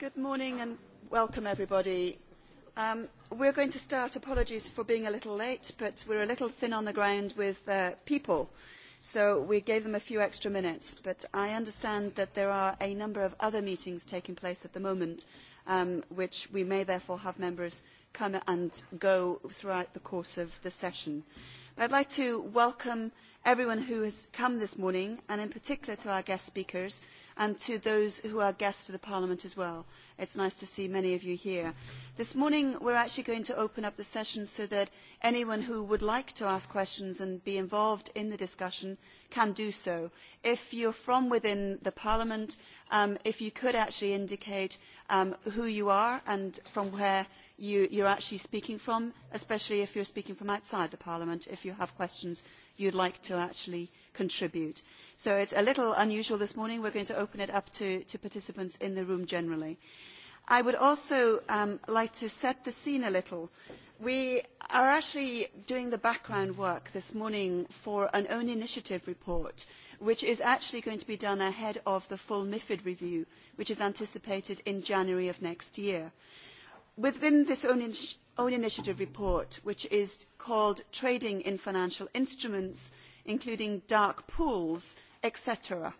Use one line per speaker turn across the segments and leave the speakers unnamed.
Good morning and welcome everybody. We're going to start. Apologies for being a little late, but we're a little thin on the ground with people, so we gave them a few extra minutes. But I understand that there are a number of other meetings taking place at the moment, which we may therefore have members come and go throughout the course of the session. I'd like to welcome everyone who has come this morning, and in particular to our guest speakers and to those who are guests to the Parliament as well. It's nice to see many of you here. This morning we're actually going to open up the session so that anyone who would like to ask questions and be involved in the discussion can do so. If you're from within the Parliament, if you could actually indicate who you are and from where You you're actually speaking from, especially if you're speaking from outside the Parliament, if you have questions you'd like to actually contribute. So it's a little unusual this morning. We're going to open it up to participants in the room generally. I would also like to set the scene a little. We are actually doing the background work this morning for an own initiative report, which is actually going to be done ahead of the full MIFID review, which is anticipated in January of next year. Within this own initiative report, which is called Trading in Financial Instruments, including dark pools, etc.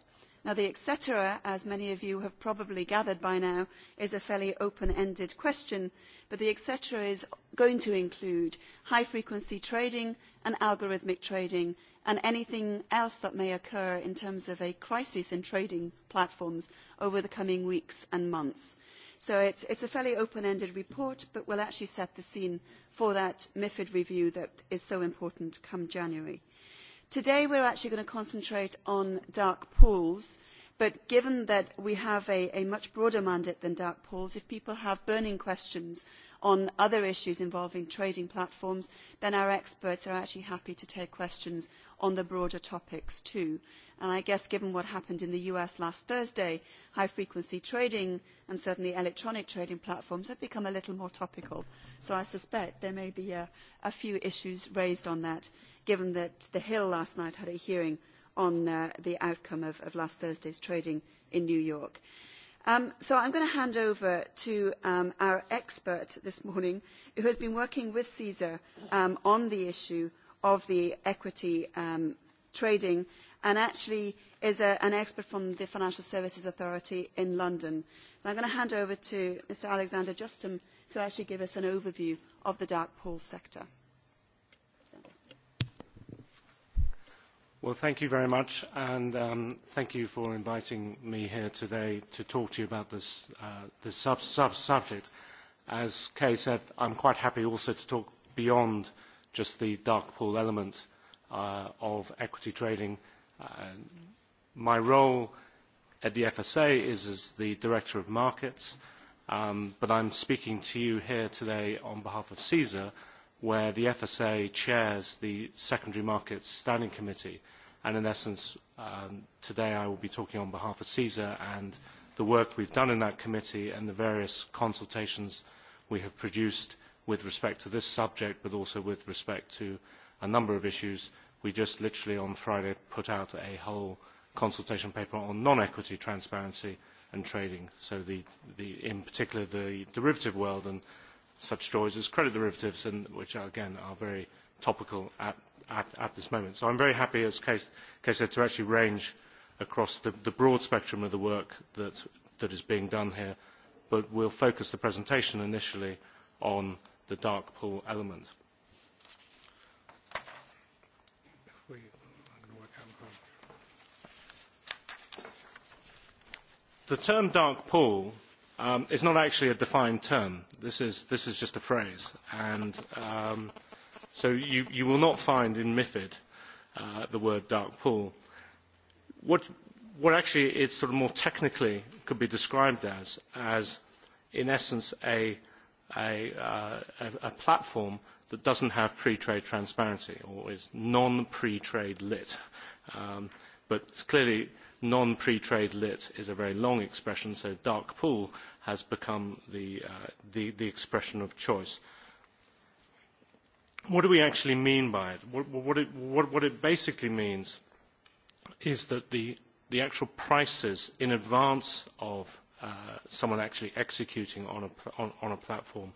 Now, the etc., as many of you have probably gathered by now, is a fairly open-ended question, but the etc. is going to include high-frequency trading and algorithmic trading and anything else that may occur in terms of a crisis in trading platforms over the coming weeks and months. So it's a fairly open-ended report, but will actually set the scene for that MIFID review that is so important come January. Today we're actually going to concentrate on dark pools, but given that we have a much broader mandate than dark pools, if people have burning questions on other issues involving trading platforms, then our experts are actually happy to take questions on the broader topics too. And I guess given what happened in the US last Thursday, high-frequency trading and certainly electronic trading platforms have become a little more topical. So I suspect there may be a few issues raised on that, given that The Hill last night had a hearing on the outcome of last Thursday's trading in New York. So I'm going to hand over to our expert this morning, who has been working with CESA on the issue of the equity trading, and actually is an expert from the Financial Services Authority in London. So I'm going to hand over to Mr. Alexander Justin to actually give us an overview of the dark pool sector.
Well, thank you very much, and thank you for inviting me here today to talk to you about this sub subject. As Kay said, I'm quite happy also to talk beyond just the dark pool element of equity trading. My role at the FSA is as the Director of Markets, but I'm speaking to you here today on behalf of CESA where the FSA chairs the Secondary Markets Standing Committee. And in essence, today I will be talking on behalf of CESA and the work we've done in that committee and the various consultations we have produced with respect to this subject, but also with respect to a number of issues. We just literally on Friday put out a whole consultation paper on non-equity transparency and trading, so in particular the derivative world and such joys as credit derivatives, which, again, are very topical at this moment. So I'm very happy, as Kay said, to actually range across the broad spectrum of the work that is being done here, but we'll focus the presentation initially on the dark pool element. The term dark pool It's not actually a defined term. This is just a phrase. And so you will not find in MIFID the word dark pool. What actually it sort of more technically could be described as, as in essence a platform that doesn't have pre-trade transparency or is non-pre-trade lit. But it's clearly non pre trade lit is a very long expression so dark pool has become the expression of choice. what do we actually mean by it? what it basically means is that the actual prices in advance of someone actually executing on a platform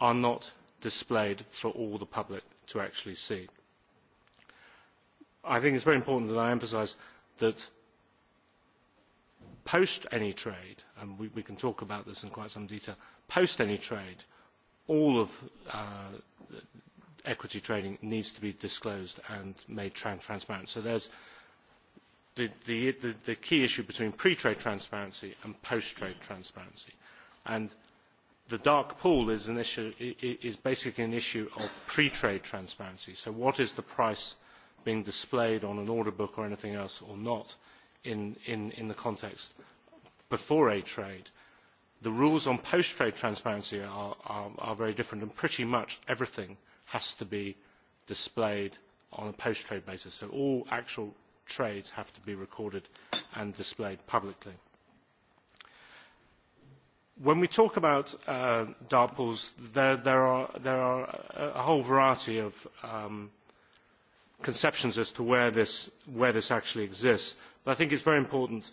are not displayed for all the public to actually see. i think it is very important that i emphasise that post any trade, and we can talk about this in quite some detail, post any trade, all of equity trading needs to be disclosed and made transparent. So there's the key issue between pre-trade transparency and post-trade transparency. And the dark pool is basically an issue of pre-trade transparency. So what is the price being displayed on an order book or anything else or not? in the context before a trade. The rules on post-trade transparency are very different and pretty much everything has to be displayed on a post-trade basis. So all actual trades have to be recorded and displayed publicly. When we talk about DARPALs pools, there are there are a whole variety of conceptions as to where this where this actually exists. But I think it's very important,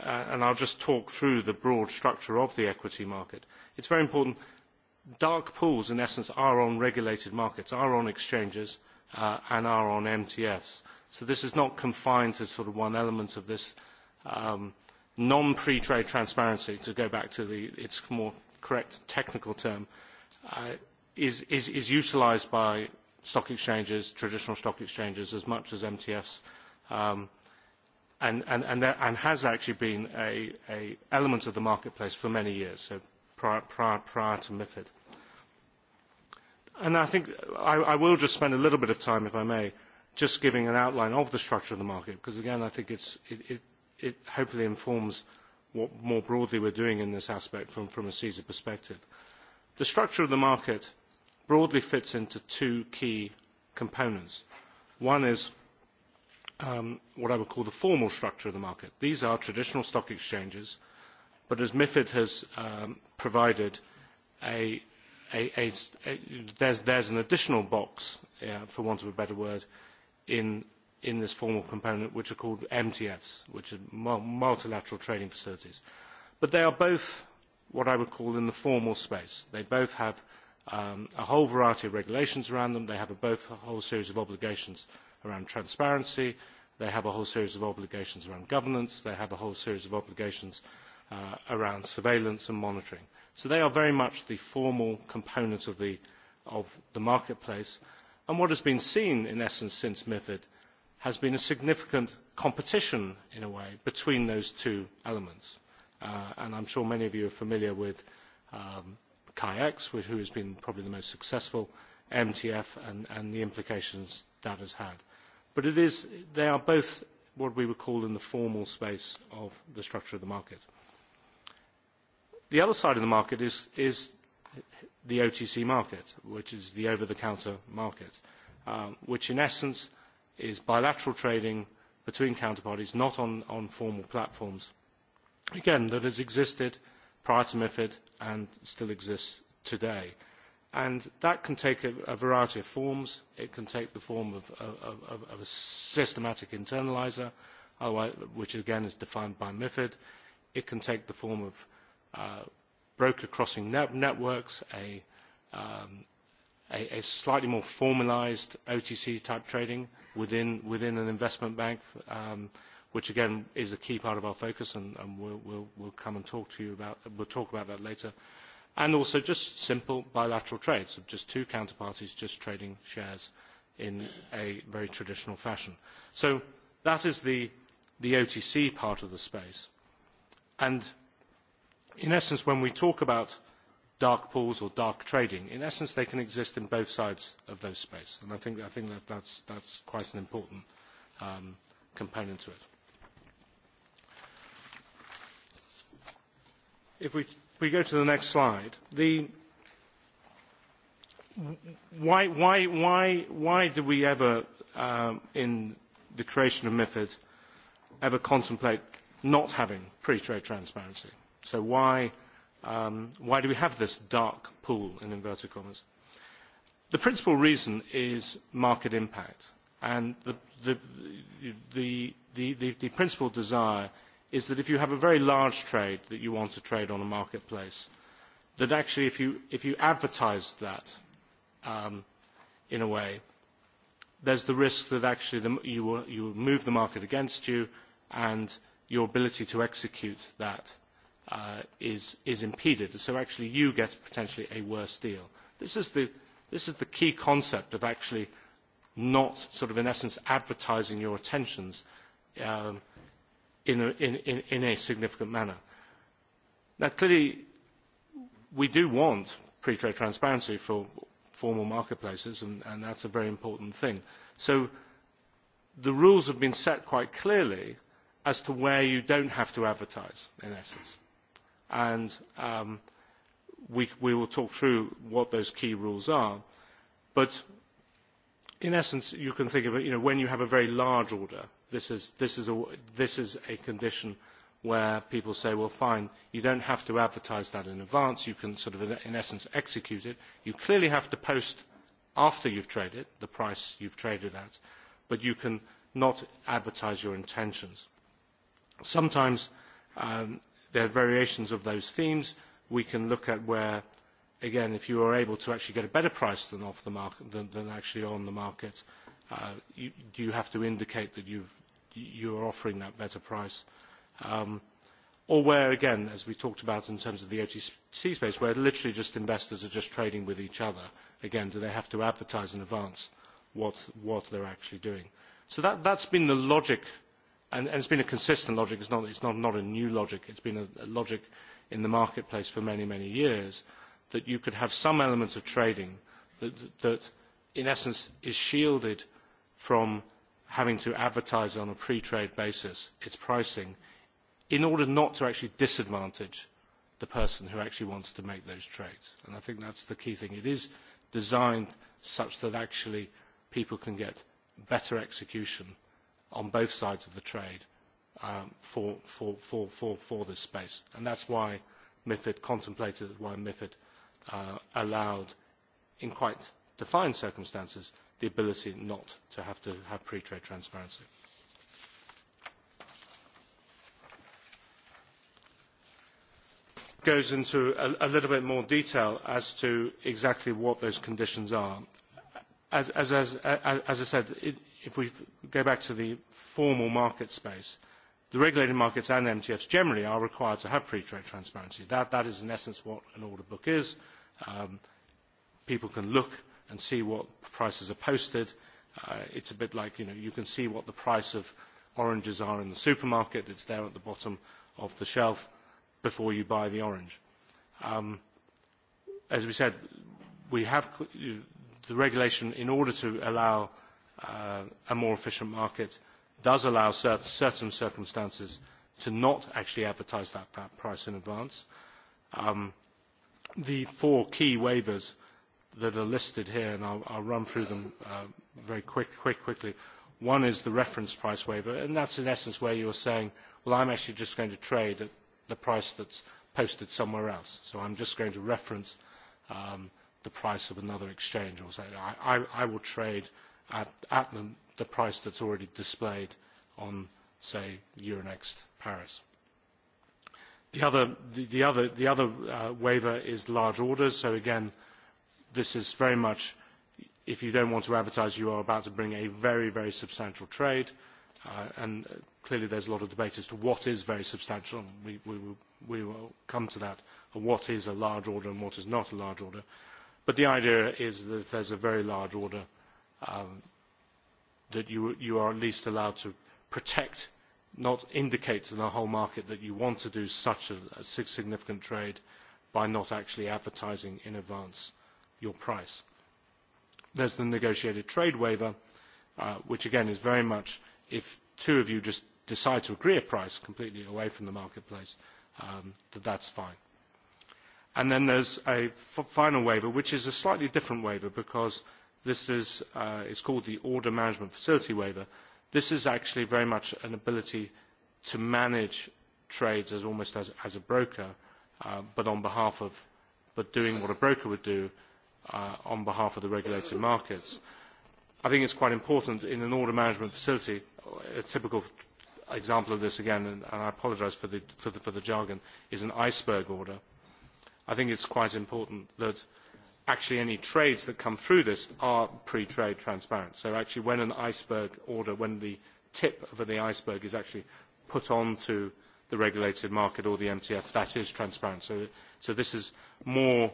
and I'll just talk through the broad structure of the equity market. It's very important. Dark pools, in essence, are on regulated markets, are on exchanges, and are on MTFs. So this is not confined to sort of one element of this non-pre-trade transparency, to go back to the its more correct technical term, is utilised by stock exchanges, traditional stock exchanges, as much as MTFs and has actually been an element of the marketplace for many years, so prior to MIFID. And I think I will just spend a little bit of time, if I may, just giving an outline of the structure of the market, because again, I think it hopefully informs what more broadly we're doing in this aspect from a CESA perspective. The structure of the market broadly fits into two key components. One is what I would call the formal structure of the market. These are traditional stock exchanges, but as MIFID has provided, there's an additional box, for want of a better word, in this formal component, which are called MTFs, which are multilateral trading facilities. But they are both what I would call in the formal space. They both have a whole variety of regulations around them. They have both a whole series of obligations around transparency, they have a whole series of obligations around governance, they have a whole series of obligations around surveillance and monitoring. So they are very much the formal component of the marketplace. And what has been seen, in essence, since MIFID has been a significant competition, in a way, between those two elements. And I'm sure many of you are familiar with CAIX, who has been probably the most successful, MTF, and the implications that has had but they are both what we would call in the formal space of the structure of the market. The other side of the market is the OTC market, which is the over-the-counter market, which in essence is bilateral trading between counterparties, not on formal platforms, again, that has existed prior to MIFID and still exists today and that can take a variety of forms. It can take the form of a systematic internaliser, which again is defined by MIFID. It can take the form of broker crossing networks, a slightly more formalised OTC type trading within an investment bank, which again is a key part of our focus, and we'll come and talk to you about. We'll talk about that later and also just simple bilateral trades of just two counterparties just trading shares in a very traditional fashion. So that is the OTC part of the space. And in essence, when we talk about dark pools or dark trading, in essence, they can exist in both sides of those space. And I think that that's quite an important component to it. If we we go to the next slide, why why why why did we ever in the creation of MiFID ever contemplate not having pre-trade transparency? So why why do we have this dark pool in inverted commas? The principal reason is market impact and the the the the principal desire is that if you have a very large trade that you want to trade on a marketplace, that actually if you if you advertise that in a way, there's the risk that actually you will move the market against you, and your ability to execute that is is impeded. So actually you get potentially a worse deal. This is the this is the key concept of actually not sort of in essence advertising your attentions in a significant manner. Now, clearly, we do want pre-trade transparency for formal marketplaces, and that's a very important thing. So the rules have been set quite clearly as to where you don't have to advertise, in essence. And we will talk through what those key rules are. But in essence, you can think of it, when you have a very large order, this is a condition where people say, well, fine, you don't have to advertise that in advance. You can sort of, in essence, execute it. You clearly have to post after you've traded the price you've traded at, but you can not advertise your intentions. Sometimes there are variations of those themes. We can look at where, again, if you are able to actually get a better price than off the market, than actually on the market, do you have to indicate that you are offering that better price? Or where, again, as we talked about in terms of the OTC space, where literally just investors are just trading with each other, again, do they have to advertise in advance what they're actually doing? So that that's been the logic, and it's been a consistent logic. It's not a new logic. It's been a logic in the marketplace for many, many years, that you could have some element of trading that, in essence, is shielded from having to advertise on a pre-trade basis its pricing in order not to actually disadvantage the person who actually wants to make those trades. And I think that's the key thing. It is designed such that actually people can get better execution on both sides of the trade for this space. And that's why MIFID contemplated, why MIFID allowed, in quite defined circumstances, the ability not to have to have pre-trade transparency. Goes into a little bit more detail as to exactly what those conditions are. As I said, if we go back to the formal market space, the regulated markets and MTFs generally are required to have pre-trade transparency. That is in essence what an order book is. People can look and see what prices are posted. It's a bit like, you know, you can see what the price of oranges are in the supermarket. It's there at the bottom of the shelf before you buy the orange. As we said, we have the regulation in order to allow a more efficient market does allow certain circumstances to not actually advertise that price in advance. The four key waivers that are listed here, and I'll run through them very quickly. One is the reference price waiver, and that's in essence where you are saying, well, I'm actually just going to trade at the price that's posted somewhere else. So I'm just going to reference the price of another exchange or say, I will trade at the price that's already displayed on, say, Euronext Paris. The other waiver is large orders. So again, this is very much, if you don't want to advertise, you are about to bring a very, very substantial trade. And clearly there's a lot of debate as to what is very substantial. We will come to that, what is a large order and what is not a large order. But the idea is that if there's a very large order, that you are at least allowed to protect, not indicate to the whole market that you want to do such a significant trade by not actually advertising in advance your price. There's the negotiated trade waiver, which again is very much if two of you just decide to agree a price completely away from the marketplace, that that's fine. And then there's a final waiver, which is a slightly different waiver because this is called the Order Management Facility Waiver. This is actually very much an ability to manage trades as almost as a broker, but on behalf of, but doing what a broker would do on behalf of the regulated markets. I think it's quite important in an order management facility, a typical example of this again, and I apologise for the jargon, is an iceberg order. I think it's quite important that actually any trades that come through this are pre-trade transparent. So actually when an iceberg order, when the tip of the iceberg is actually put onto the regulated market or the MTF, that is transparent. So this is more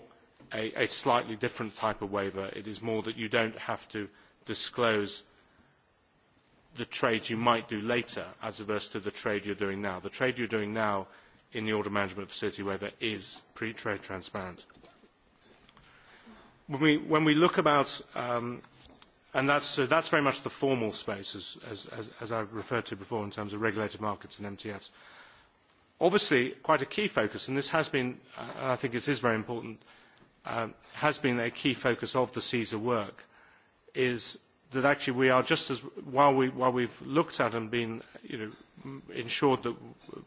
a slightly different type of waiver. It is more that you don't have to disclose the trade you might do later as opposed to the trade you're doing now. The trade you're doing now in the order management facility waiver is pre-trade transparent. When we look about, and that's very much the formal space, as I've referred to before, in terms of regulated markets and MTFs. Obviously, quite a key focus, and this has been, and I think it is very important, has been a key focus of the CESA work is that actually we are just as while we while we've looked at and been ensured that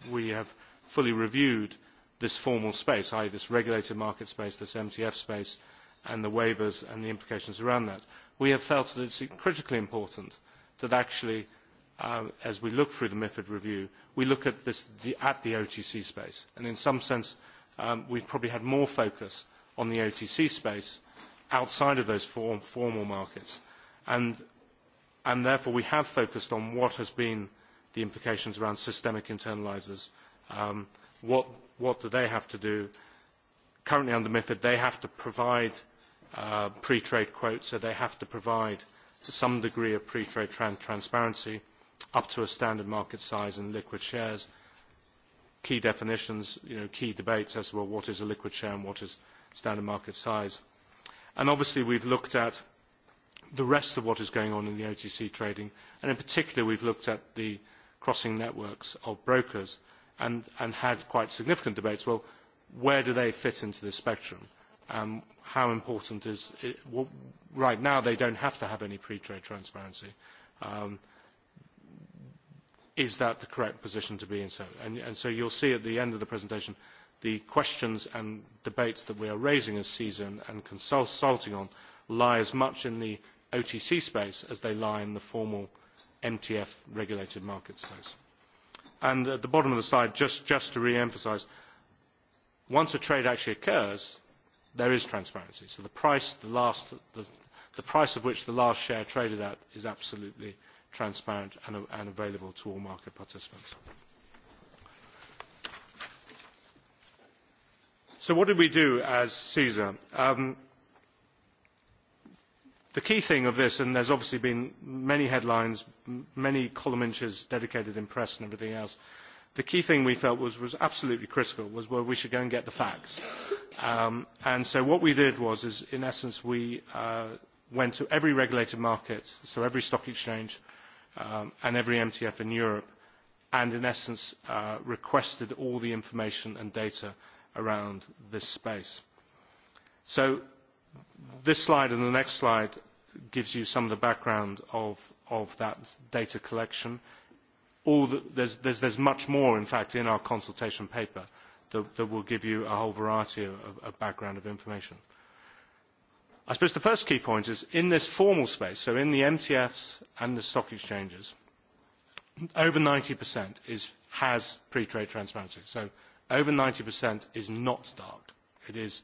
we have fully reviewed this formal space, i.e. this regulated market space, this MTF space, and the waivers and the implications around that, we have felt that it's critically important that actually, as we look through the MIFID review, we look at this at the OTC space. And in some sense, we've probably had more focus on the OTC space outside of those formal markets. And therefore, we have focused on what has been the implications around systemic internalisers. What do they have to do? Currently under MIFID, they have to provide pre-trade quotes, so they have to provide some degree of pre-trade transparency up to a standard market size and liquid shares. Key definitions, key debates as to what is a liquid share and what is standard market size. And obviously we've looked at the rest of what is going on in the OTC trading, and in particular we've looked at the crossing networks of brokers and had quite significant debates. Well, where do they fit into this spectrum? How important is Right now they don't have to have any pre-trade transparency. Is that the correct position to be in? And so you'll see at the end of the presentation the questions and debates that we are raising as season and consulting on lie as much in the otc space as they lie in the formal mtf regulated market space. and at the bottom of the slide just to re emphasise once a trade actually occurs there is transparency so the price of which the last share traded at is absolutely transparent and available to all market participants. So what did we do as CESA? The key thing of this, and there's obviously been many headlines, many column inches dedicated in press and everything else, the key thing we felt was was absolutely critical was where we should go and get the facts. And so what we did was, is in essence, we went to every regulated market, so every stock exchange and every MTF in Europe, and in essence requested all the information and data around this space. So this slide and the next slide gives you some of the background of that data collection. There's much more, in fact, in our consultation paper that will give you a whole variety of background of information. I suppose the first key point is in this formal space, so in the MTFs and the stock exchanges, over 90% has pre-trade transparency over 90% is not dark. It is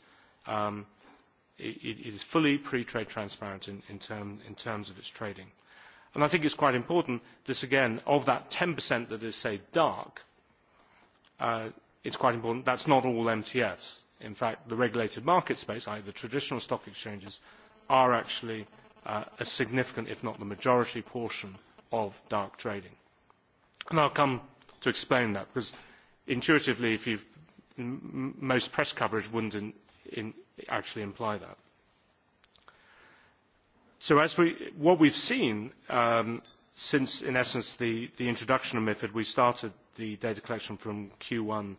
it is fully pre-trade transparent in terms of its trading. And I think it's quite important, this again, of that 10% that is, say, dark, it's quite important that's not all MTFs. In fact, the regulated market space, i.e. the traditional stock exchanges, are actually a significant, if not the majority, portion of dark trading. And I'll come to explain that, because intuitively, if you've most press coverage wouldn't in actually imply that. So as we, what we've seen since, in essence, the introduction of MIFID, we started the data collection from Q1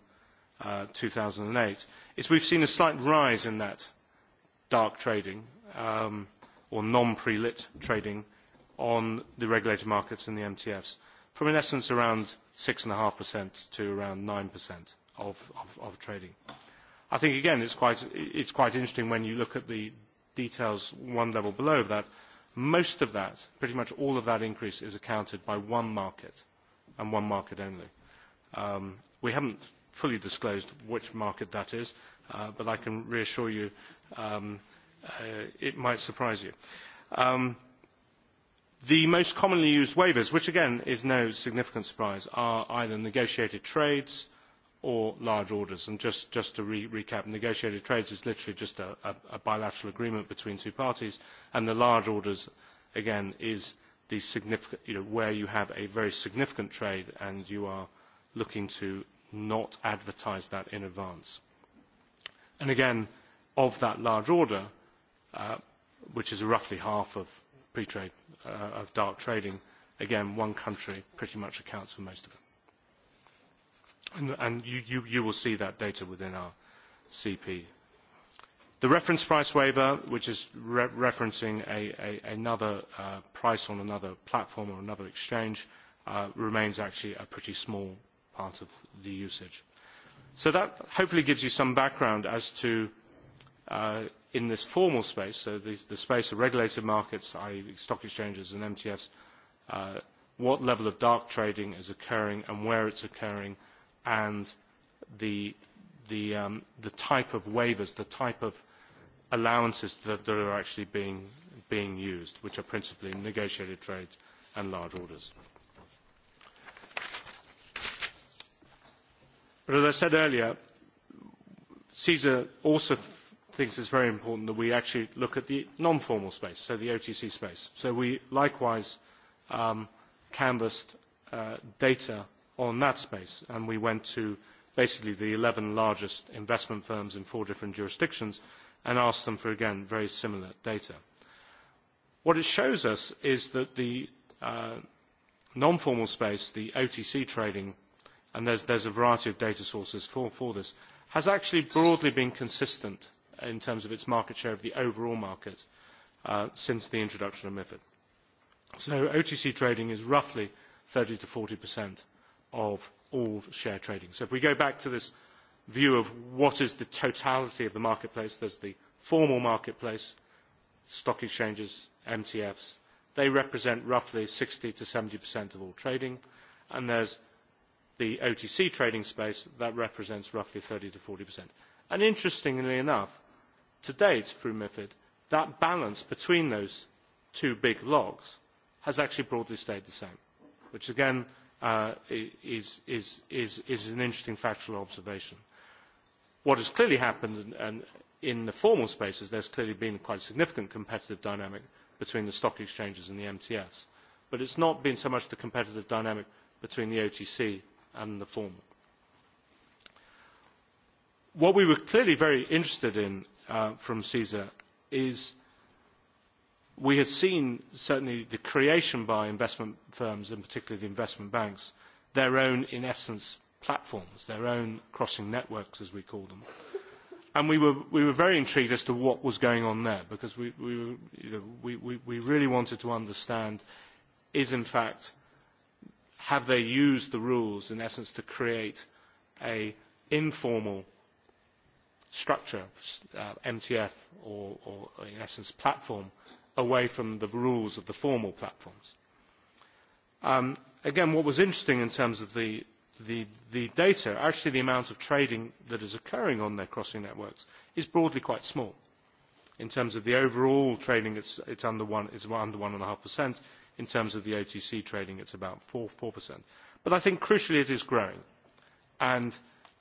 2008, is we've seen a slight rise in that dark trading or non-pre-lit trading on the regulated markets and the MTFs from, in essence, around and 6.5% to around 9% of trading. I think, again, it's quite interesting when you look at the details one level below that. Most of that, pretty much all of that increase is accounted by one market and one market only. We haven't fully disclosed which market that is, but I can reassure you it might surprise you. The most commonly used waivers, which again is no significant surprise, are either negotiated trades or large orders. And just to recap, negotiated trades is literally just a bilateral agreement between two parties, and the large orders, again, is the significant, where you have a very significant trade and you are looking to not advertise that in advance. And again, of that large order, which is roughly half of pre-trade, of dark trading. Again, one country pretty much accounts for most of it. And you will see that data within our CP. The reference price waiver, which is referencing another price on another platform or another exchange, remains actually a pretty small part of the usage. So that hopefully gives you some background as to in this formal space, so the space of regulated markets, i.e. stock exchanges and MTFs, what level of dark trading is occurring and where it's occurring, and the type of waivers, the type of allowances that are actually being being used, which are principally negotiated trade and large orders. But as I said earlier, CESA also thinks is very important that we actually look at the non-formal space, so the OTC space. So we likewise canvassed data on that space, and we went to basically the 11 largest investment firms in four different jurisdictions and asked them for, again, very similar data. What it shows us is that the non-formal space, the OTC trading, and there's a variety of data sources for this, has actually broadly been consistent in terms of its market share of the overall market since the introduction of MiFID. So OTC trading is roughly 30 to 40% of all share trading. So if we go back to this view of what is the totality of the marketplace, there's the formal marketplace, stock exchanges, MTFs. They represent roughly 60 to 70% of all trading. And there's the OTC trading space that represents roughly 30 to 40%. And interestingly enough, to date through MIFID, that balance between those two big logs has actually broadly stayed the same, which again is an interesting factual observation. What has clearly happened in the formal spaces, there's clearly been quite a significant competitive dynamic between the stock exchanges and the MTS, but it's not been so much the competitive dynamic between the OTC and the formal. What we were clearly very interested in from CESA is we had seen certainly the creation by investment firms and particularly the investment banks their own in essence platforms their own crossing networks as we call them and we were very intrigued as to what was going on there because we we we we really wanted to understand is in fact have they used the rules in essence to create an informal structure, MTF or in essence platform, away from the rules of the formal platforms. Again, what was interesting in terms of the data, actually the amount of trading that is occurring on their crossing networks is broadly quite small. In terms of the overall trading, it's under 1.5%. In terms of the OTC trading, it's about 4%. But I think crucially it is growing. And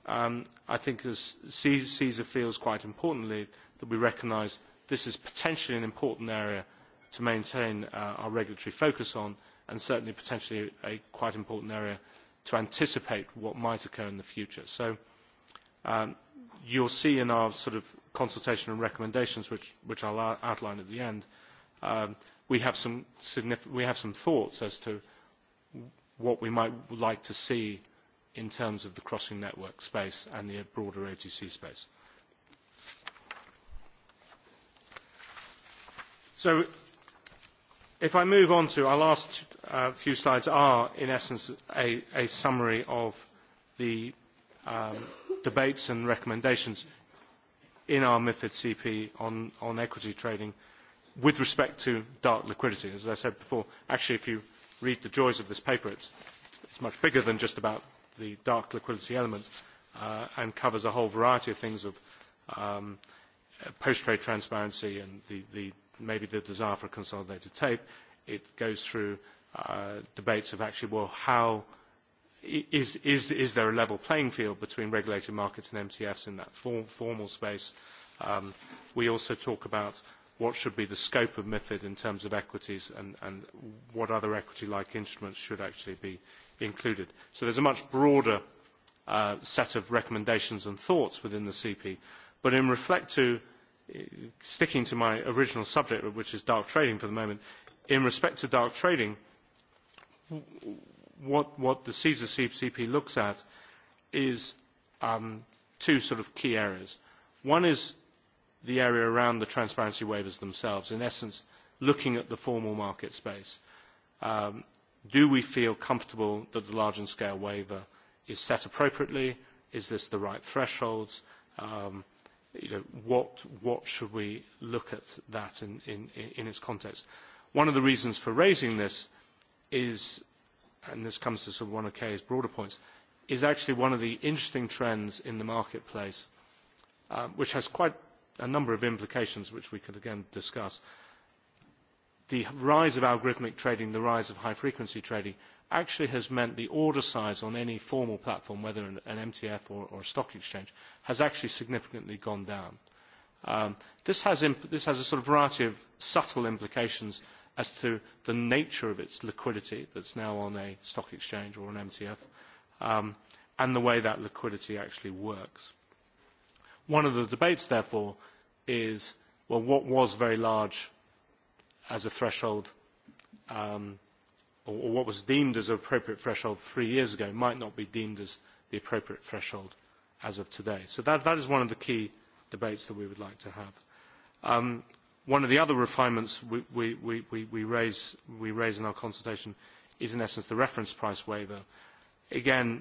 I think as CESAR feels quite importantly that we recognise this is potentially an important area to maintain our regulatory focus on and certainly potentially a quite important area to anticipate what might occur in the future. So you'll see in our sort of consultation and recommendations, which I'll outline at the end, we have some thoughts as to what we might like to see in terms of the crossing network space and the broader OTC space. So if I move on to our last few slides are, in essence, a summary of the debates and recommendations in our MIFID CP on equity trading with respect to dark liquidity. As I said before, actually, if you read the joys of this paper, it's much bigger than just about the dark liquidity element and covers a whole variety of things of post-trade transparency and the maybe the desire for consolidated tape. It goes through debates of actually, well, how is there a level playing field between regulated markets and MTFs in that formal space? We also talk about what should be the scope of MIFID in terms of equities and what other equity-like instruments should actually be included. So there's a much broader set of recommendations and thoughts within the CP. But in reflect to sticking to my original subject, which is dark trading for the moment, in respect to dark trading, what the CSER CP looks at is two sort of key areas. One is the area around the transparency waivers themselves, in essence, looking at the formal market space do we feel comfortable that the large and scale waiver is set appropriately? Is this the right thresholds? What should we look at that in in its context? One of the reasons for raising this is, and this comes to one of Kay's broader points, is actually one of the interesting trends in the marketplace, which has quite a number of implications, which we could again discuss the rise of algorithmic trading, the rise of high-frequency trading, actually has meant the order size on any formal platform, whether an MTF or a stock exchange, has actually significantly gone down. This has a sort of variety of subtle implications as to the nature of its liquidity that's now on a stock exchange or an MTF, and the way that liquidity actually works. One of the debates, therefore, is, well, what was very large as a threshold or what was deemed as an appropriate threshold three years ago might not be deemed as the appropriate threshold as of today. So that is one of the key debates that we would like to have. One of the other refinements we raise in our consultation is, in essence, the reference price waiver. Again,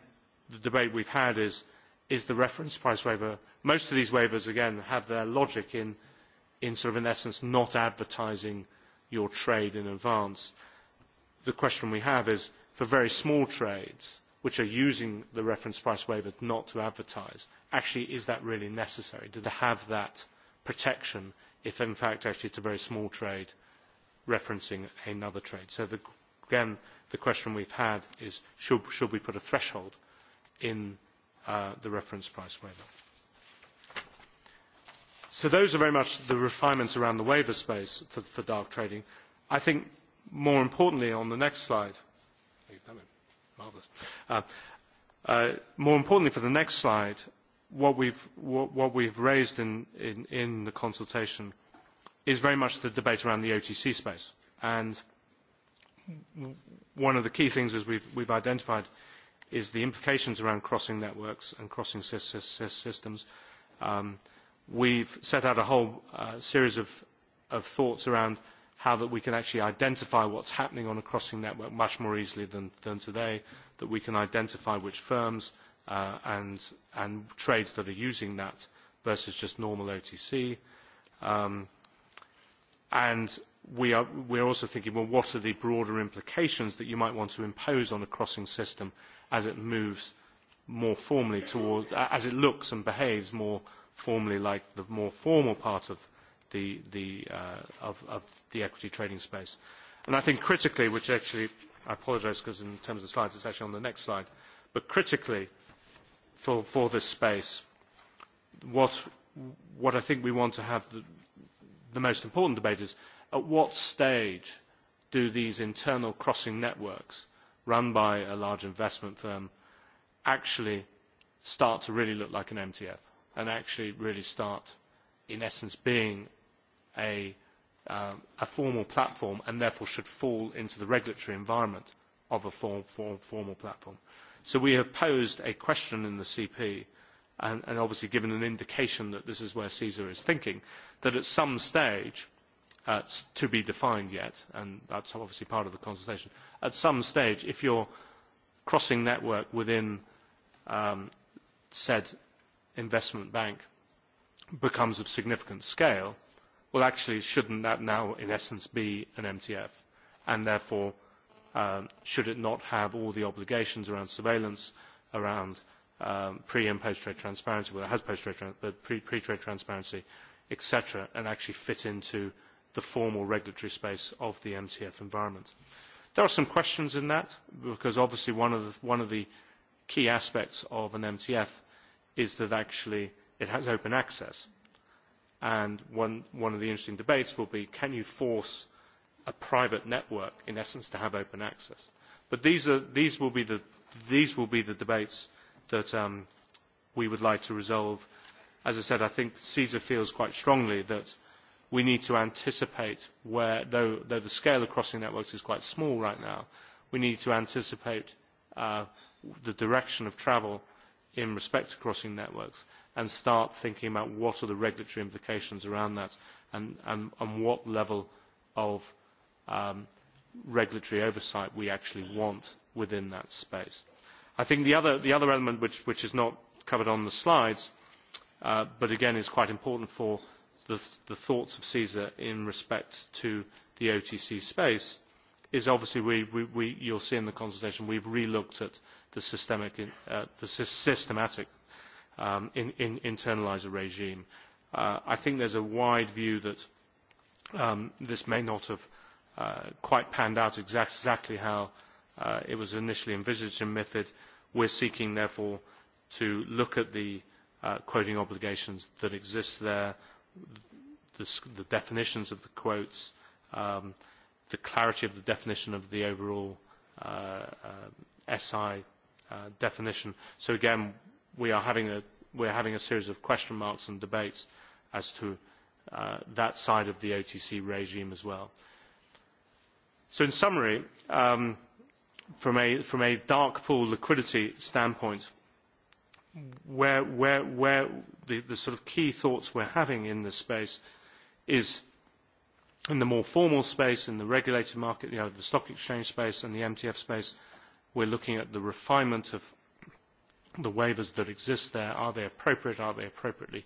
the debate we've had is, is the reference price waiver. Most of these waivers, again, have their logic in, in sort of, in essence, not advertising your trade in advance. The question we have is for very small trades which are using the reference price waiver not to advertise, actually is that really necessary? Do they have that protection if in fact actually it's a very small trade referencing another trade? So again, the question we've had is should we put a threshold in the reference price waiver? So those are very much the refinements around the waiver space for dark trading. I think more importantly on the next slide, more importantly for the next slide, what we've raised in the consultation is very much the debate around the OTC space. And one of the key things as we've identified is the implications around crossing networks and crossing systems We've set out a whole series of thoughts around how that we can actually identify what's happening on a crossing network much more easily than today, that we can identify which firms and trades that are using that versus just normal OTC. And we are also thinking, well, what are the broader implications that you might want to impose on a crossing system as it moves more formally towards, as it looks and behaves more formally like the more formal part of the equity trading space. And I think critically, which actually, I apologize because in terms of slides it's actually on the next slide, but critically for this space, what I think we want to have the most important debate is at what stage do these internal crossing networks run by a large investment firm actually start to really look like an MTF? and actually really start, in essence, being a formal platform and therefore should fall into the regulatory environment of a formal platform. So we have posed a question in the CP and obviously given an indication that this is where CESA is thinking, that at some stage, to be defined yet, and that's obviously part of the consultation, at some stage, if you're crossing network within said investment bank becomes of significant scale, well, actually, shouldn't that now, in essence, be an MTF? And therefore, should it not have all the obligations around surveillance, around pre- and post-trade transparency, well, it has post-trade, pre-trade transparency, etc., and actually fit into the formal regulatory space of the MTF environment? There are some questions in that, because obviously one of the key aspects of an MTF is that actually it has open access. And one of the interesting debates will be, can you force a private network, in essence, to have open access? But these will be the debates that we would like to resolve. As I said, I think CESA feels quite strongly that we need to anticipate where, though the scale of crossing networks is quite small right now, we need to anticipate the direction of travel in respect to crossing networks and start thinking about what are the regulatory implications around that and what level of regulatory oversight we actually want within that space. I think the other element which is not covered on the slides but again is quite important for the thoughts of CESA in respect to the OTC space is obviously you'll see in the consultation we've re-looked at the systematic internaliser regime. I think there's a wide view that this may not have quite panned out exactly how it was initially envisaged in MIFID. We're seeking, therefore, to look at the quoting obligations that exist there, the definitions of the quotes, the clarity of the definition of the overall SI definition. So again, we are having a having a series of question marks and debates as to that side of the OTC regime as well. So in summary, from a dark pool liquidity standpoint, where the sort of key thoughts we're having in this space is in the more formal space, in the regulated market, the stock exchange space and the MTF space, We're looking at the refinement of the waivers that exist there. Are they appropriate? Are they appropriately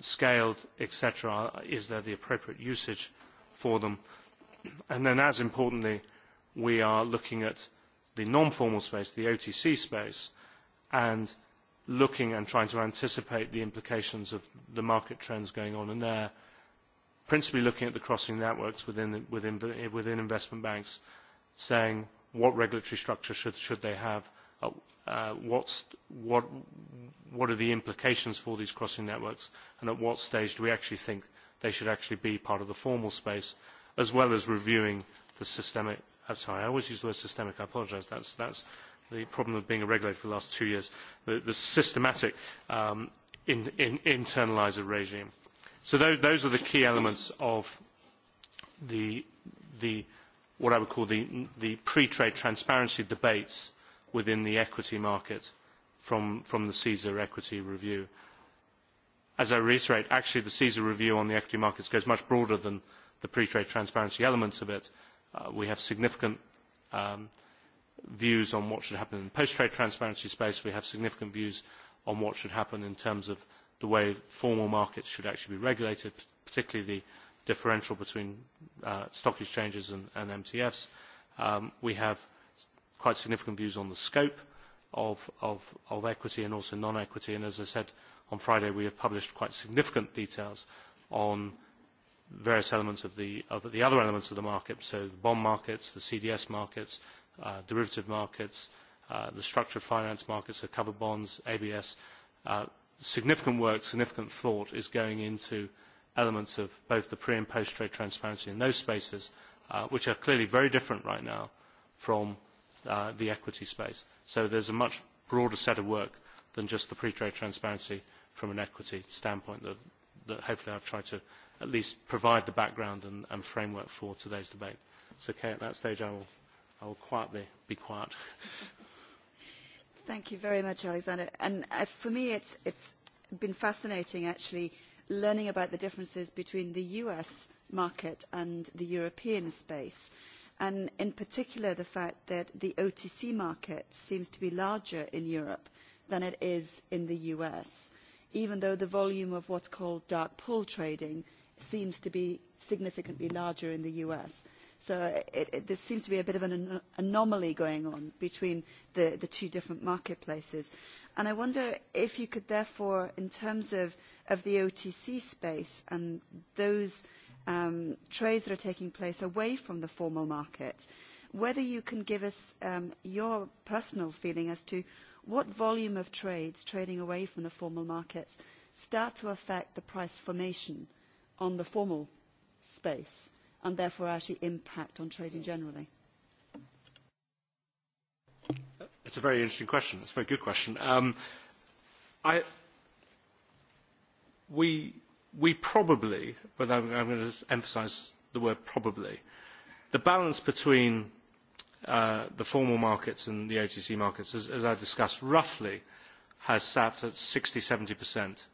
scaled, etc.? Is there the appropriate usage for them? And then, as importantly, we are looking at the non-formal space, the OTC space, and looking and trying to anticipate the implications of the market trends going on in there, principally looking at the crossing networks within investment banks, saying what regulatory structure should they have, what are the implications for these crossing networks, and at what stage do we actually think they should actually be part of the formal space, as well as reviewing the systemic. I'm sorry, I always use the word systemic. I apologise. That's that's the problem of being a regulator for the last two years. The systematic internaliser regime. So those are the key elements of the what I would call the pre-trade transparency debates within the equity market from the CSER equity review. As I reiterate, actually the CESAR review on the equity markets goes much broader than the pre-trade transparency elements of it. We have significant views on what should happen in the post-trade transparency space. We have significant views on what should happen in terms of the way formal markets should actually be regulated, particularly the differential between stock exchanges and MTFs. We have quite significant views on the scope of equity and also non-equity. And as I said on Friday, we have published quite significant details on various elements of the other elements of the market, so the bond markets, the CDS markets, derivative markets, the structured finance markets, the covered bonds, ABS. Significant work, significant thought is going into elements of both the pre and post trade transparency in those spaces, which are clearly very different right now from the equity space. So there's a much broader set of work than just the pre trade transparency from an equity standpoint that hopefully I've tried to at least provide the background and framework for today's debate. So at that stage I will quietly be quiet.
Thank you very much, Alexander. And for me it's it's been fascinating actually learning about the differences between the US market and the European space, and in particular the fact that the OTC market seems to be larger in Europe than it is in the US, even though the volume of what's called dark pool trading seems to be significantly larger in the US. So there seems to be a bit of an anomaly going on between the two different marketplaces. And I wonder if you could therefore, in terms of the OTC space and those trades that are taking place away from the formal market, whether you can give us your personal feeling as to what volume of trades trading away from the formal markets start to affect the price formation on the formal space and therefore actually impact on trading generally?
It's a very interesting question. It's a very good question. We probably, but I'm going to emphasize the word probably, the balance between the formal markets and the OTC markets, as I discussed, roughly has sat at 60-70%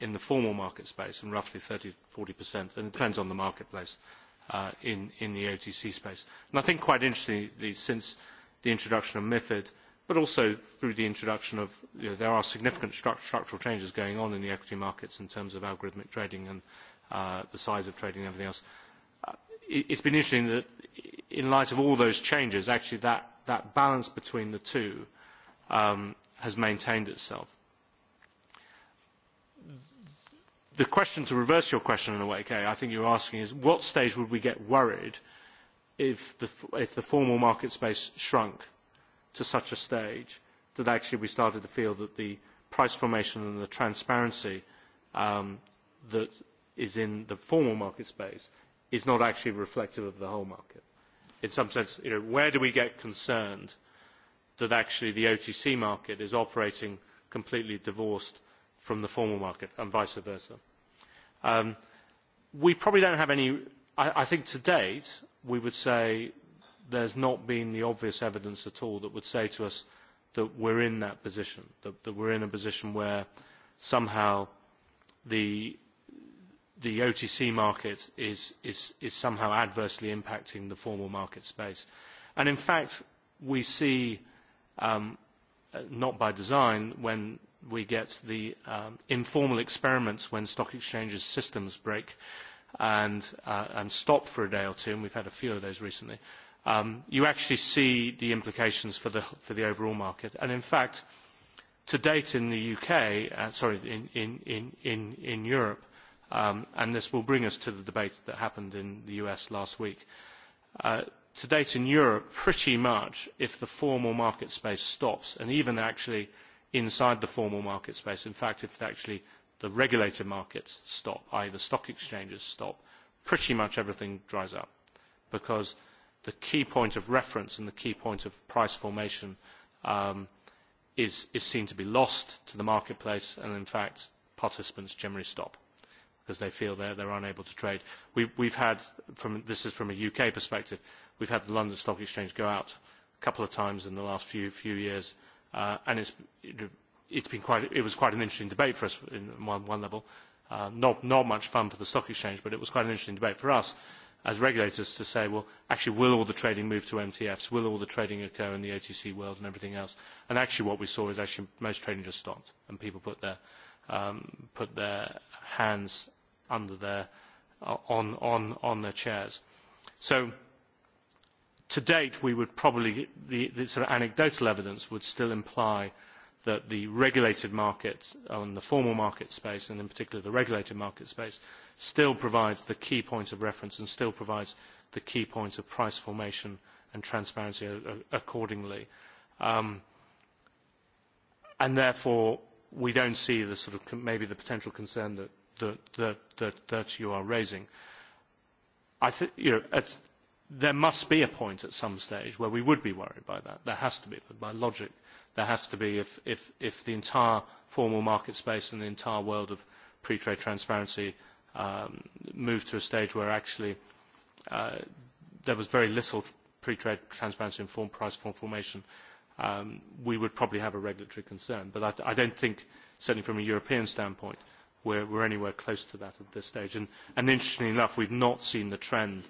in the formal market space and roughly 30-40%, and it depends on the marketplace in the OTC space. And I think quite interestingly, since the introduction of MIFID, but also through the introduction of, there are significant structural changes going on in the equity markets in terms of algorithmic trading and the size of trading and everything else. It's been interesting that in light of all those changes, actually that balance between the two has maintained itself. the question to reverse your question in a way, Kay, I think you're asking is what stage would we get worried if the formal market space shrunk to such a stage that actually we started to feel that the price formation and the transparency that is in the formal market space is not actually reflective of the whole market. In some sense, where do we get concerned that actually the OTC market is operating completely divorced from the formal market and vice versa. We probably don't have any. I think to date we would say there's not been the obvious evidence at all that would say to us that we're in that position, that we're in a position where somehow the the OTC market is is is somehow adversely impacting the formal market space. And in fact we see, not by design, when we get the informal experiments when stock exchanges systems break and stop for a day or two, and we've had a few of those recently, you actually see the implications for the overall market. And in fact, to date in the UK, sorry, in Europe, and this will bring us to the debate that happened in the US last week, to date in Europe, pretty much if the formal market space stops, and even actually inside the formal market space. In fact, if actually the regulated markets stop, i.e. the stock exchanges stop, pretty much everything dries up because the key point of reference and the key point of price formation is seen to be lost to the marketplace and, in fact, participants generally stop because they feel they are unable to trade. We've had, this is from a UK perspective, we've had the London Stock Exchange go out a couple of times in the last few years and it's been quite it was quite an interesting debate for us in one level not not much fun for the stock exchange but it was quite an interesting debate for us as regulators to say well actually will all the trading move to mtfs will all the trading occur in the otc world and everything else and actually what we saw is actually most trading just stopped and people put their put their hands under their on on on their chairs so to date we would probably the sort of anecdotal evidence would still imply that the regulated market on the formal market space and in particular the regulated market space still provides the key point of reference and still provides the key point of price formation and transparency accordingly and therefore we don't see the sort of maybe the potential concern that that that you are raising i think you know there must be a point at some stage where we would be worried by that. There has to be. By logic, there has to be if the entire formal market space and the entire world of pre-trade transparency moved to a stage where actually there was very little pre-trade transparency in form price formation, we would probably have a regulatory concern. But I don't think, certainly from a European standpoint, we're anywhere close to that at this stage. And interestingly enough, we've not seen the trend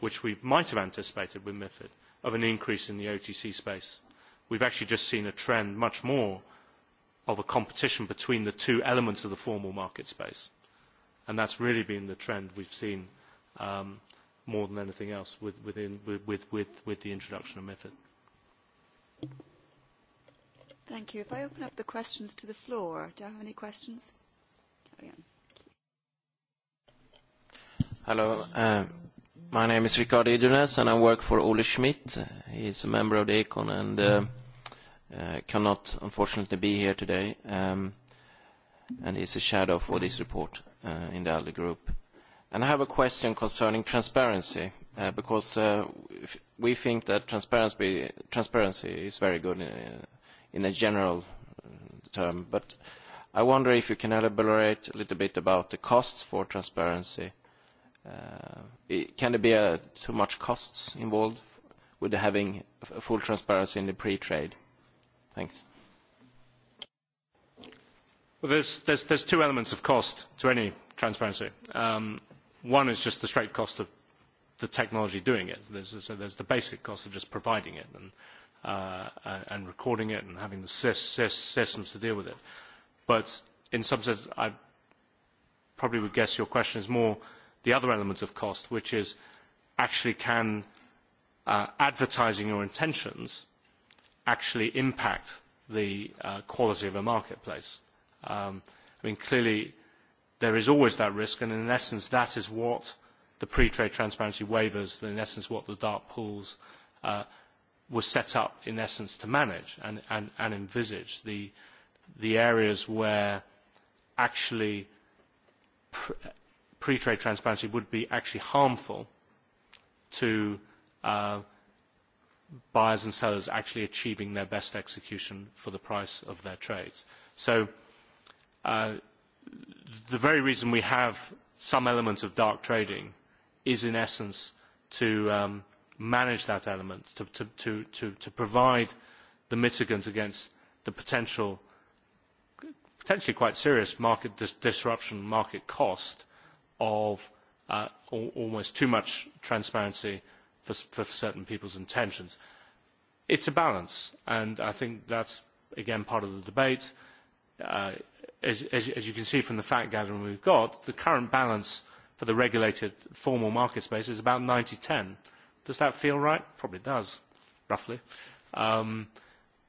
which we might have anticipated with MIFID, of an increase in the OTC space. We've actually just seen a trend much more of a competition between the two elements of the formal market space. And that's really been the trend we've seen more than anything else with the introduction of MIFID.
Thank you. If I open up the questions to the floor, do I have any questions?
Hello. My
name is Ricardo Idrunes and I work for Ole Schmidt. He is a member of the ECON and cannot unfortunately be here today. And is a shadow for this report in the ALDE group. And I have a question concerning transparency, because we think that transparency is very good in a general term. But I wonder if you can elaborate a little bit about the costs for transparency Can there be
too much costs involved with having full transparency in the pre-trade? Thanks. Well, there's two elements of cost to any transparency. One is just the straight cost of the technology doing it. there's the basic cost of just providing it and recording it and having the systems to deal with it. But in some sense, I probably would guess your question is more the other element of cost, which is actually can advertising your intentions actually impact the quality of a marketplace. I mean, clearly there is always that risk, and in essence that is what the pre-trade transparency waivers, in essence what the dark pools were set up in essence to manage and envisage the areas where actually pre trade transparency would be actually harmful to buyers and sellers actually achieving their best execution for the price of their trades. So the very reason we have some element of dark trading is in essence to manage that element, to provide the mitigant against the potential, potentially quite serious market disruption, market cost of almost too much transparency for certain people's intentions. It's a balance, and I think that's, again, part of the debate. As you can see from the fact-gathering we've got, the current balance for the regulated formal market space is about 90-10. Does that feel right? Probably does, roughly.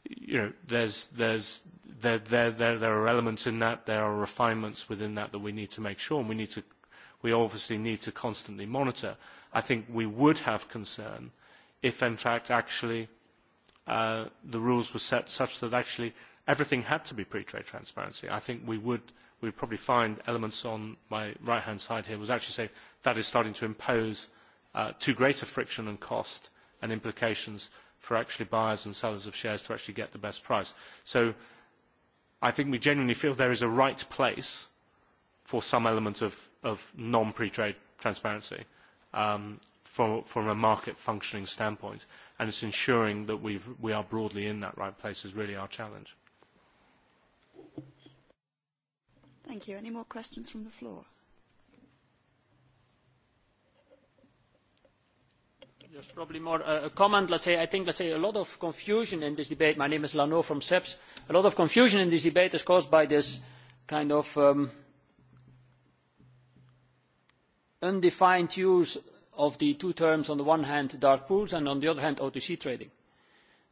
You know, there are elements in that, there are refinements within that that we need to make sure, and we need to we obviously need to constantly monitor. I think we would have concern if, in fact, actually the rules were set such that actually everything had to be pre-trade transparency. I think we would probably find elements on my right-hand side here was actually say that is starting to impose too great a friction and cost and implications for actually buyers and sellers of shares to actually get the best price. So I think we genuinely feel there is a right place for some element of non-pre-trade transparency from a market functioning standpoint. And it's ensuring that we are broadly in that right place is really our challenge.
Thank you. Any more questions from the floor?
Just probably more a comment. Let's say, I think, let's say, a lot of confusion in this debate. My name is Lano from SEPS. A lot of confusion in this debate is caused by this kind of undefined use of the two terms on the one hand dark pools and on the other hand OTC trading.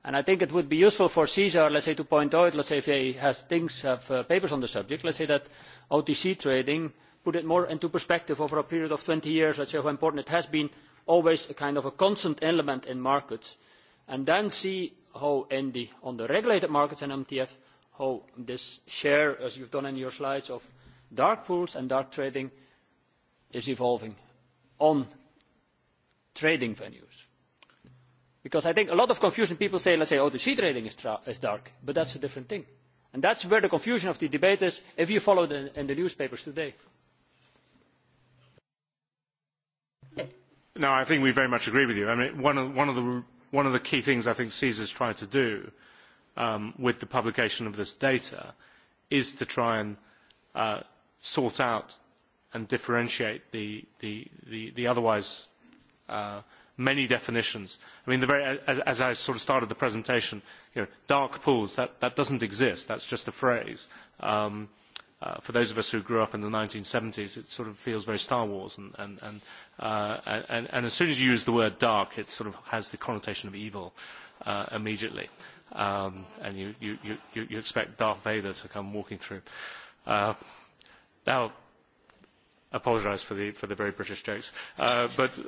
And I think it would be useful for CSER, let's say, to point out, let's say, if he has things, have papers on the subject, let's say that OTC trading, put it more into perspective over a period of 20 years, let's say how important it has been, always a kind of a constant element in markets, and then see how in the, on the regulated markets and MTF, how this share, as you've done in your slides, of dark pools and dark trading is evolving on trading venues. Because I think a lot of confusion, people say, let's say, oh, the OTC trading is dark, but that's a different thing. And that's where the confusion of the debate is, if you follow in the newspapers today.
No, I think we very much agree with you. I mean, one of the key things I think CSER is trying to do with the publication of this data is to try and sort out and differentiate the the otherwise many definitions. I mean, as I sort of started the presentation, dark pools, that doesn't exist. That's just a phrase. For those of us who grew up in the 1970s, it sort of feels very Star Wars. And as soon as you use the word dark, it sort of has the connotation of evil immediately. And you expect dark Vader to come walking through. Now, apologise for the for the very British jokes, but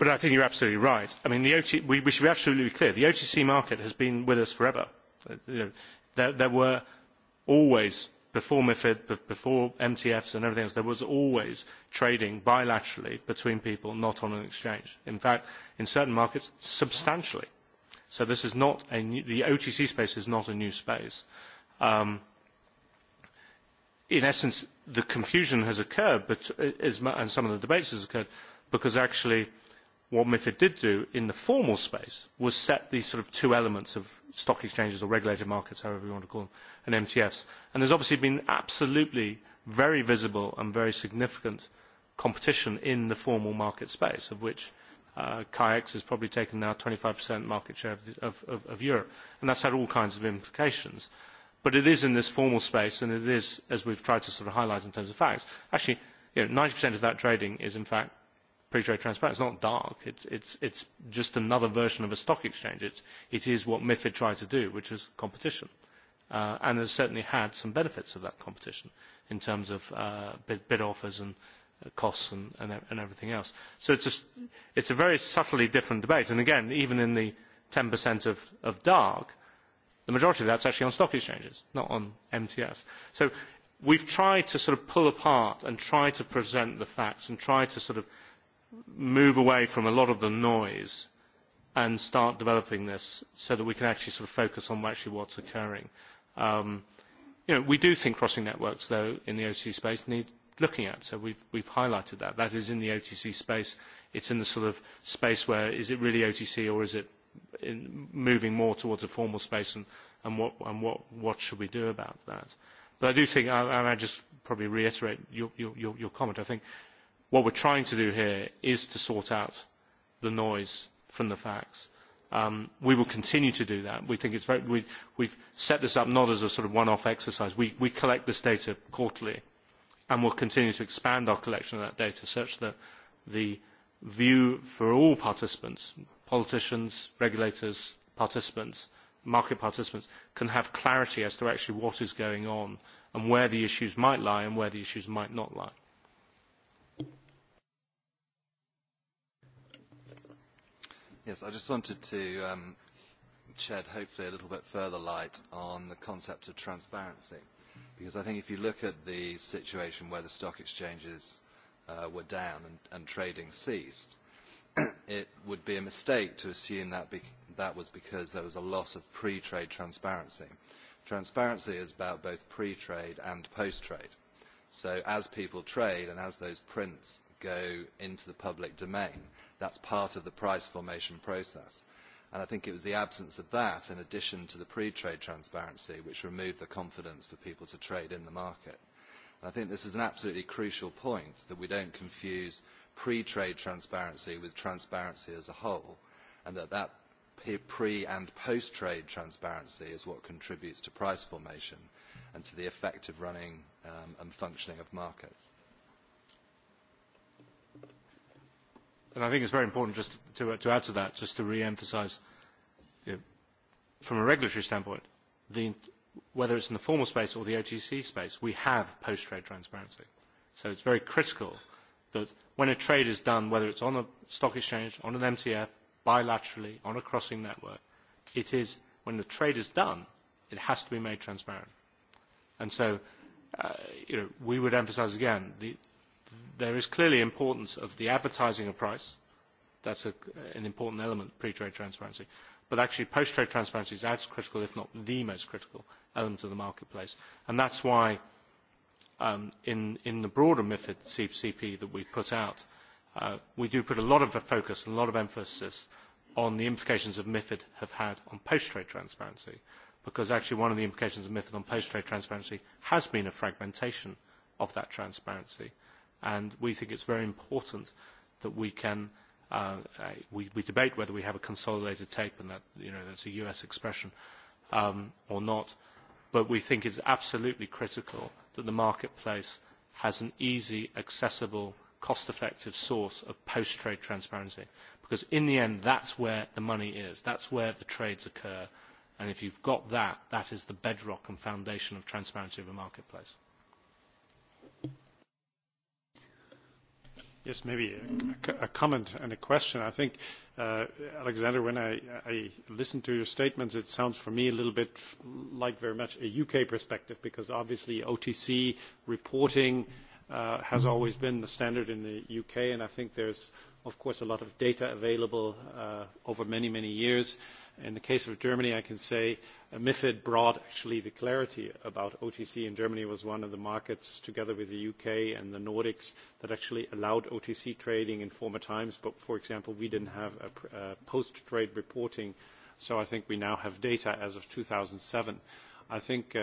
but I think you're absolutely right. I mean, the we we should be absolutely clear. The OTC market has been with us forever. There were always before MiFID, before MTFs and everything else, there was always trading bilaterally between people not on an exchange. In fact, in certain markets, substantially. So this is not a the OTC space is not a new space in essence the confusion has occurred and some of the debates have occurred because actually what MIFID did do in the formal space was set these sort of two elements of stock exchanges or regulated markets, however you want to call them, and MTFs. And there's obviously been absolutely very visible and very significant competition in the formal market space, of which x has probably taken now 25% market share of Europe. And that's had all kinds of implications but it is in this formal space and it is as we've tried to sort of highlight in terms of facts actually 90% of that trading is in fact pre trade transparent it's not dark it's it's it's just another version of a stock exchange it is what mifid tried to do which is competition and has certainly had some benefits of that competition in terms of bid offers and costs and and everything else so it's it's a very subtly different debate and again even in the 10% of dark The majority of that is actually on stock exchanges, not on MTS. So we've tried to sort of pull apart and try to present the facts and try to sort of move away from a lot of the noise and start developing this so that we can actually sort of focus on actually what's occurring. We do think crossing networks, though, in the OTC space need looking at, so we've highlighted that. That is in the OTC space. It's in the sort of space where is it really OTC or is it moving more towards a formal space and what should we do about that. But I do think, and I just probably reiterate your comment, I think what we're trying to do here is to sort out the noise from the facts. We will continue to do that. We think it's very, we've set this up not as a sort of one-off exercise. We collect this data quarterly and we'll continue to expand our collection of that data such that the view for all participants, politicians, regulators, participants, market participants, can have clarity as to actually what is going on and where the issues might lie and where the issues might not lie.
Yes, I just wanted to shed hopefully a little bit further light on the concept of transparency, because I think if you look at the situation where the stock exchanges were down and trading ceased. It would be a mistake to assume that that was because there was a loss of pre-trade transparency. Transparency is about both pre-trade and post-trade. So as people trade and as those prints go into the public domain, that's part of the price formation process. And I think it was the absence of that, in addition to the pre-trade transparency, which removed the confidence for people to trade in the market. I think this is an absolutely crucial point, that we don't confuse pre-trade transparency with transparency as a whole, and that that pre- and post-trade transparency is what contributes to price formation and to the effective running and functioning of markets.
And I think it's very important just to, add to that, just to re-emphasize, from a regulatory standpoint, the whether it's in the formal space or the OTC space, we have post-trade transparency. So it's very critical that when a trade is done, whether it's on a stock exchange, on an MTF, bilaterally, on a crossing network, it is, when the trade is done, it has to be made transparent. And so, we would emphasize again, the, there is clearly importance of the advertising of price. That's an important element, pre-trade transparency. But actually, post-trade transparency is as critical, if not the most critical, element of the marketplace. And that's why in the broader MIFID CCP that we've put out, we do put a lot of focus and a lot of emphasis on the implications of MIFID have had on post-trade transparency, because actually one of the implications of MIFID on post-trade transparency has been a fragmentation of that transparency. And we think it's very important that we can We debate whether we have a consolidated tape, and that, you know, that's a U.S. expression or not. But we think it's absolutely critical that the marketplace has an easy, accessible, cost-effective source of post-trade transparency, because in the end, that's where the money is, that's where the trades occur, and if you've got that, that is the bedrock and foundation of transparency of a marketplace.
Yes, maybe a comment and a question. I think, Alexander, when I listen to your statements, it sounds for me a little bit like very much a U.K. perspective, because obviously OTC reporting has always been the standard in the U.K., and I think there's, of course, a lot of data available over many, many years In the case of Germany, I can say MIFID brought actually the clarity about OTC, and Germany was one of the markets, together with the UK and the Nordics, that actually allowed OTC trading in former times. But, for example, we didn't have a post-trade reporting, so I think we now have data as of 2007. I think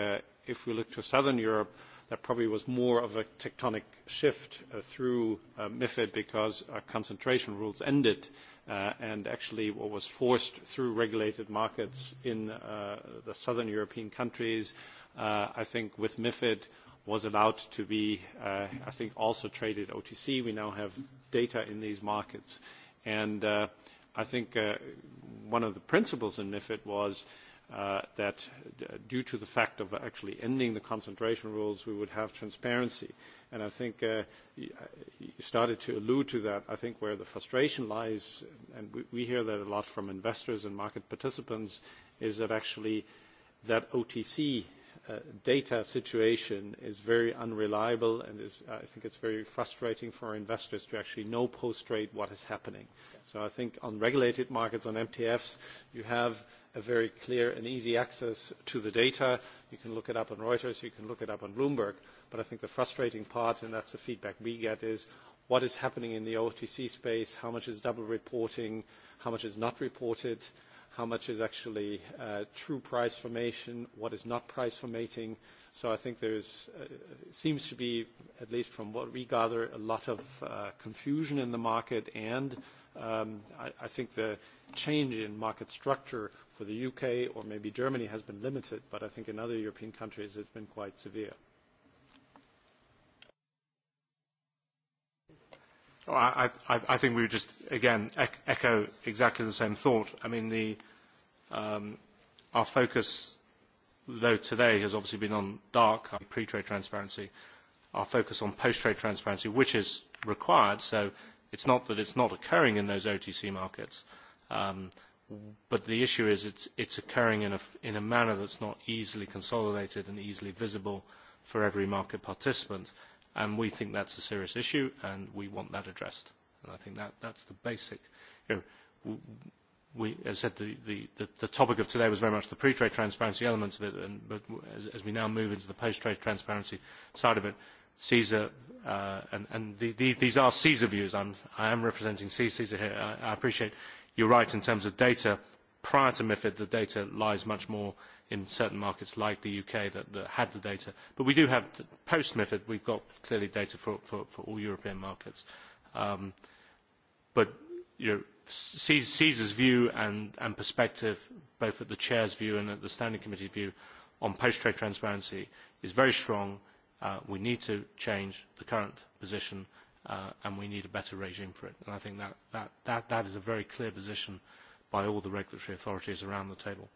if we look to Southern Europe, that probably was more of a tectonic shift through MIFID because our concentration rules ended and actually what was forced through regulated markets in the southern European countries, I think with MIFID was allowed to be, I think, also traded OTC. We now have data in these markets. And I think one of the principles in MIFID was that due to the fact of actually ending the concentration rules, we would have transparency. And I think you started to allude to that. I think where the frustration lies, and we hear that a lot from investors and market participants, is that actually that OTC data situation is very unreliable and I think it's very frustrating for our investors to actually know post-trade what is happening. So I think on regulated markets, on MTFs, you have a very clear and easy access to the data. You can look it up on Reuters, you can look it up on Bloomberg, but I think the frustrating part, and that's the feedback we get, is what is happening in the OTC space, how much is double reporting, how much is not reported, how much is actually true price formation, what is not price formating. So I think there seems to be, at least from what we gather, a lot of confusion in the market, and I think the change in market structure for the UK or maybe Germany has been limited, but I think in other European countries it's been quite severe.
I I think we would just, again, echo exactly the same thought. I mean, our focus, though today, has obviously been on dark, pre-trade transparency. Our focus on post-trade transparency, which is required, so it's not that it's not occurring in those OTC markets, but the issue is it's occurring in a manner that's not easily consolidated and easily visible for every market participant and we think that's a serious issue and we want that addressed. And I think that that's the basic. We, as I said, the, the, the topic of today was very much the pre-trade transparency elements of it, and, but as, as we now move into the post-trade transparency side of it, CESA, uh, and, and the, these are CESA views. I'm, I am representing CESA here. I, I appreciate you're right in terms of data. Prior to MIFID, the data lies much more in certain markets like the UK that had the data. But we do have, post-MIFID, we've got clearly data for all European markets. But CESA's view and perspective, both at the Chair's view and at the Standing Committee view, on post-trade transparency is very strong. We need to change the current position and we need a better regime for it. And I think that is a very clear position by all the regulatory authorities around the table.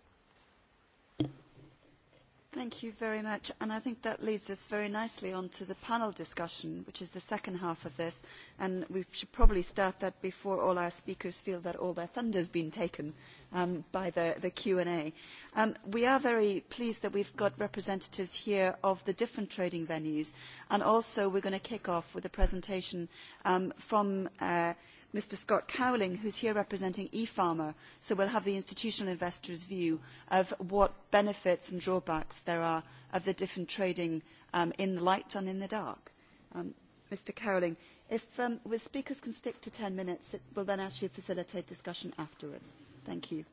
Thank you very much. And I think that leads us very nicely on to the panel discussion, which is the second half of this. And we should probably start that before all our speakers feel that all their thunder has been taken by the Q&A. We are very pleased that we've got representatives here of the different trading venues. And also we're going to kick off with a presentation from Mr. Scott Cowling, who's here representing eFarma, so we'll have the institutional investor's view of what benefits and drawbacks there are of the different trading in the light and in the dark. Mr. Cowling, if the speakers can stick to 10 minutes, it will then actually facilitate discussion afterwards. Thank you.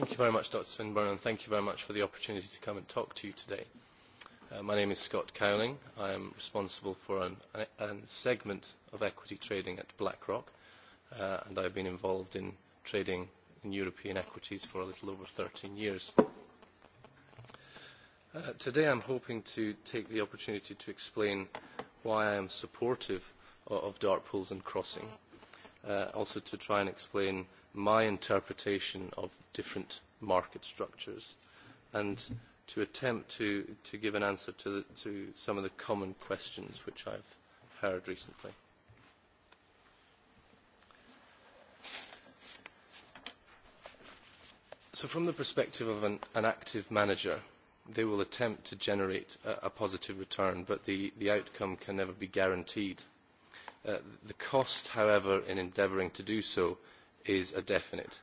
Thank you very much, Dr. Swinburne, and thank you very much for the opportunity to come and talk to you today. My name is Scott Cowling. I am responsible for a segment of equity trading at BlackRock, and I've been involved in trading in European equities for a little over 13 years. Today I'm hoping to take the opportunity to explain why I am supportive of dark pools and crossing, also to try and explain my interpretation of different market structures and to attempt to give an answer to some of the common questions which I've heard recently. So from the perspective of an active manager, they will attempt to generate a positive return, but the outcome can never be guaranteed. The cost, however, in endeavouring to do so is a definite,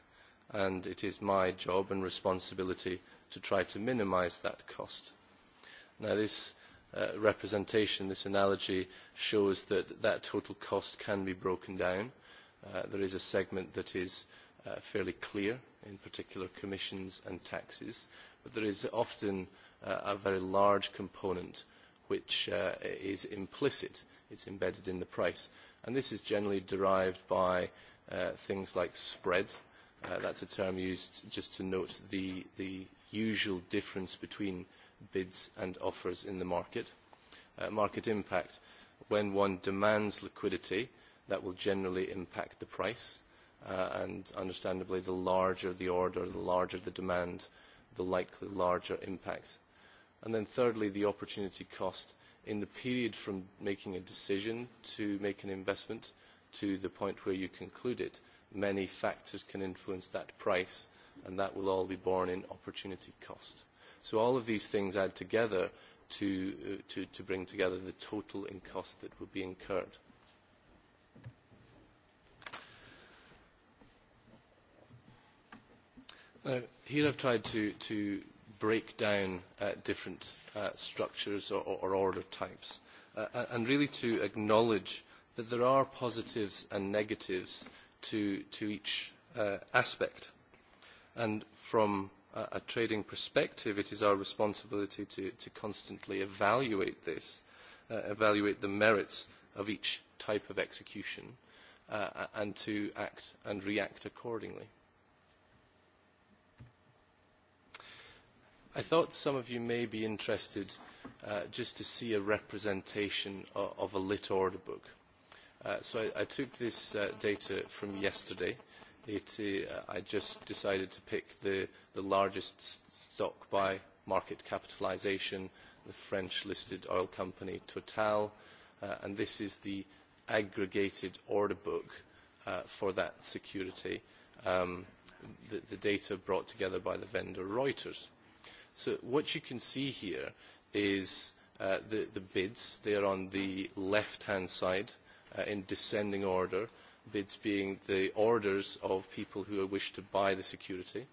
and it is my job and responsibility to try to minimize that cost. Now, this representation, this analogy, shows that that total cost can be broken down. There is a segment that is fairly clear, in particular commissions and taxes, but there is often a very large component which is implicit. It's embedded in the price. And this is generally derived by things like spread. That's a term used just to note the usual difference between bids and offers in the market. Market impact. When one demands liquidity, that will generally impact the price. And understandably, the larger the order, the larger the demand, the likely larger impact. And then thirdly, the opportunity cost. In the period from making a decision to make an investment, to the point where you conclude it, many factors can influence that price, and that will all be borne in opportunity cost. So all of these things add together to to bring together the total in cost that will be incurred. Here I've tried to to break down different structures or order types and really to acknowledge that there are positives and negatives to each aspect. And from a trading perspective, it is our responsibility to constantly evaluate this, evaluate the merits of each type of execution, and to act and react accordingly. I thought some of you may be interested just to see a representation of a lit order book So I took this data from yesterday. I just decided to pick the largest stock by market capitalisation, the French-listed oil company Total, and this is the aggregated order book for that security, the data brought together by the vendor Reuters. So what you can see here is the bids. They are on the left-hand side in descending order, bids being the orders of people who wish to buy the security.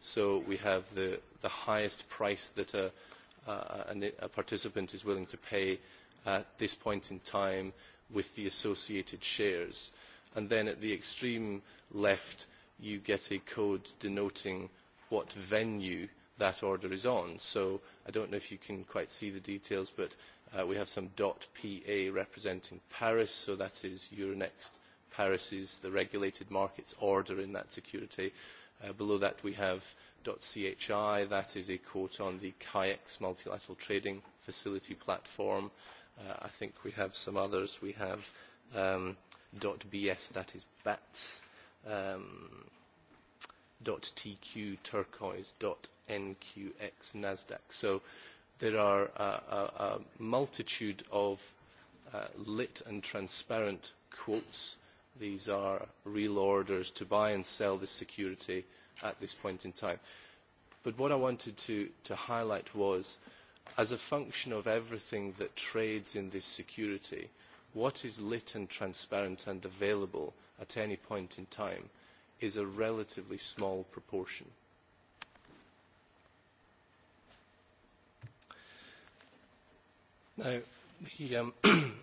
So we have the highest price that a participant is willing to pay at this point in time with the associated shares. And then at the extreme left, you get a code denoting what venue that order is on. So I don't know if you can quite see the details, but We have some .pa representing Paris, so that is Euronext Paris is the regulated markets order in that security. Below that we have .chi, that is a quote on the CAIX multilateral trading facility platform. I think we have some others. We have .bs, that is BATS, .tq turquoise, .nqx Nasdaq. So there are a multitude of lit and transparent quotes. These are real orders to buy and sell this security at this point in time. But what I wanted to highlight was, as a function of everything that trades in this security, what is lit and transparent and available at any point in time is a relatively small proportion. Now,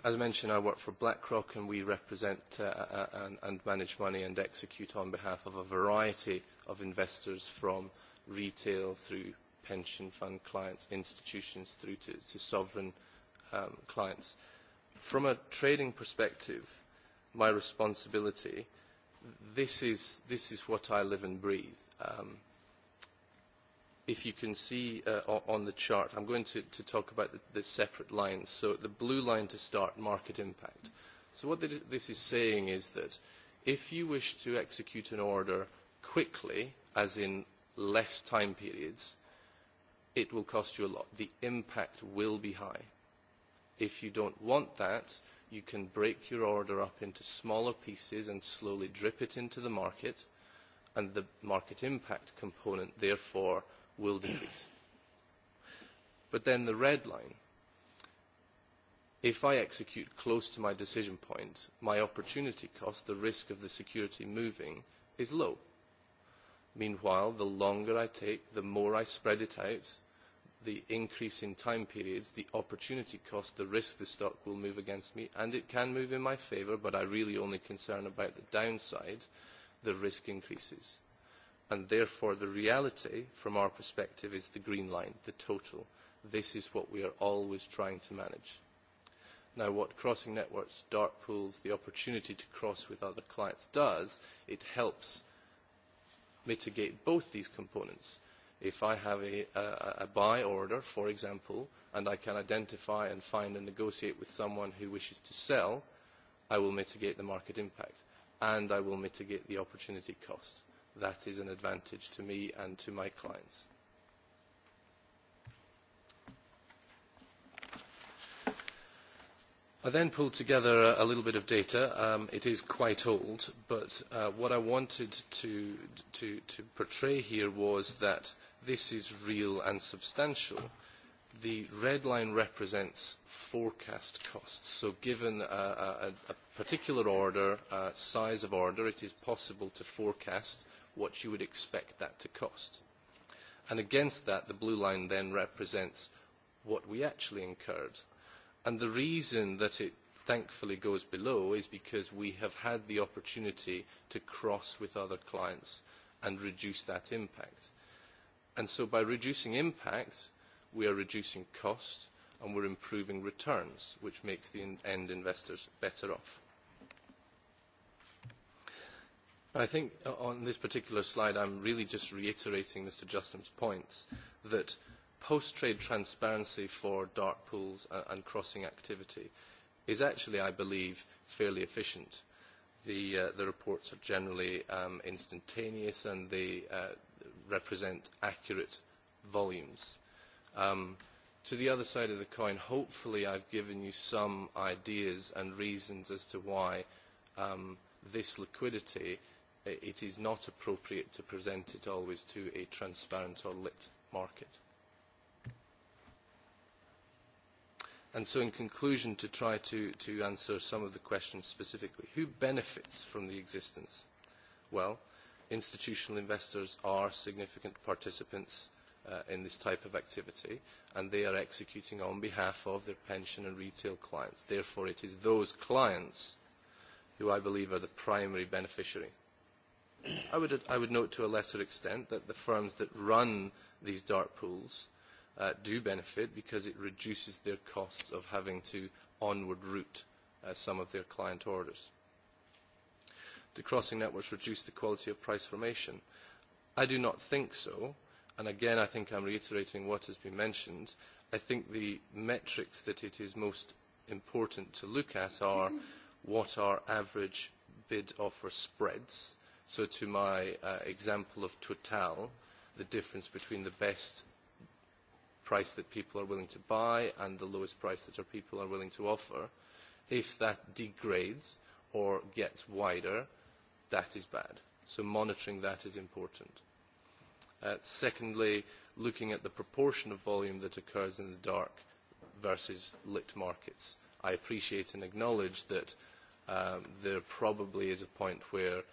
as mentioned, I work for BlackRock and we represent and manage money and execute on behalf of a variety of investors from retail through pension fund clients, institutions through to to sovereign clients. From a trading perspective, my responsibility, this is what I live and breathe if you can see on the chart, I'm going to to talk about the separate lines. So the blue line to start, market impact. So what this is saying is that if you wish to execute an order quickly, as in less time periods, it will cost you a lot. The impact will be high. If you don't want that, you can break your order up into smaller pieces and slowly drip it into the market, and the market impact component, therefore, will decrease. But then the red line, if I execute close to my decision point, my opportunity cost, the risk of the security moving, is low. Meanwhile, the longer I take, the more I spread it out, the increase in time periods, the opportunity cost, the risk the stock will move against me, and it can move in my favour, but I really only concern about the downside, the risk increases and therefore the reality from our perspective is the green line, the total. This is what we are always trying to manage. Now what Crossing Networks Dark Pools, the opportunity to cross with other clients does, it helps mitigate both these components. If I have a buy order, for example, and I can identify and find and negotiate with someone who wishes to sell, I will mitigate the market impact and I will mitigate the opportunity cost that is an advantage to me and to my clients. I then pulled together a little bit of data. It is quite old, but what I wanted to portray here was that this is real and substantial. The red line represents forecast costs. So given a particular order, size of order, it is possible to forecast what you would expect that to cost. And against that, the blue line then represents what we actually incurred. And the reason that it thankfully goes below is because we have had the opportunity to cross with other clients and reduce that impact. And so by reducing impact, we are reducing cost and we're improving returns, which makes the end investors better off. I think on this particular slide, I'm really just reiterating Mr. Justin's points that post-trade transparency for dark pools and crossing activity is actually, I believe, fairly efficient. The reports are generally instantaneous and they represent accurate volumes. To the other side of the coin, hopefully I've given you some ideas and reasons as to why this liquidity it is not appropriate to present it always to a transparent or lit market. And so in conclusion, to try to answer some of the questions specifically, who benefits from the existence? Well, institutional investors are significant participants in this type of activity, and they are executing on behalf of their pension and retail clients. Therefore, it is those clients who I believe are the primary beneficiary I would, note to a lesser extent that the firms that run these dark pools do benefit because it reduces their costs of having to onward route some of their client orders. Do crossing networks reduce the quality of price formation? I do not think so. And again, I think I'm reiterating what has been mentioned. I think the metrics that it is most important to look at are what are average bid-offer spreads So to my example of Total, the difference between the best price that people are willing to buy and the lowest price that our people are willing to offer, if that degrades or gets wider, that is bad. So monitoring that is important. Secondly, looking at the proportion of volume that occurs in the dark versus lit markets. I appreciate and acknowledge that there probably is a point where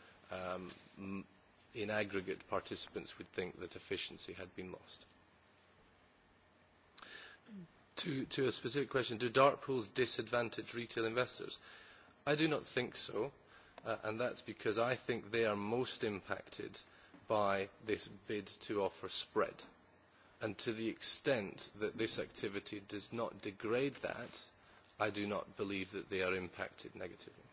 in aggregate participants would think that efficiency had been lost. To a specific question, do dark pools disadvantage retail investors? I do not think so, and that's because I think they are most impacted by this bid to offer spread. And to the extent that this activity does not degrade that, I do not believe that they are impacted negatively.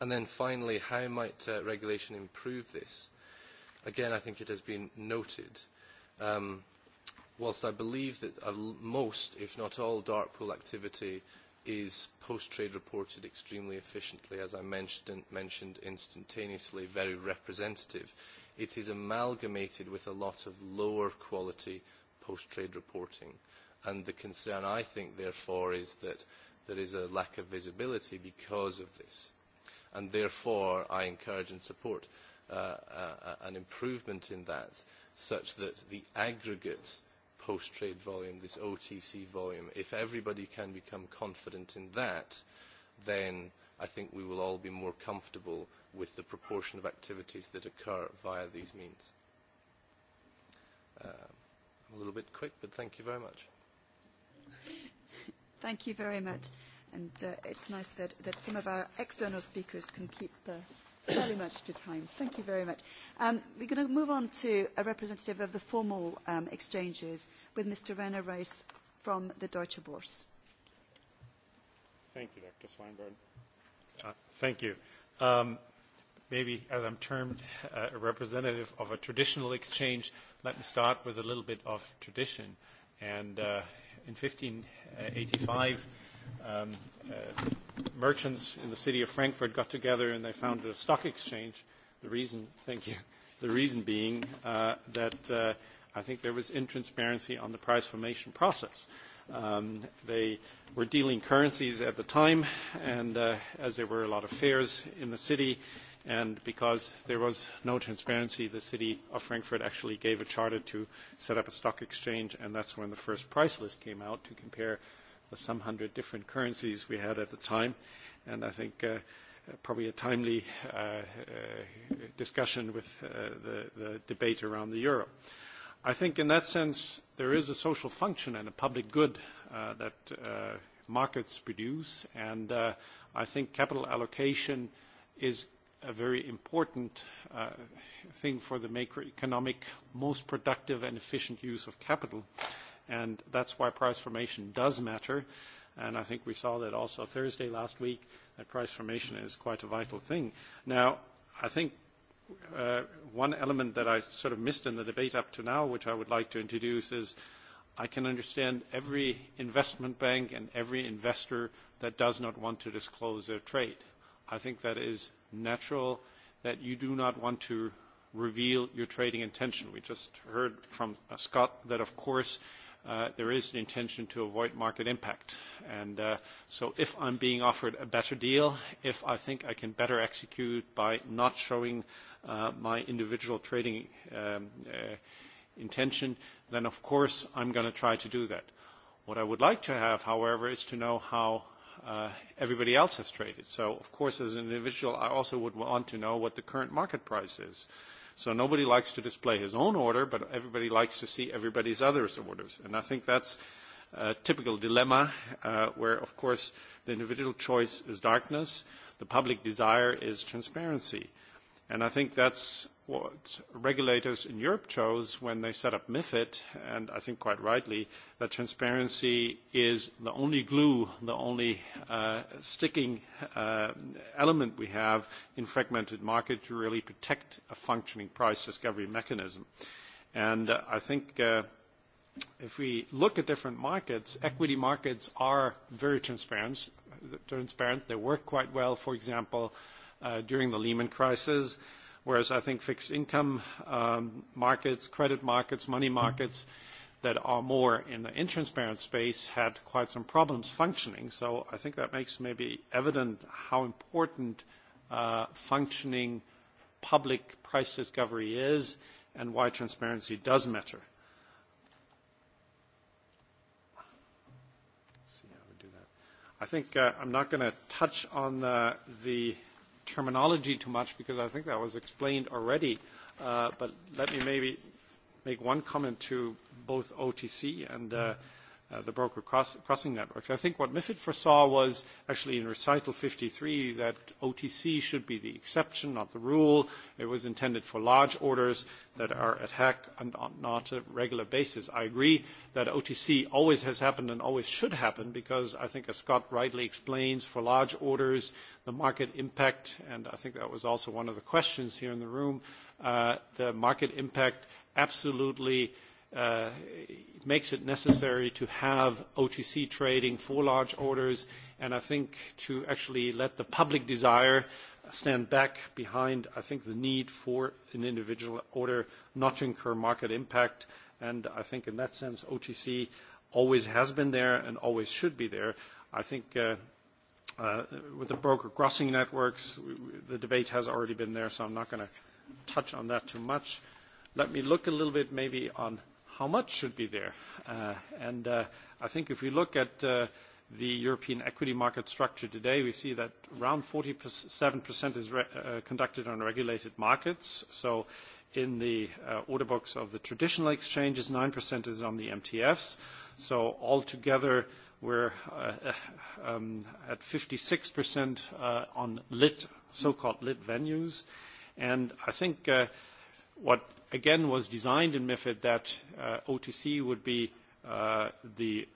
And then finally, how might regulation improve this? Again, I think it has been noted. Whilst I believe that most, if not all, dark pool activity is post-trade reported extremely efficiently, as I mentioned instantaneously, very representative, it is amalgamated with a lot of lower quality post-trade reporting. And the concern, I think, therefore, is that there is a lack of visibility because of this and therefore I encourage and support an improvement in that such that the aggregate post-trade volume, this OTC volume, if everybody can become confident in that, then I think we will all be more comfortable with the proportion of activities that occur via these means. I'm a little bit quick, but thank you very much.
Thank you very much. And it's nice that some of our external speakers can keep fairly much to time. Thank you very much. We're going to move on to a representative of the formal exchanges with Mr. Werner Reis from the Deutsche Börse.
Thank you, Dr. Swinburne. Thank you. Maybe as I'm termed a representative of a traditional exchange, let me start with a little bit of tradition. And in 1585, merchants in the city of Frankfurt got together and they founded a stock exchange. The reason, thank you, the reason being that I think there was intransparency on the price formation process. They were dealing currencies at the time, and as there were a lot of fairs in the city, and because there was no transparency, the city of Frankfurt actually gave a charter to set up a stock exchange, and that's when the first price list came out to compare the some hundred different currencies we had at the time, and I think probably a timely discussion with the debate around the euro. I think in that sense there is a social function and a public good that markets produce, and I think capital allocation is a very important thing for the macroeconomic most productive and efficient use of capital and that's why price formation does matter. And I think we saw that also Thursday last week, that price formation is quite a vital thing. Now, I think one element that I sort of missed in the debate up to now, which I would like to introduce, is I can understand every investment bank and every investor that does not want to disclose their trade. I think that is natural that you do not want to reveal your trading intention. We just heard from Scott that, of course, there is an intention to avoid market impact. And so if I'm being offered a better deal, if I think I can better execute by not showing my individual trading intention, then of course I'm going to try to do that. What I would like to have, however, is to know how everybody else has traded. So, of course, as an individual, I also would want to know what the current market price is. So nobody likes to display his own order, but everybody likes to see everybody's other orders. And I think that's a typical dilemma where, of course, the individual choice is darkness, the public desire is transparency. And I think that's what regulators in Europe chose when they set up MIFID, and I think quite rightly, that transparency is the only glue, the only sticking element we have in fragmented market to really protect a functioning price discovery mechanism. And I think if we look at different markets, equity markets are very transparent. They work quite well, for example during the Lehman crisis, whereas I think fixed income markets, credit markets, money markets that are more in the intransparent space had quite some problems functioning. So I think that makes maybe evident how important functioning public price discovery is and why transparency does matter. see how we do that. I think I'm not going to touch on the terminology too much because I think that was explained already, Uh but let me maybe make one comment to both OTC and the broker crossing networks. I think what MIFID foresaw was actually in recital 53 that OTC should be the exception, not the rule. It was intended for large orders that are at hack and not a regular basis. I agree that OTC always has happened and always should happen because I think, as Scott rightly explains, for large orders, the market impact, and I think that was also one of the questions here in the room, the market impact absolutely makes it necessary to have OTC trading for large orders, and I think to actually let the public desire stand back behind, I think, the need for an individual order not to incur market impact. And I think in that sense, OTC always has been there and always should be there. I think with the broker crossing networks, the debate has already been there, so I'm not going to touch on that too much. Let me look a little bit maybe on how much should be there? And I think if we look at the European equity market structure today, we see that around 47% is conducted on regulated markets. So in the order books of the traditional exchanges, 9% is on the MTFs. So altogether, we're at 56% on lit, so-called lit venues. And I think what again was designed in MiFID that OTC would be the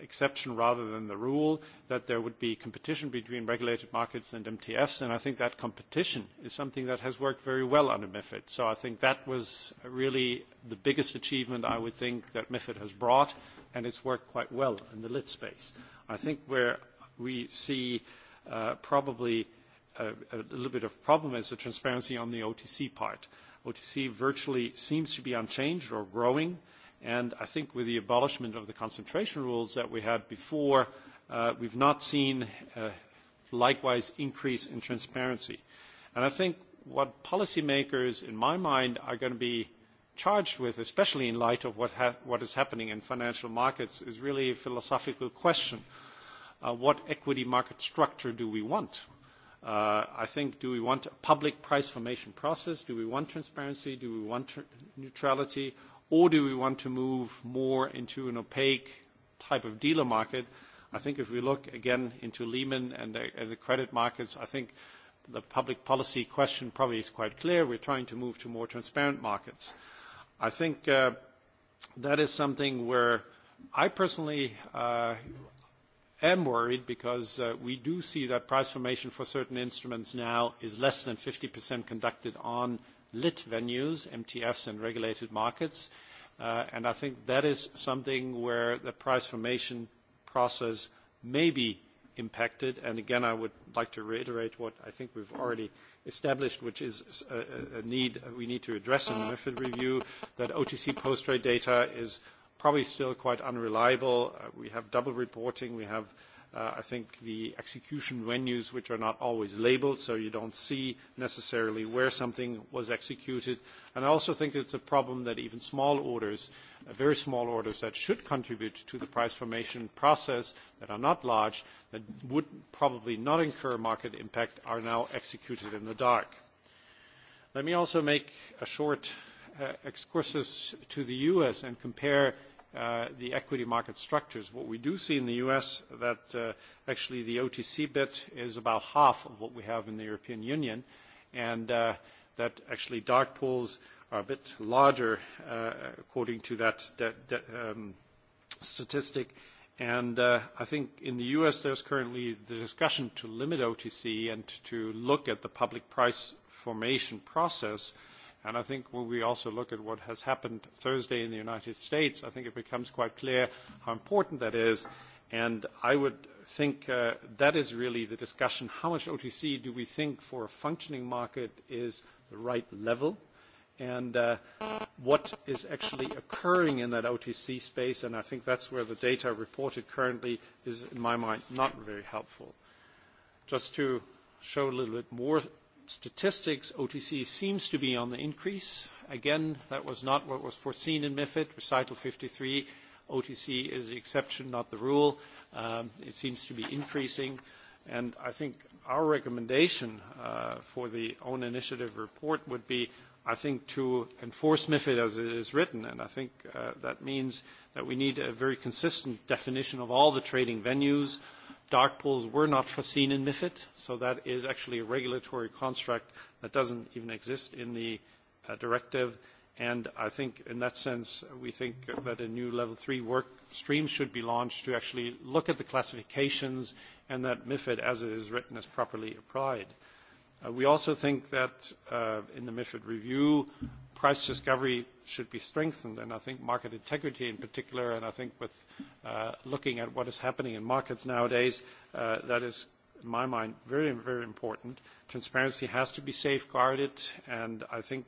exception rather than the rule, that there would be competition between regulated markets and MTFs, and I think that competition is something that has worked very well under MiFID. So I think that was really the biggest achievement, I would think, that MiFID has brought, and it's worked quite well in the lit space. I think where we see probably a little bit of problem is the transparency on the OTC part. OTC virtually seems to be unchanged or growing, and I think with the abolishment of the concentration rules that we had before, we've not seen a likewise increase in transparency. I think what policymakers, in my mind, are going to be charged with, especially in light of what is happening in financial markets, is really a philosophical question. What equity market structure do we want? I think, do we want a public price formation process? Do we want transparency? Do we want neutrality? Or do we want to move more into an opaque type of dealer market? I think if we look again into Lehman and the credit markets, I think the public policy question probably is quite clear. We're trying to move to more transparent markets. I think that is something where I personally am worried because we do see that price formation for certain instruments now is less than 50% conducted on lit venues, MTFs and regulated markets. And I think that is something where the price formation process may be impacted. And again, I would like to reiterate what I think we've already established, which is a need we need to address in the MiFID review, that OTC post-trade data is probably still quite unreliable. We have double reporting. We have, I think, the execution venues which are not always labeled, so you don't see necessarily where something was executed. And I also think it's a problem that even small orders, very small orders that should contribute to the price formation process, that are not large, that would probably not incur market impact, are now executed in the dark. Let me also make a short excursus to the U.S. and compare the equity market structures, what we do see in the U.S. that actually the OTC bit is about half of what we have in the European Union, and that actually dark pools are a bit larger according to that statistic. And I think in the U.S. there's currently the discussion to limit OTC and to look at the public price formation process And I think when we also look at what has happened Thursday in the United States, I think it becomes quite clear how important that is. And I would think that is really the discussion. How much OTC do we think for a functioning market is the right level? And what is actually occurring in that OTC space? And I think that's where the data reported currently is, in my mind, not very helpful. Just to show a little bit more statistics, OTC seems to be on the increase. Again, that was not what was foreseen in MIFID. Recital 53, OTC is the exception, not the rule. It seems to be increasing. And I think our recommendation for the own initiative report would be, I think, to enforce MIFID as it is written. And I think that means that we need a very consistent definition of all the trading venues, Dark pools were not foreseen in MiFID, so that is actually a regulatory construct that doesn't even exist in the directive. And I think in that sense, we think that a new level three work stream should be launched to actually look at the classifications and that MiFID, as it is written, is properly applied. We also think that in the MiFID review, price discovery should be strengthened, and I think market integrity in particular, and I think with looking at what is happening in markets nowadays, that is, in my mind, very, very important. Transparency has to be safeguarded, and I think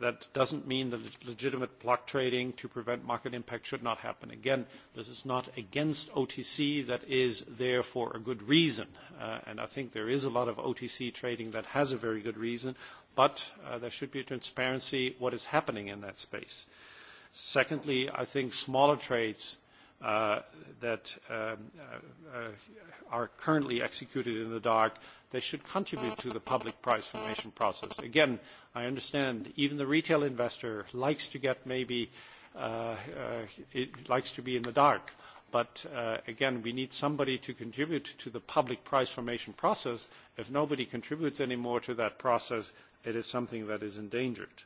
that doesn't mean that legitimate block trading to prevent market impact should not happen. Again, this is not against OTC. That is there for a good reason, and I think there is a lot of OTC trading that has a very good reason but there should be transparency what is happening in that space. Secondly, I think smaller trades that are currently executed in the dark, they should contribute to the public price formation process. Again, I understand even the retail investor likes to get maybe, it likes to be in the dark. But again, we need somebody to contribute to the public price formation process. If nobody contributes anymore to that process, it is something that is endangered.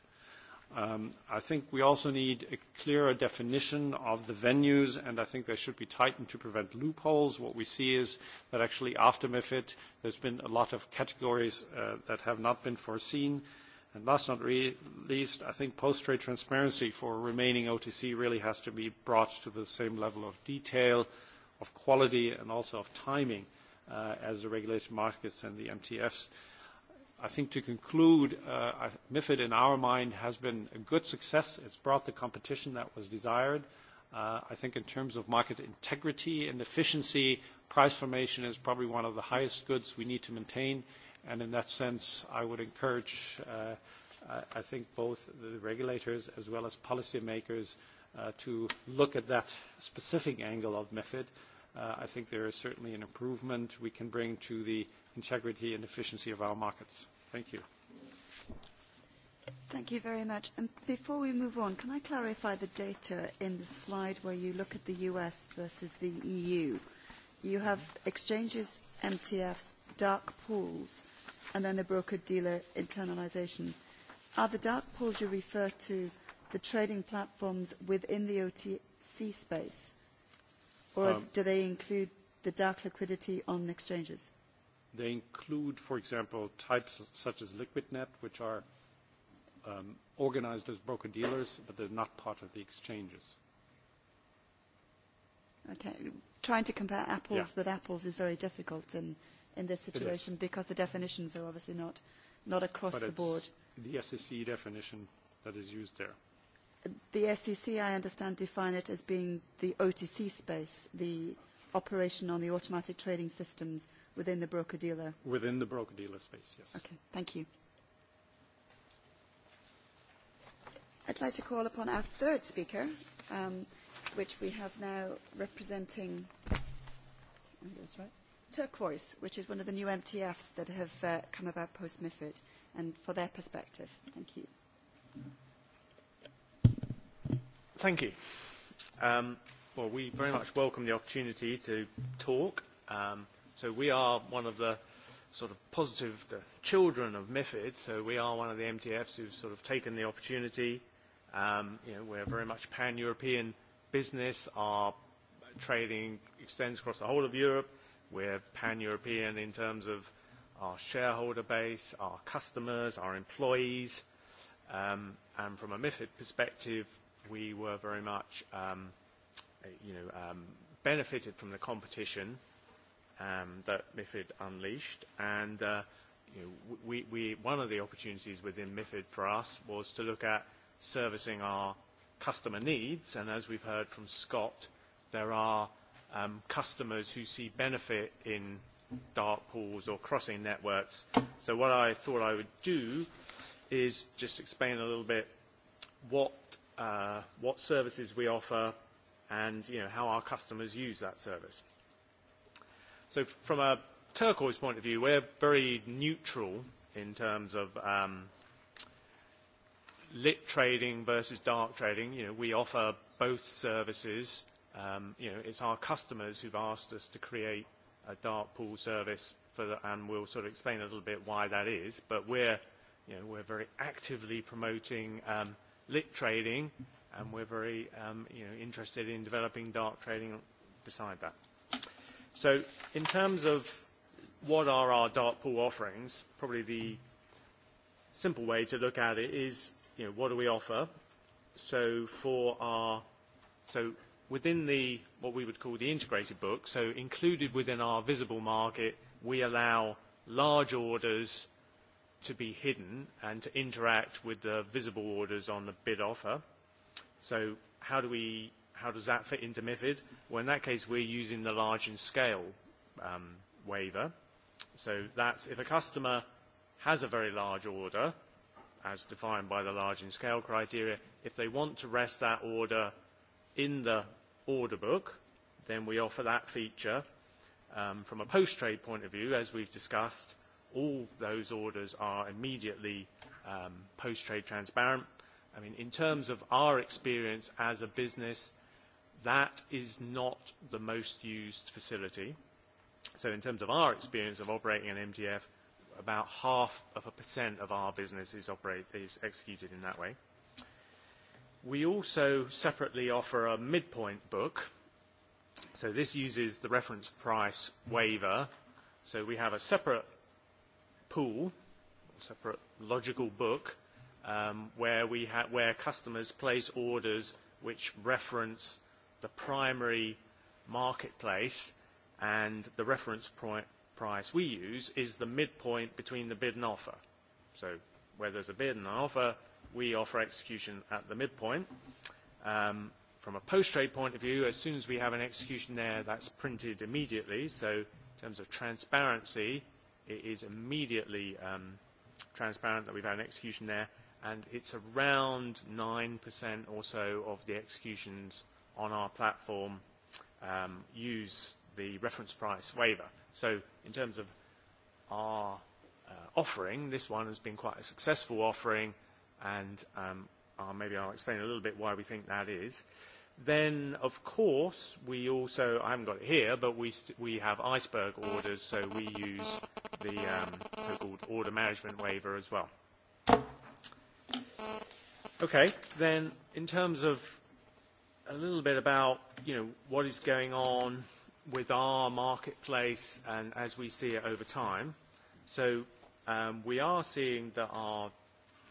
I think we also need a clearer definition of the venues, and I think they should be tightened to prevent loopholes. What we see is that actually after MIFID, there's been a lot of categories that have not been foreseen. And last not least, I think post-trade transparency for remaining OTC really has to be brought to the same level of detail, of quality, and also of timing as the regulated markets and the MTFs. I think to conclude, MIFID in our mind has been a good success. It's brought the competition that was desired. I think in terms of market integrity and efficiency, price formation is probably one of the highest goods we need to maintain. And in that sense, I would encourage, I think, both the regulators as well as policymakers to look at that specific angle of MIFID. I think there is certainly an improvement we can bring to the integrity and efficiency of our markets. Thank you.
Thank you very much. before we move on, can I clarify the data in the slide where you look at the US versus the EU? You have exchanges, MTFs, dark pools, and then the broker-dealer internalization. Are the dark pools you refer to the trading platforms within the OTC space, or do they include the dark liquidity on exchanges?
They include, for example, types such as LiquidNet, which are organized as broker-dealers, but they're not part of the exchanges.
Okay. Trying to compare apples with apples is very difficult in this situation because the definitions are obviously not not across the board.
the SEC definition that is used there.
The SEC, I understand, define it as being the OTC space, the operation on the automatic trading systems within the broker-dealer?
Within the broker-dealer space, yes. Okay,
thank you. I'd like to call upon our third speaker, which we have now representing right. Turquoise, which is one of the new MTFs that have come about post-MIFID, and for their perspective. Thank you.
Thank you. Well, we very much welcome the opportunity to talk. Um So we are one of the sort of positive the children of MIFID, so we are one of the MTFs who've sort of taken the opportunity. Um, you know, we're very much pan-European business. Our trading extends across the whole of Europe. We're pan-European in terms of our shareholder base, our customers, our employees. Um, and from a MIFID perspective, we were very much, um, you know, um, benefited from the competition that MIFID unleashed. And we one of the opportunities within MIFID for us was to look at servicing our customer needs. And as we've heard from Scott, there are customers who see benefit in dark pools or crossing networks. So what I thought I would do is just explain a little bit what services we offer and how our customers use that service. So from a turquoise point of view, we're very neutral in terms of lit trading versus dark trading. You know, we offer both services. You know, it's our customers who've asked us to create a dark pool service for the, and we'll sort of explain a little bit why that is. But we're, you know, we're very actively promoting um, lit trading, and we're very, um, you know, interested in developing dark trading beside that. So in terms of what are our dark pool offerings, probably the simple way to look at it is, you know, what do we offer? So for our, so within the, what we would call the integrated book, so included within our visible market, we allow large orders to be hidden and to interact with the visible orders on the bid offer. So how do we how does that fit into MIFID? Well, in that case, we're using the large in scale waiver. So that's if a customer has a very large order, as defined by the large in scale criteria, if they want to rest that order in the order book, then we offer that feature. From a post-trade point of view, as we've discussed, all those orders are immediately post-trade transparent. I mean, in terms of our experience as a business That is not the most used facility. So in terms of our experience of operating an MTF, about half of a percent of our business is executed in that way. We also separately offer a midpoint book. So this uses the reference price waiver. So we have a separate pool, a separate logical book, where we where customers place orders which reference the primary marketplace and the reference price we use is the midpoint between the bid and offer. So where there's a bid and an offer, we offer execution at the midpoint. From a post-trade point of view, as soon as we have an execution there, that's printed immediately. So in terms of transparency, it is immediately transparent that we've had an execution there. And it's around 9% or so of the executions on our platform use the reference price waiver. So in terms of our offering, this one has been quite a successful offering, and maybe I'll explain a little bit why we think that is. Then, of course, we also, I haven't got it here, but we we have iceberg orders, so we use the so-called order management waiver as well. Okay, then in terms of a little bit about, you know, what is going on with our marketplace and as we see it over time. So we are seeing that our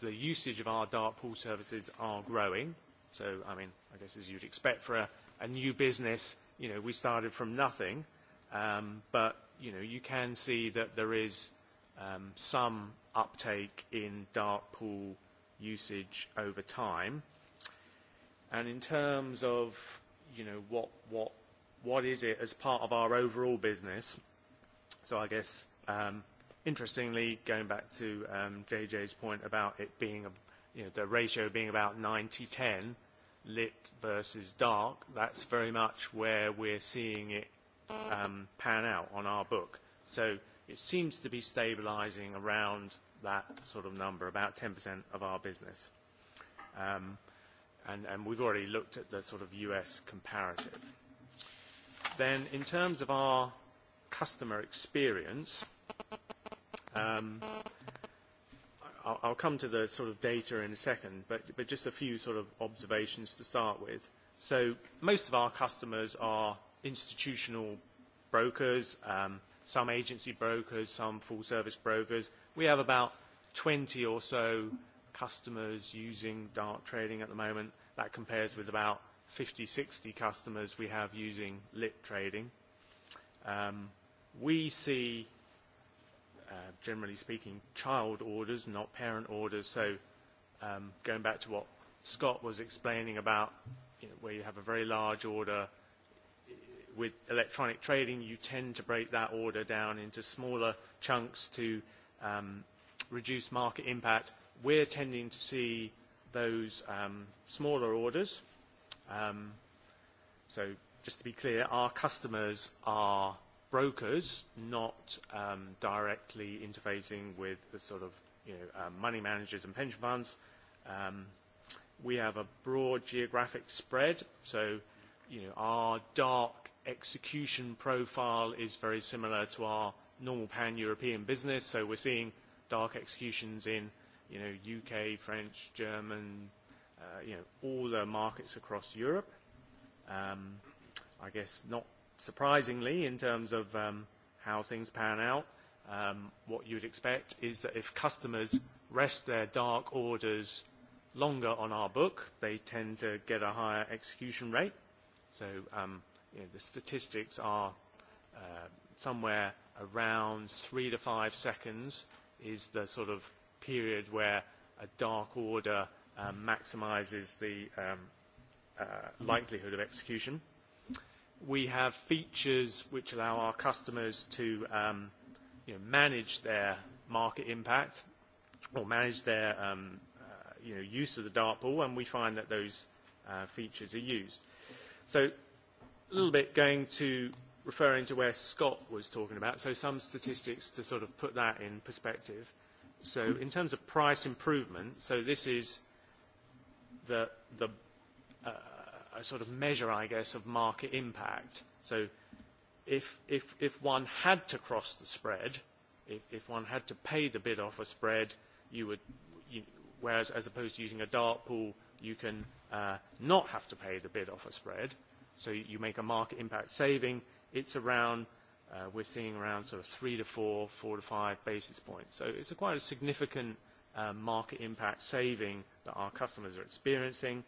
the usage of our dark pool services are growing. So, I mean, I guess as you'd expect for a new business, you know, we started from nothing. But, you know, you can see that there is some uptake in dark pool usage over time. And in terms of, you know, what what what is it as part of our overall business? So I guess, interestingly, going back to JJ's point about it being, you know, the ratio being about 90-10, lit versus dark, that's very much where we're seeing it pan out on our book. So it seems to be stabilizing around that sort of number, about 10% of our business and we've already looked at the sort of US comparative. Then in terms of our customer experience, I'll come to the sort of data in a second, but just a few sort of observations to start with. So most of our customers are institutional brokers, some agency brokers, some full-service brokers. We have about 20 or so customers using dark trading at the moment. That compares with about 50, 60 customers we have using lit trading. We see, generally speaking, child orders, not parent orders. So going back to what Scott was explaining about where you have a very large order with electronic trading, you tend to break that order down into smaller chunks to reduce market impact we're tending to see those smaller orders. So just to be clear, our customers are brokers, not directly interfacing with the sort of money managers and pension funds. We have a broad geographic spread, so our dark execution profile is very similar to our normal pan-European business, so we're seeing dark executions in you know, UK, French, German, you know, all the markets across Europe. Um, I guess not surprisingly in terms of um, how things pan out, um, what you'd expect is that if customers rest their dark orders longer on our book, they tend to get a higher execution rate. So um, you know, the statistics are uh, somewhere around three to five seconds is the sort of period where a dark order maximizes the likelihood of execution. We have features which allow our customers to you know manage their market impact or manage their you know use of the dark pool, and we find that those features are used. So a little bit going to referring to where Scott was talking about, so some statistics to sort of put that in perspective. So in terms of price improvement, so this is the a sort of measure, I guess, of market impact. So if one had to cross the spread, if one had to pay the bid offer spread, you would, whereas as opposed to using a dark pool, you can not have to pay the bid offer spread. So you make a market impact saving. It's around we're seeing around sort of three to four, four to five basis points. So it's quite a significant market impact saving that our customers are experiencing.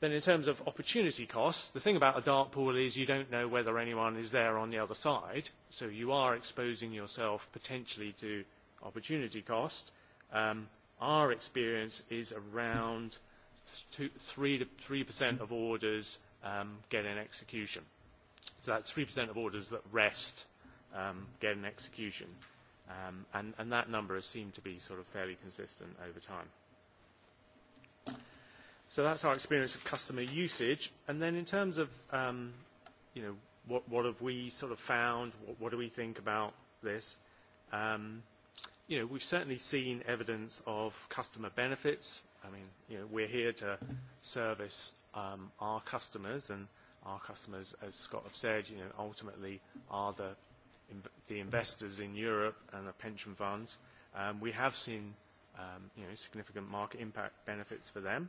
Then in terms of opportunity costs, the thing about a dark pool is you don't know whether anyone is there on the other side, so you are exposing yourself potentially to opportunity cost. Our experience is around 3% of orders get an execution. So that's 3% of orders that rest get an execution. And and that number has seemed to be sort of fairly consistent over time. So that's our experience of customer usage. And then in terms of, you know, what what have we sort of found? What what do we think about this? Um You know, we've certainly seen evidence of customer benefits. I mean, you know, we're here to service our customers and our customers, as Scott have said, you ultimately are the, investors in Europe and the pension funds. we have seen, you know, significant market impact benefits for them.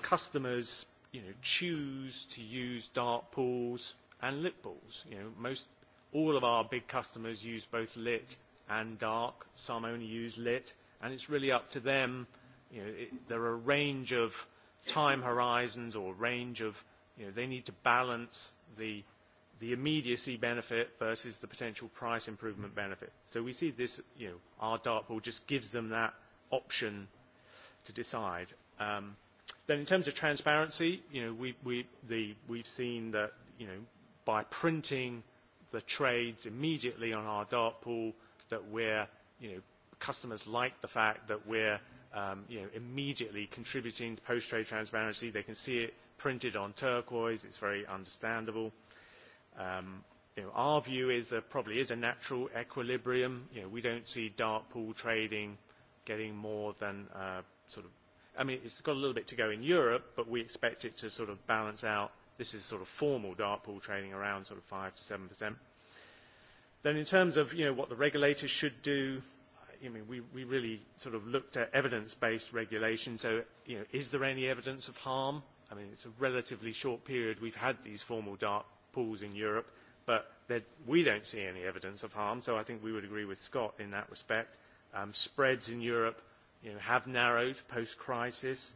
customers, you know, choose to use dark pools and lit pools. You know, most, all of our big customers use both lit and dark. Some only use lit, and it's really up to them. You know, there are a range of time horizons or range of, you know, they need to balance the the immediacy benefit versus the potential price improvement benefit. So we see this, you know, our pool just gives them that option to decide. then in terms of transparency, you know, we, we, the, we've seen that, you know, by printing the trades immediately on our dart pool that we're, you know, customers like the fact that we're you know, immediately contributing to post-trade transparency. They can see it printed on turquoise. It's very understandable. our view is there probably is a natural equilibrium. we don't see dark pool trading getting more than sort of, I mean, it's got a little bit to go in Europe, but we expect it to sort of balance out. This is sort of formal dark pool trading around sort of 5 to 7%. Then in terms of, you know, what the regulators should do, I mean, we, we really sort of looked at evidence-based regulation. So, you know, is there any evidence of harm? I mean, it's a relatively short period we've had these formal dark pools in Europe, but we don't see any evidence of harm. So I think we would agree with Scott in that respect. Spreads in Europe, you know, have narrowed post-crisis.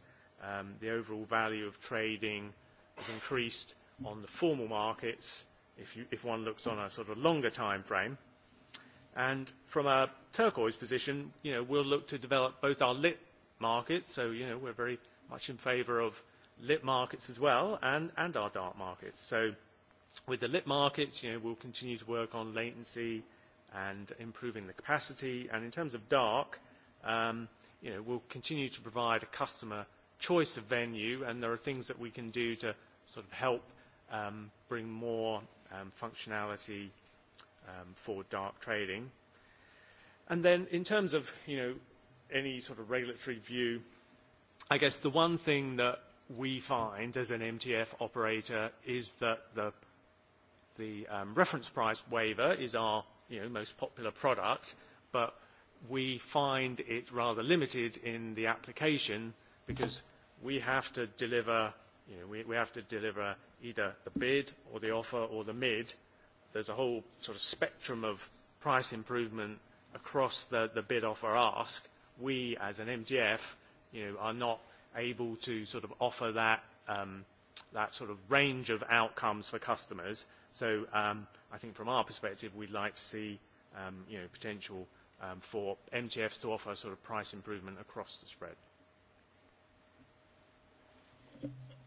The overall value of trading has increased on the formal markets if one looks on a sort of longer time frame And from our turquoise position, you know, we'll look to develop both our lit markets, so, you know, we're very much in favour of lit markets as well, and, and our dark markets. So with the lit markets, you know, we'll continue to work on latency and improving the capacity. And in terms of dark, um, you know, we'll continue to provide a customer choice of venue, and there are things that we can do to sort of help um, bring more functionality for dark trading. And then in terms of, you know, any sort of regulatory view, I guess the one thing that we find as an MTF operator is that the the reference price waiver is our, you know, most popular product, but we find it rather limited in the application because we have to deliver, you know, we have to deliver either the bid or the offer or the mid there's a whole sort of spectrum of price improvement across the, the bid offer ask, we as an MGF you know, are not able to sort of offer that, that sort of range of outcomes for customers. So I think from our perspective, we'd like to see you know, potential for MTFs to offer sort of price improvement across the spread.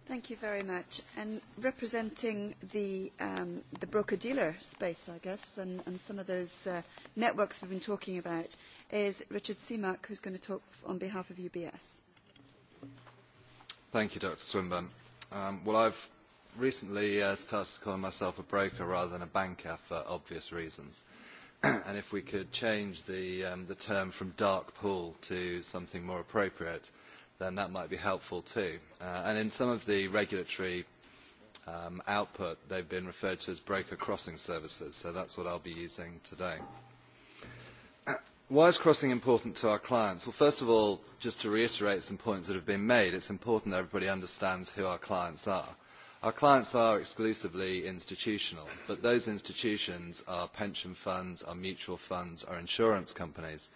Thank you very much. And representing the the broker-dealer space, I guess, and some of those networks we've been talking about, is Richard Seamark, who's going to talk on behalf of UBS.
Thank you, Dr. Swinburne. Well, I've recently started calling myself a broker rather than a banker for obvious reasons. And if we could change the term from dark pool to something more appropriate then that might be helpful too. And in some of the regulatory output, they've been referred to as broker crossing services, so that's what I'll be using today. Why is crossing important to our clients? Well, first of all, just to reiterate some points that have been made, it's important that everybody understands who our clients are. Our clients are exclusively institutional, but those institutions are pension funds, are mutual funds, are insurance companies,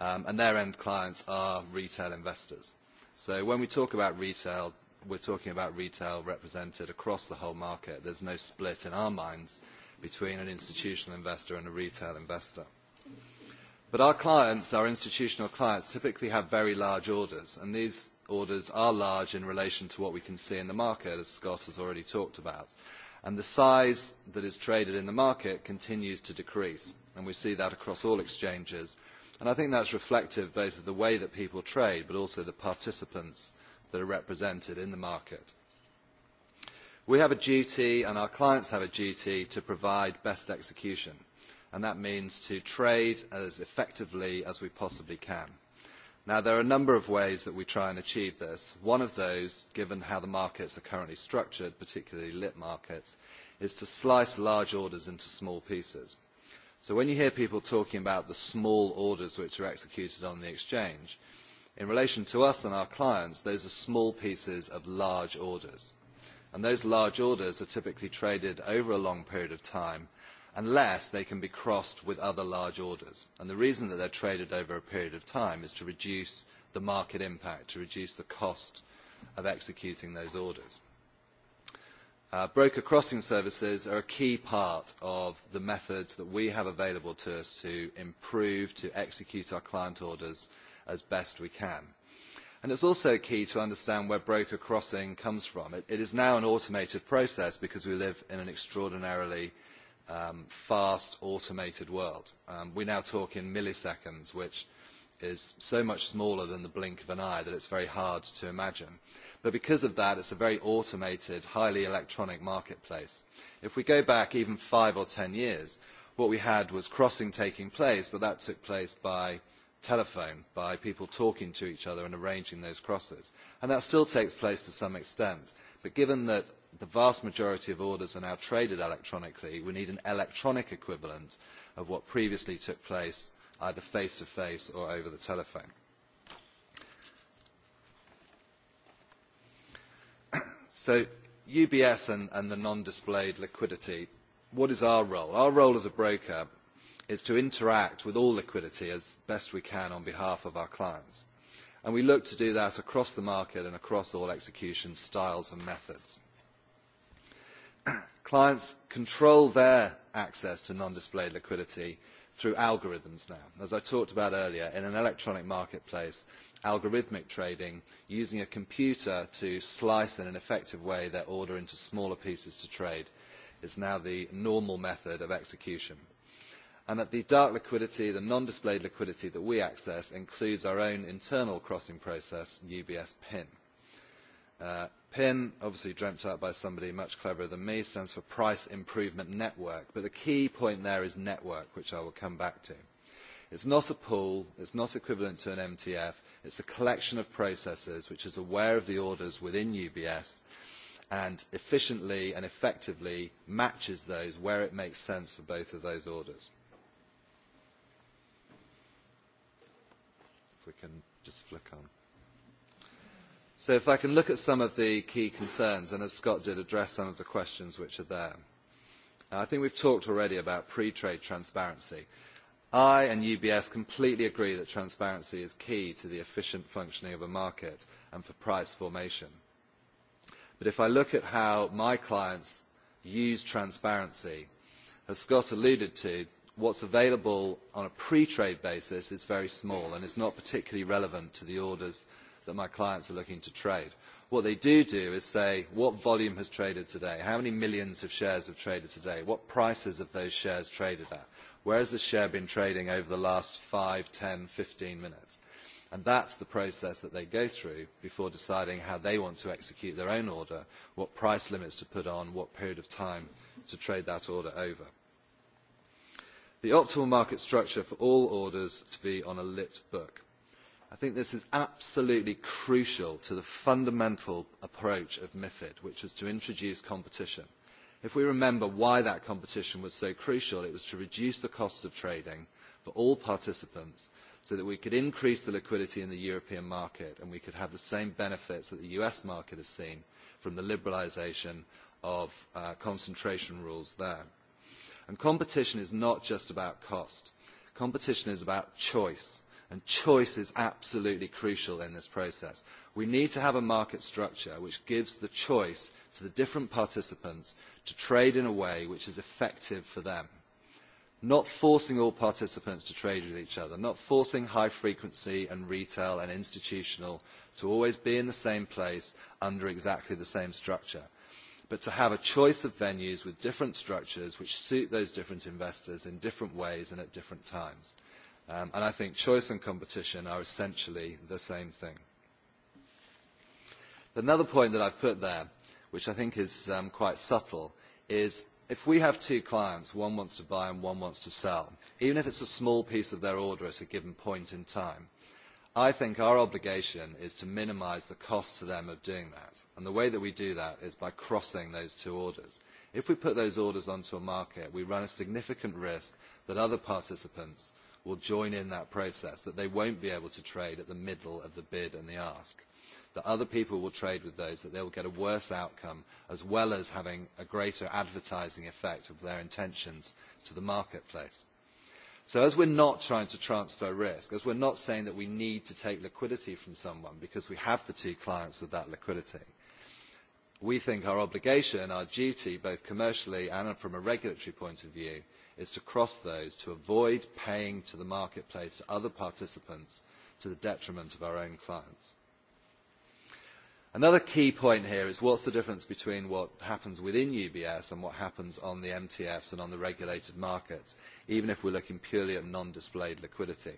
and their end clients are retail investors. So when we talk about retail, we're talking about retail represented across the whole market. There's no split in our minds between an institutional investor and a retail investor. But our clients, our institutional clients, typically have very large orders, and these orders are large in relation to what we can see in the market, as Scott has already talked about. And the size that is traded in the market continues to decrease, and we see that across all exchanges I think that is reflective both of the way that people trade, but also the participants that are represented in the market. We have a duty, and our clients have a duty, to provide best execution. And that means to trade as effectively as we possibly can. Now, there are a number of ways that we try and achieve this. One of those, given how the markets are currently structured, particularly lit markets, is to slice large orders into small pieces. So when you hear people talking about the small orders which are executed on the exchange, in relation to us and our clients, those are small pieces of large orders. And those large orders are typically traded over a long period of time unless they can be crossed with other large orders. And the reason that they are traded over a period of time is to reduce the market impact, to reduce the cost of executing those orders. Broker crossing services are a key part of the methods that we have available to us to improve, to execute our client orders as best we can. And it's also key to understand where broker crossing comes from. It is now an automated process because we live in an extraordinarily fast automated world. We now talk in milliseconds, which is so much smaller than the blink of an eye that it's very hard to imagine. But because of that, it's a very automated, highly electronic marketplace. If we go back even five or ten years, what we had was crossing taking place, but that took place by telephone, by people talking to each other and arranging those crosses. And that still takes place to some extent. But given that the vast majority of orders are now traded electronically, we need an electronic equivalent of what previously took place either face to face or over the telephone. So UBS and the non-displayed liquidity, what is our role? Our role as a broker is to interact with all liquidity as best we can on behalf of our clients. And we look to do that across the market and across all execution styles and methods. Clients control their access to non-displayed liquidity through algorithms now. As I talked about earlier, in an electronic marketplace, algorithmic trading, using a computer to slice in an effective way their order into smaller pieces to trade, is now the normal method of execution. And that the dark liquidity, the non-displayed liquidity that we access includes our own internal crossing process, UBS PIN PIN, obviously dreamt up by somebody much cleverer than me, stands for Price Improvement Network. But the key point there is network, which I will come back to. It's not a pool. It's not equivalent to an MTF. It's a collection of processes which is aware of the orders within UBS and efficiently and effectively matches those where it makes sense for both of those orders. If we can just flick on. So if I can look at some of the key concerns, and as Scott did, address some of the questions which are there. I think we've talked already about pre-trade transparency. I and UBS completely agree that transparency is key to the efficient functioning of a market and for price formation. But if I look at how my clients use transparency, as Scott alluded to, what's available on a pre-trade basis is very small and is not particularly relevant to the orders that my clients are looking to trade. What they do do is say, what volume has traded today? How many millions of shares have traded today? What prices have those shares traded at? Where has the share been trading over the last 5, 10, 15 minutes? And that's the process that they go through before deciding how they want to execute their own order, what price limits to put on, what period of time to trade that order over. The optimal market structure for all orders to be on a lit book I think this is absolutely crucial to the fundamental approach of MIFID, which was to introduce competition. If we remember why that competition was so crucial, it was to reduce the cost of trading for all participants so that we could increase the liquidity in the European market and we could have the same benefits that the US market has seen from the liberalisation of concentration rules there. And competition is not just about cost. Competition is about choice and choice is absolutely crucial in this process. we need to have a market structure which gives the choice to the different participants to trade in a way which is effective for them not forcing all participants to trade with each other not forcing high frequency and retail and institutional to always be in the same place under exactly the same structure but to have a choice of venues with different structures which suit those different investors in different ways and at different times. And I think choice and competition are essentially the same thing. Another point that I've put there, which I think is quite subtle, is if we have two clients, one wants to buy and one wants to sell, even if it's a small piece of their order at a given point in time, I think our obligation is to minimise the cost to them of doing that. And the way that we do that is by crossing those two orders. If we put those orders onto a market, we run a significant risk that other participants will join in that process, that they won't be able to trade at the middle of the bid and the ask, that other people will trade with those, that they will get a worse outcome, as well as having a greater advertising effect of their intentions to the marketplace. So as we're not trying to transfer risk, as we're not saying that we need to take liquidity from someone because we have the two clients with that liquidity, we think our obligation, our duty, both commercially and from a regulatory point of view, is to cross those to avoid paying to the marketplace to other participants to the detriment of our own clients. Another key point here is what's the difference between what happens within UBS and what happens on the MTFs and on the regulated markets, even if we we're looking purely at non-displayed liquidity.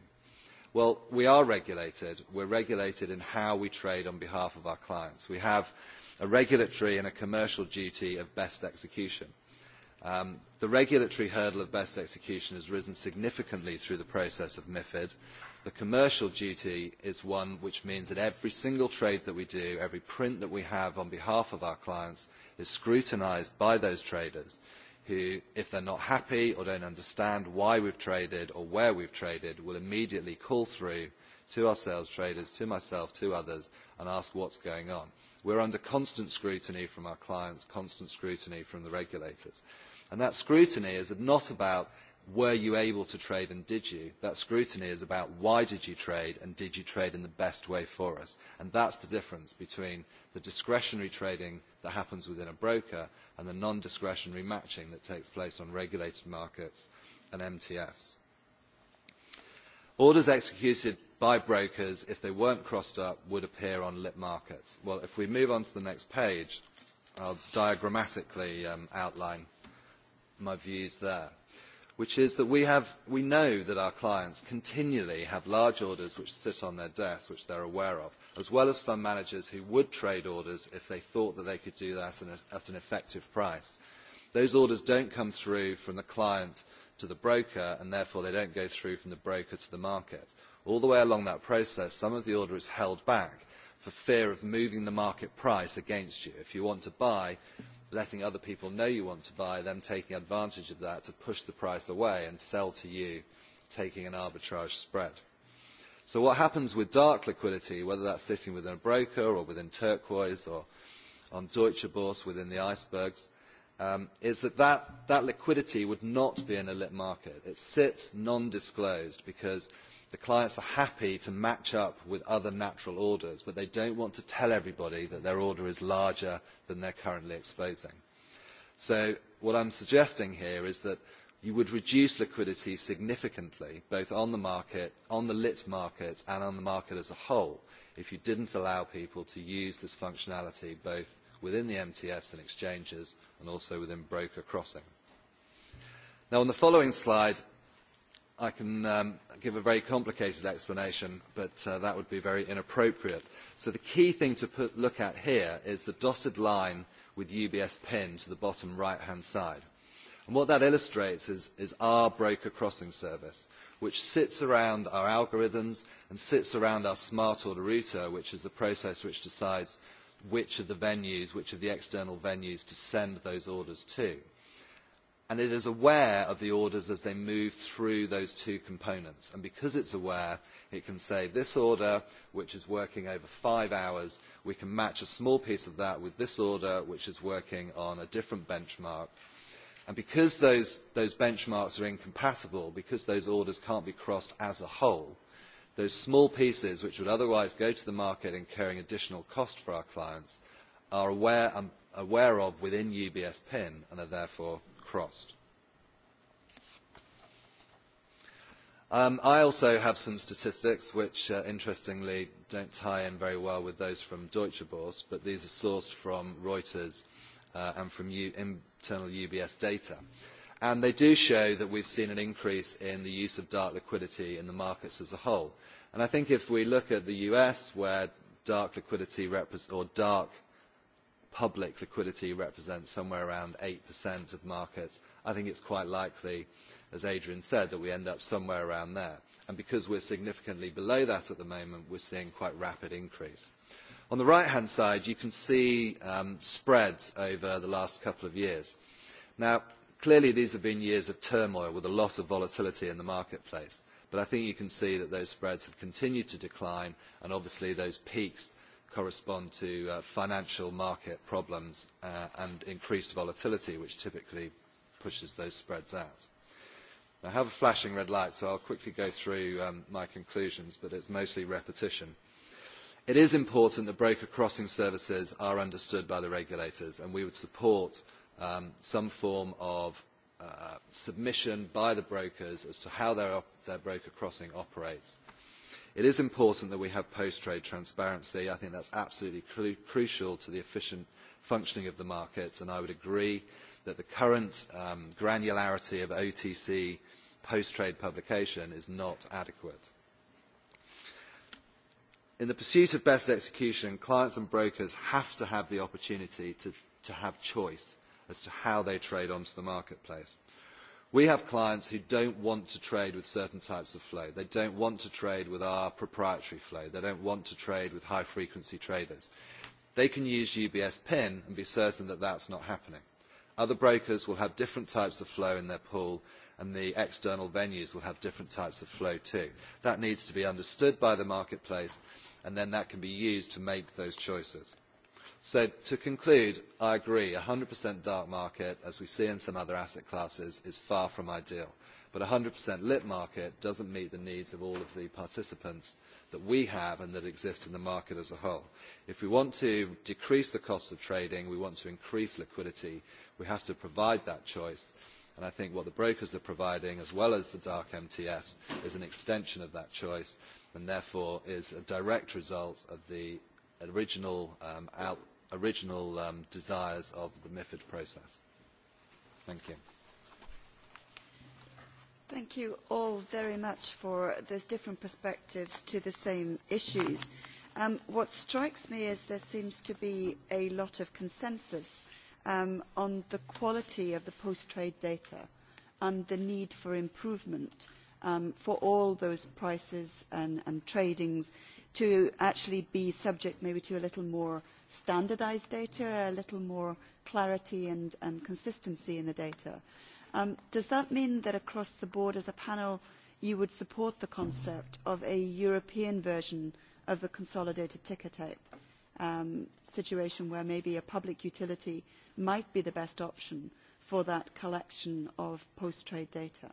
Well, we are regulated. We're regulated in how we trade on behalf of our clients. We have a regulatory and a commercial duty of best execution. The regulatory hurdle of best execution has risen significantly through the process of MIFID. The commercial duty is one which means that every single trade that we do, every print that we have on behalf of our clients, is scrutinised by those traders who, if they're not happy or don't understand why we've traded or where we've traded, will immediately call through to our sales traders, to myself, to others, and ask what's going on. We're under constant scrutiny from our clients, constant scrutiny from the regulators. And that scrutiny is not about were you able to trade and did you. That scrutiny is about why did you trade and did you trade in the best way for us. And that's the difference between the discretionary trading that happens within a broker and the non-discretionary matching that takes place on regulated markets and MTFs. Orders executed by brokers, if they weren't crossed up, would appear on lit markets. Well, if we move on to the next page, I'll diagrammatically outline my views there, which is that we know that our clients continually have large orders which sit on their desks, which they are aware of, as well as fund managers who would trade orders if they thought that they could do that at an effective price. Those orders don't come through from the client to the broker, and therefore they don't go through from the broker to the market. All the way along that process, some of the order is held back for fear of moving the market price against you. If you want to buy letting other people know you want to buy, then taking advantage of that to push the price away and sell to you, taking an arbitrage spread. So what happens with dark liquidity, whether that's sitting within a broker or within Turquoise or on Deutsche Börse within the icebergs, is that that liquidity would not be in a lit market. It sits non-disclosed because The clients are happy to match up with other natural orders, but they don't want to tell everybody that their order is larger than they're currently exposing. So what I'm suggesting here is that you would reduce liquidity significantly, both on the market, on the lit markets and on the market as a whole, if you didn't allow people to use this functionality both within the MTFs and exchanges and also within broker crossing. Now, on the following slide, I can give a very complicated explanation, but that would be very inappropriate. So the key thing to look at here is the dotted line with UBS PIN to the bottom right-hand side. what that illustrates is our broker crossing service, which sits around our algorithms and sits around our smart order router, which is the process which decides which of the venues, which of the external venues to send those orders to and it is aware of the orders as they move through those two components. And because it's aware, it can say, this order, which is working over five hours, we can match a small piece of that with this order, which is working on a different benchmark. And because those benchmarks are incompatible, because those orders can't be crossed as a whole, those small pieces, which would otherwise go to the market incurring additional cost for our clients, are aware of within UBS PIN and are therefore I also have some statistics which, interestingly, don't tie in very well with those from Deutsche Börse, but these are sourced from Reuters and from internal UBS data. And they do show that we've seen an increase in the use of dark liquidity in the markets as a whole. And I think if we look at the US, where dark liquidity or dark public liquidity represents somewhere around 8% of markets, I think it's quite likely, as Adrian said, that we end up somewhere around there. And because we're significantly below that at the moment, we're seeing quite rapid increase. On the right-hand side, you can see spreads over the last couple of years. Now, clearly these have been years of turmoil with a lot of volatility in the marketplace, but I think you can see that those spreads have continued to decline, and obviously those peaks correspond to financial market problems and increased volatility, which typically pushes those spreads out. I have a flashing red light, so I'll quickly go through my conclusions, but it's mostly repetition. It is important that broker crossing services are understood by the regulators, and we would support some form of submission by the brokers as to how their broker crossing operates It is important that we have post-trade transparency. I think that is absolutely crucial to the efficient functioning of the markets, and I would agree that the current granularity of OTC post-trade publication is not adequate. In the pursuit of best execution, clients and brokers have to have the opportunity to have choice as to how they trade onto the marketplace. We have clients who don't want to trade with certain types of flow. They don't want to trade with our proprietary flow. They don't want to trade with high-frequency traders. They can use UBS PIN and be certain that that's not happening. Other brokers will have different types of flow in their pool, and the external venues will have different types of flow too. That needs to be understood by the marketplace, and then that can be used to make those choices. So, to conclude i agree 100% dark market as we see in some other asset classes is far from ideal but 100% lit market doesn't meet the needs of all of the participants that we have and that exist in the market as a whole if we want to decrease the cost of trading we want to increase liquidity we have to provide that choice and i think what the brokers are providing as well as the dark mtfs is an extension of that choice and therefore is a direct result of the original original desires of the MIFID process. Thank you.
Thank you all very much for those different perspectives to the same issues. What strikes me is there seems to be a lot of consensus on the quality of the post-trade data and the need for improvement for all those prices and tradings to actually be subject maybe to a little more standardised data, a little more clarity and consistency in the data. Does that mean that across the board as a panel you would support the concept of a European version of the consolidated ticket situation where maybe a public utility might be the best option for that collection of post-trade data?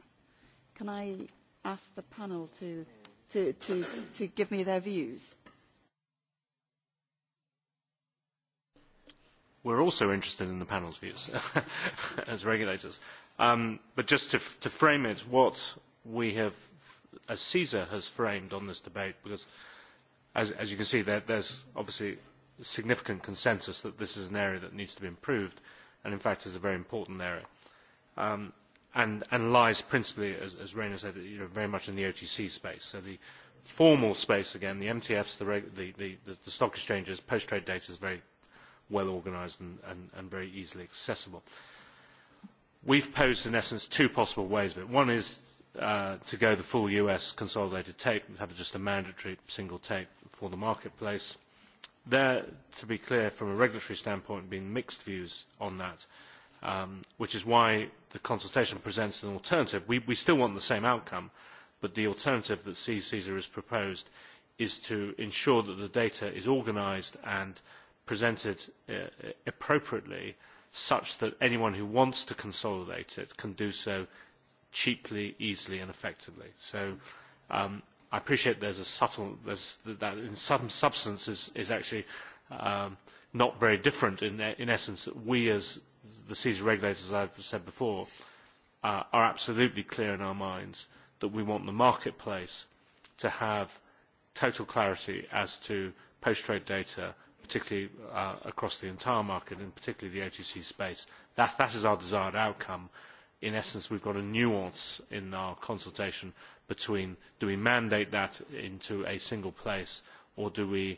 Can I ask the panel to give me their views?
we're also interested in the panel's views as regulators. But just to frame it, what we have, as CESA has framed on this debate, because as you can see, there there's obviously significant consensus that this is an area that needs to be improved, and in fact is a very important area, and lies principally, as Rainer said, very much in the OTC space. So the formal space, again, the MTFs, the stock exchanges, post-trade data is very well organised and very easily accessible. We've posed, in essence, two possible ways of it. One is to go the full US consolidated tape and have just a mandatory single tape for the marketplace. There, to be clear, from a regulatory standpoint, have been mixed views on that, which is why the consultation presents an alternative. We still want the same outcome, but the alternative that CSER has proposed is to ensure that the data is organised and presented appropriately such that anyone who wants to consolidate it can do so cheaply, easily and effectively. So I appreciate there's a subtle, that in some substance is actually not very different in essence. that We as the CESA regulators, as I've said before, are absolutely clear in our minds that we want the marketplace to have total clarity as to post-trade data particularly across the entire market and particularly the OTC space. That is our desired outcome. In essence, we've got a nuance in our consultation between do we mandate that into a single place or do we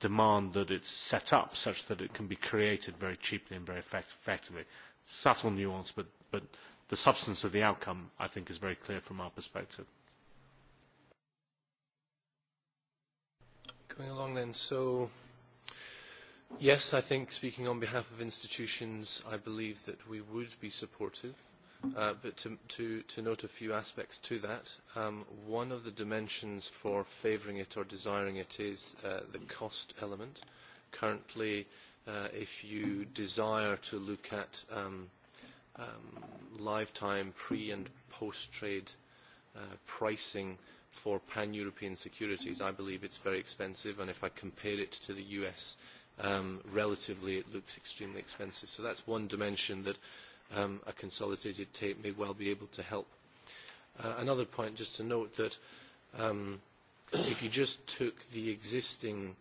demand that it is set up such that it can be created very cheaply and very effectively. Subtle nuance, but the substance of the outcome, I think, is very clear from our perspective.
Going along then, Yes, I think speaking on behalf of institutions, I believe that we would be supportive, but to note a few aspects to that. One of the dimensions for favouring it or desiring it is the cost element. Currently, if you desire to look at lifetime pre- and post-trade pricing for pan-European securities, I believe it's very expensive, and if I compare it to the U.S., relatively it looks extremely expensive. So that's one dimension that a consolidated tape may well be able to help. Another point just to note that if you just took the existing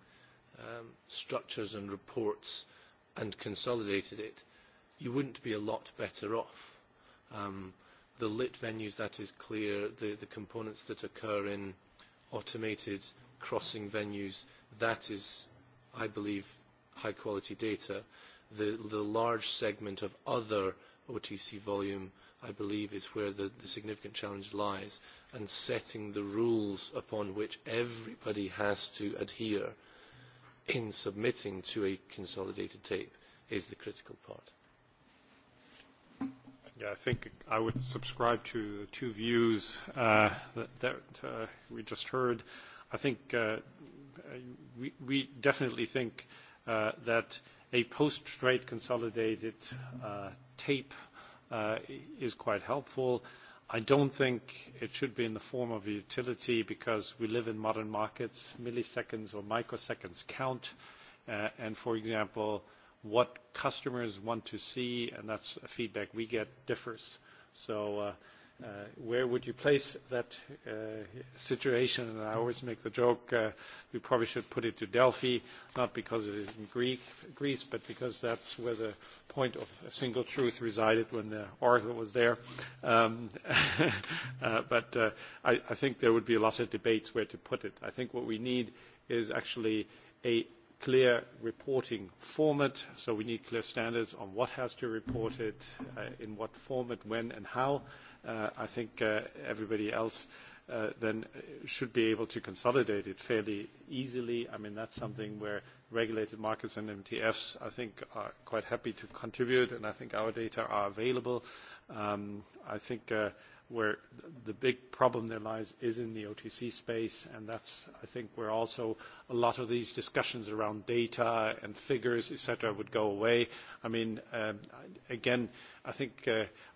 structures and reports and consolidated it, you wouldn't be a lot better off. The lit venues, that is clear, the components that occur in automated crossing venues, that is, I believe, high-quality data. The large segment of other OTC volume, I believe, is where the significant challenge lies, and setting the rules upon which everybody has to adhere in submitting to a consolidated tape is the critical part.
Yeah, I think I would subscribe to the two views that we just heard. I think we definitely think that a post-trade consolidated tape is quite helpful. I don't think it should be in the form of a utility because we live in modern markets. Milliseconds or microseconds count. And, for example, what customers want to see, and that's a feedback we get, differs. So where would you place that situation? And I always make the joke, we probably should put it to Delphi, not because it is in Greek, Greece, but because that's where the point of single truth resided when the oracle was there. But I think there would be a lot of debates where to put it. I think what we need is actually a clear reporting format, so we need clear standards on what has to be reported, in what format, when, and how I think everybody else then should be able to consolidate it fairly easily. I mean, that's something where regulated markets and MTFs, I think, are quite happy to contribute, and I think our data are available. I think where the big problem there lies is in the OTC space, and that's, I think, where also a lot of these discussions around data and figures, etc., would go away. I mean, again, I think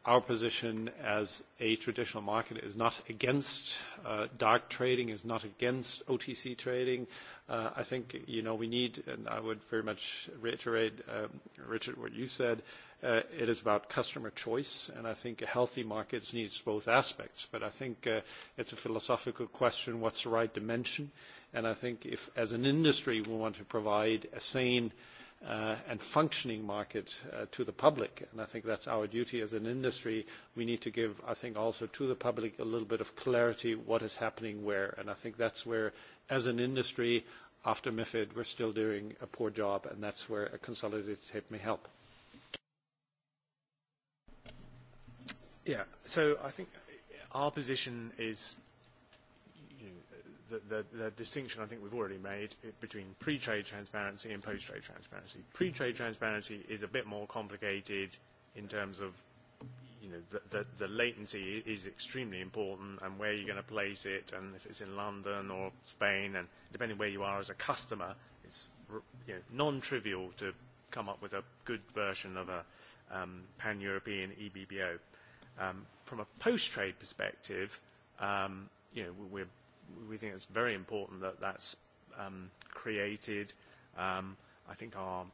our position as a traditional market is not against dark trading, is not against OTC trading. I think, you know, we need, and I would very much reiterate, Richard, what you said, it is about customer choice, and I think a healthy market needs both aspects. But I think it's a philosophical question, what's the right dimension? And I think if, as an industry, we want to provide a sane and functioning market to the public. And I think that's our duty as an industry. We need to give, I think, also to the public a little bit of clarity what is happening where. And I think that's where, as an industry, after MIFID, we're still doing a poor job, and that's where a consolidated tape may help.
Yeah, so I think our position is the distinction I think we've already made between pre-trade transparency and post-trade transparency. Pre-trade transparency is a bit more complicated in terms of, you know, the latency is extremely important and where you're going to place it and if it's in London or Spain and depending where you are as a customer, it's non-trivial to come up with a good version of a pan-European EBBO. From a post-trade perspective, you know, we're we think it's very important that that's created. I think our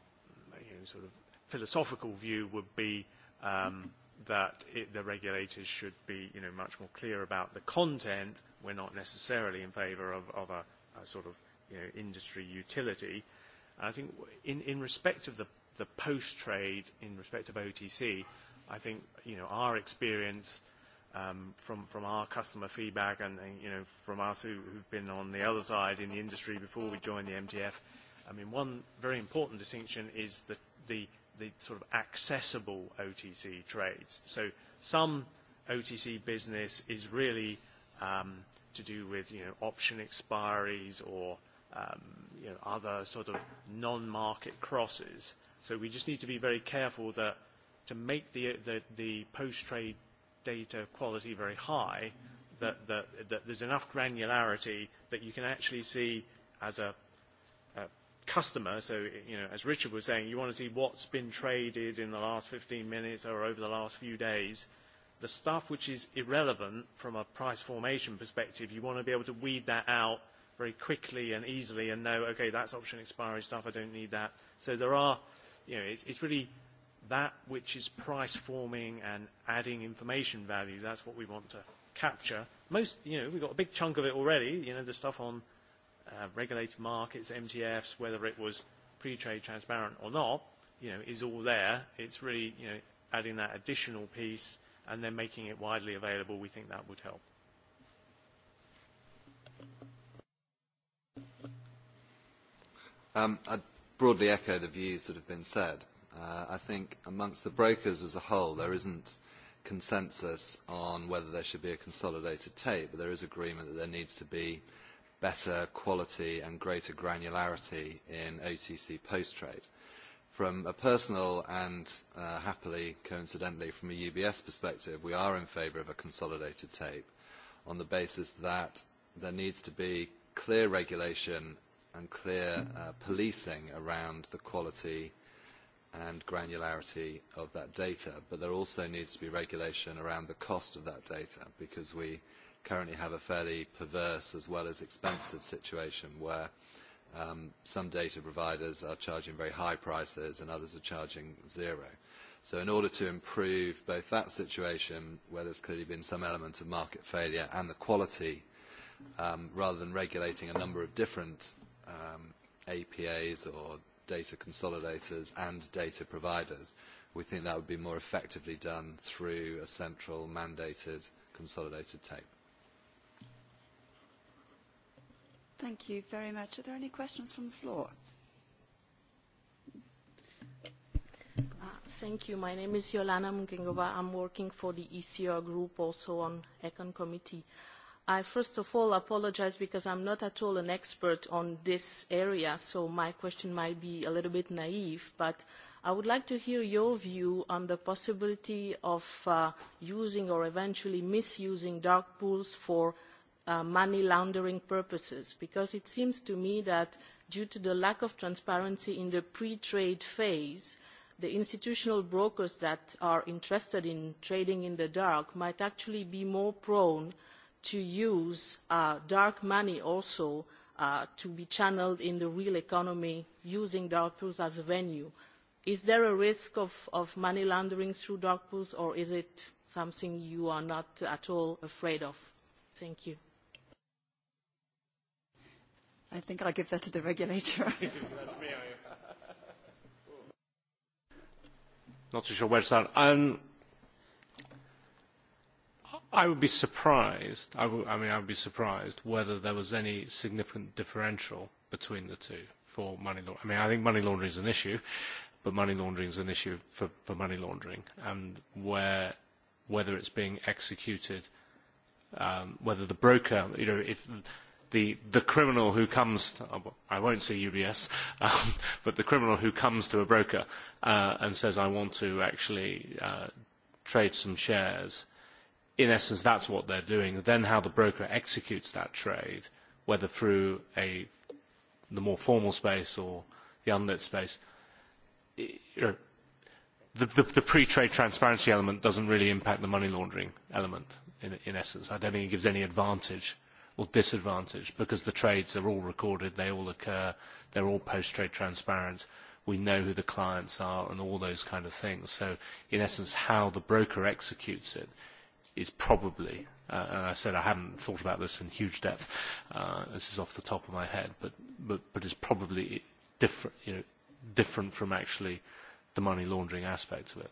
sort of philosophical view would be that the regulators should be you know much more clear about the content. We're not necessarily in favour of of a sort of you know industry utility. I think in in respect of the the post trade, in respect of OTC, I think you know our experience from from our customer feedback and you know from us who've been on the other side in the industry before we joined the MTF. I mean one very important distinction is the the the sort of accessible OTC trades. So some OTC business is really to do with you know option expiries or you know other sort of non market crosses. So we just need to be very careful that to make the the post trade data quality very high, that, that, that there's enough granularity that you can actually see as a, customer, so you know, as Richard was saying, you want to see what's been traded in the last 15 minutes or over the last few days. The stuff which is irrelevant from a price formation perspective, you want to be able to weed that out very quickly and easily and know, okay, that's option expiry stuff, I don't need that. So there are, you know, it's, it's really that which is price forming and adding information value, that's what we want to capture. Most, you know, we've got a big chunk of it already, you know, the stuff on regulated markets, MTFs, whether it was pre-trade transparent or not, you know, is all there. It's really, you know, adding that additional piece and then making it widely available, we think that would help.
I broadly echo the views that have been said. I think amongst the brokers as a whole there isn't consensus on whether there should be a consolidated tape, but there is agreement that there needs to be better quality and greater granularity in OTC post-trade. From a personal and happily, coincidentally, from a UBS perspective, we are in favour of a consolidated tape on the basis that there needs to be clear regulation and clear policing around the quality and granularity of that data, but there also needs to be regulation around the cost of that data because we currently have a fairly perverse as well as expensive situation where some data providers are charging very high prices and others are charging zero. So in order to improve both that situation, where there's clearly been some element of market failure, and the quality, rather than regulating a number of different APAs or data consolidators and data providers. We think that would be more effectively done through a central mandated consolidated tape.
Thank you very much. Are there any questions from the floor?
Thank you. My name is Yolana I I'm working for the ECR group also on ECON committee. I first of all apologize because I'm not at all an expert on this area, so my question might be a little bit naive, but I would like to hear your view on the possibility of using or eventually misusing dark pools for money laundering purposes, because it seems to me that due to the lack of transparency in the pre-trade phase, the institutional brokers that are interested in trading in the dark might actually be more prone to use dark money also to be channeled in the real economy using dark pools as a venue. Is there a risk of money laundering through dark pools or is it something you are not at all afraid of? Thank you. I think I'll
give that to the regulator.
Not sure I would be surprised. I mean, I would be surprised whether there was any significant differential between the two for money laundering. I mean, I think money laundering is an issue, but money laundering is an issue for for money laundering, and where whether it's being executed, whether the broker, you know, if the the criminal who comes, I won't say UBS, but the criminal who comes to a broker and says, I want to actually trade some shares in essence, that's what they're doing. Then how the broker executes that trade, whether through a the more formal space or the unlit space, the pre-trade transparency element doesn't really impact the money laundering element, in essence. I don't think it gives any advantage or disadvantage because the trades are all recorded, they all occur, they're all post-trade transparent, we know who the clients are and all those kind of things. So, in essence, how the broker executes it is probably, and I said I haven't thought about this in huge depth, this is off the top of my head, but but but is probably different, you know, different from actually the money laundering aspect of it.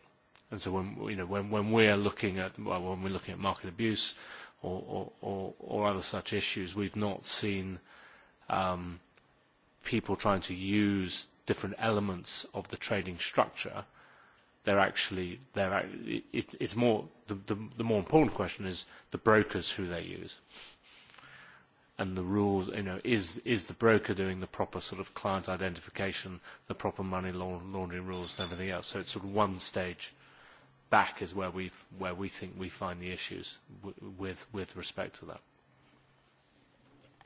And so when you know when when we are looking at when we're looking at market abuse or or or other such issues, we've not seen people trying to use different elements of the trading structure they're actually they're it's more the, the, more important question is the brokers who they use and the rules you know is is the broker doing the proper sort of client identification the proper money laundering rules and everything else so it's sort of one stage back is where we where we think we find the issues with with respect to that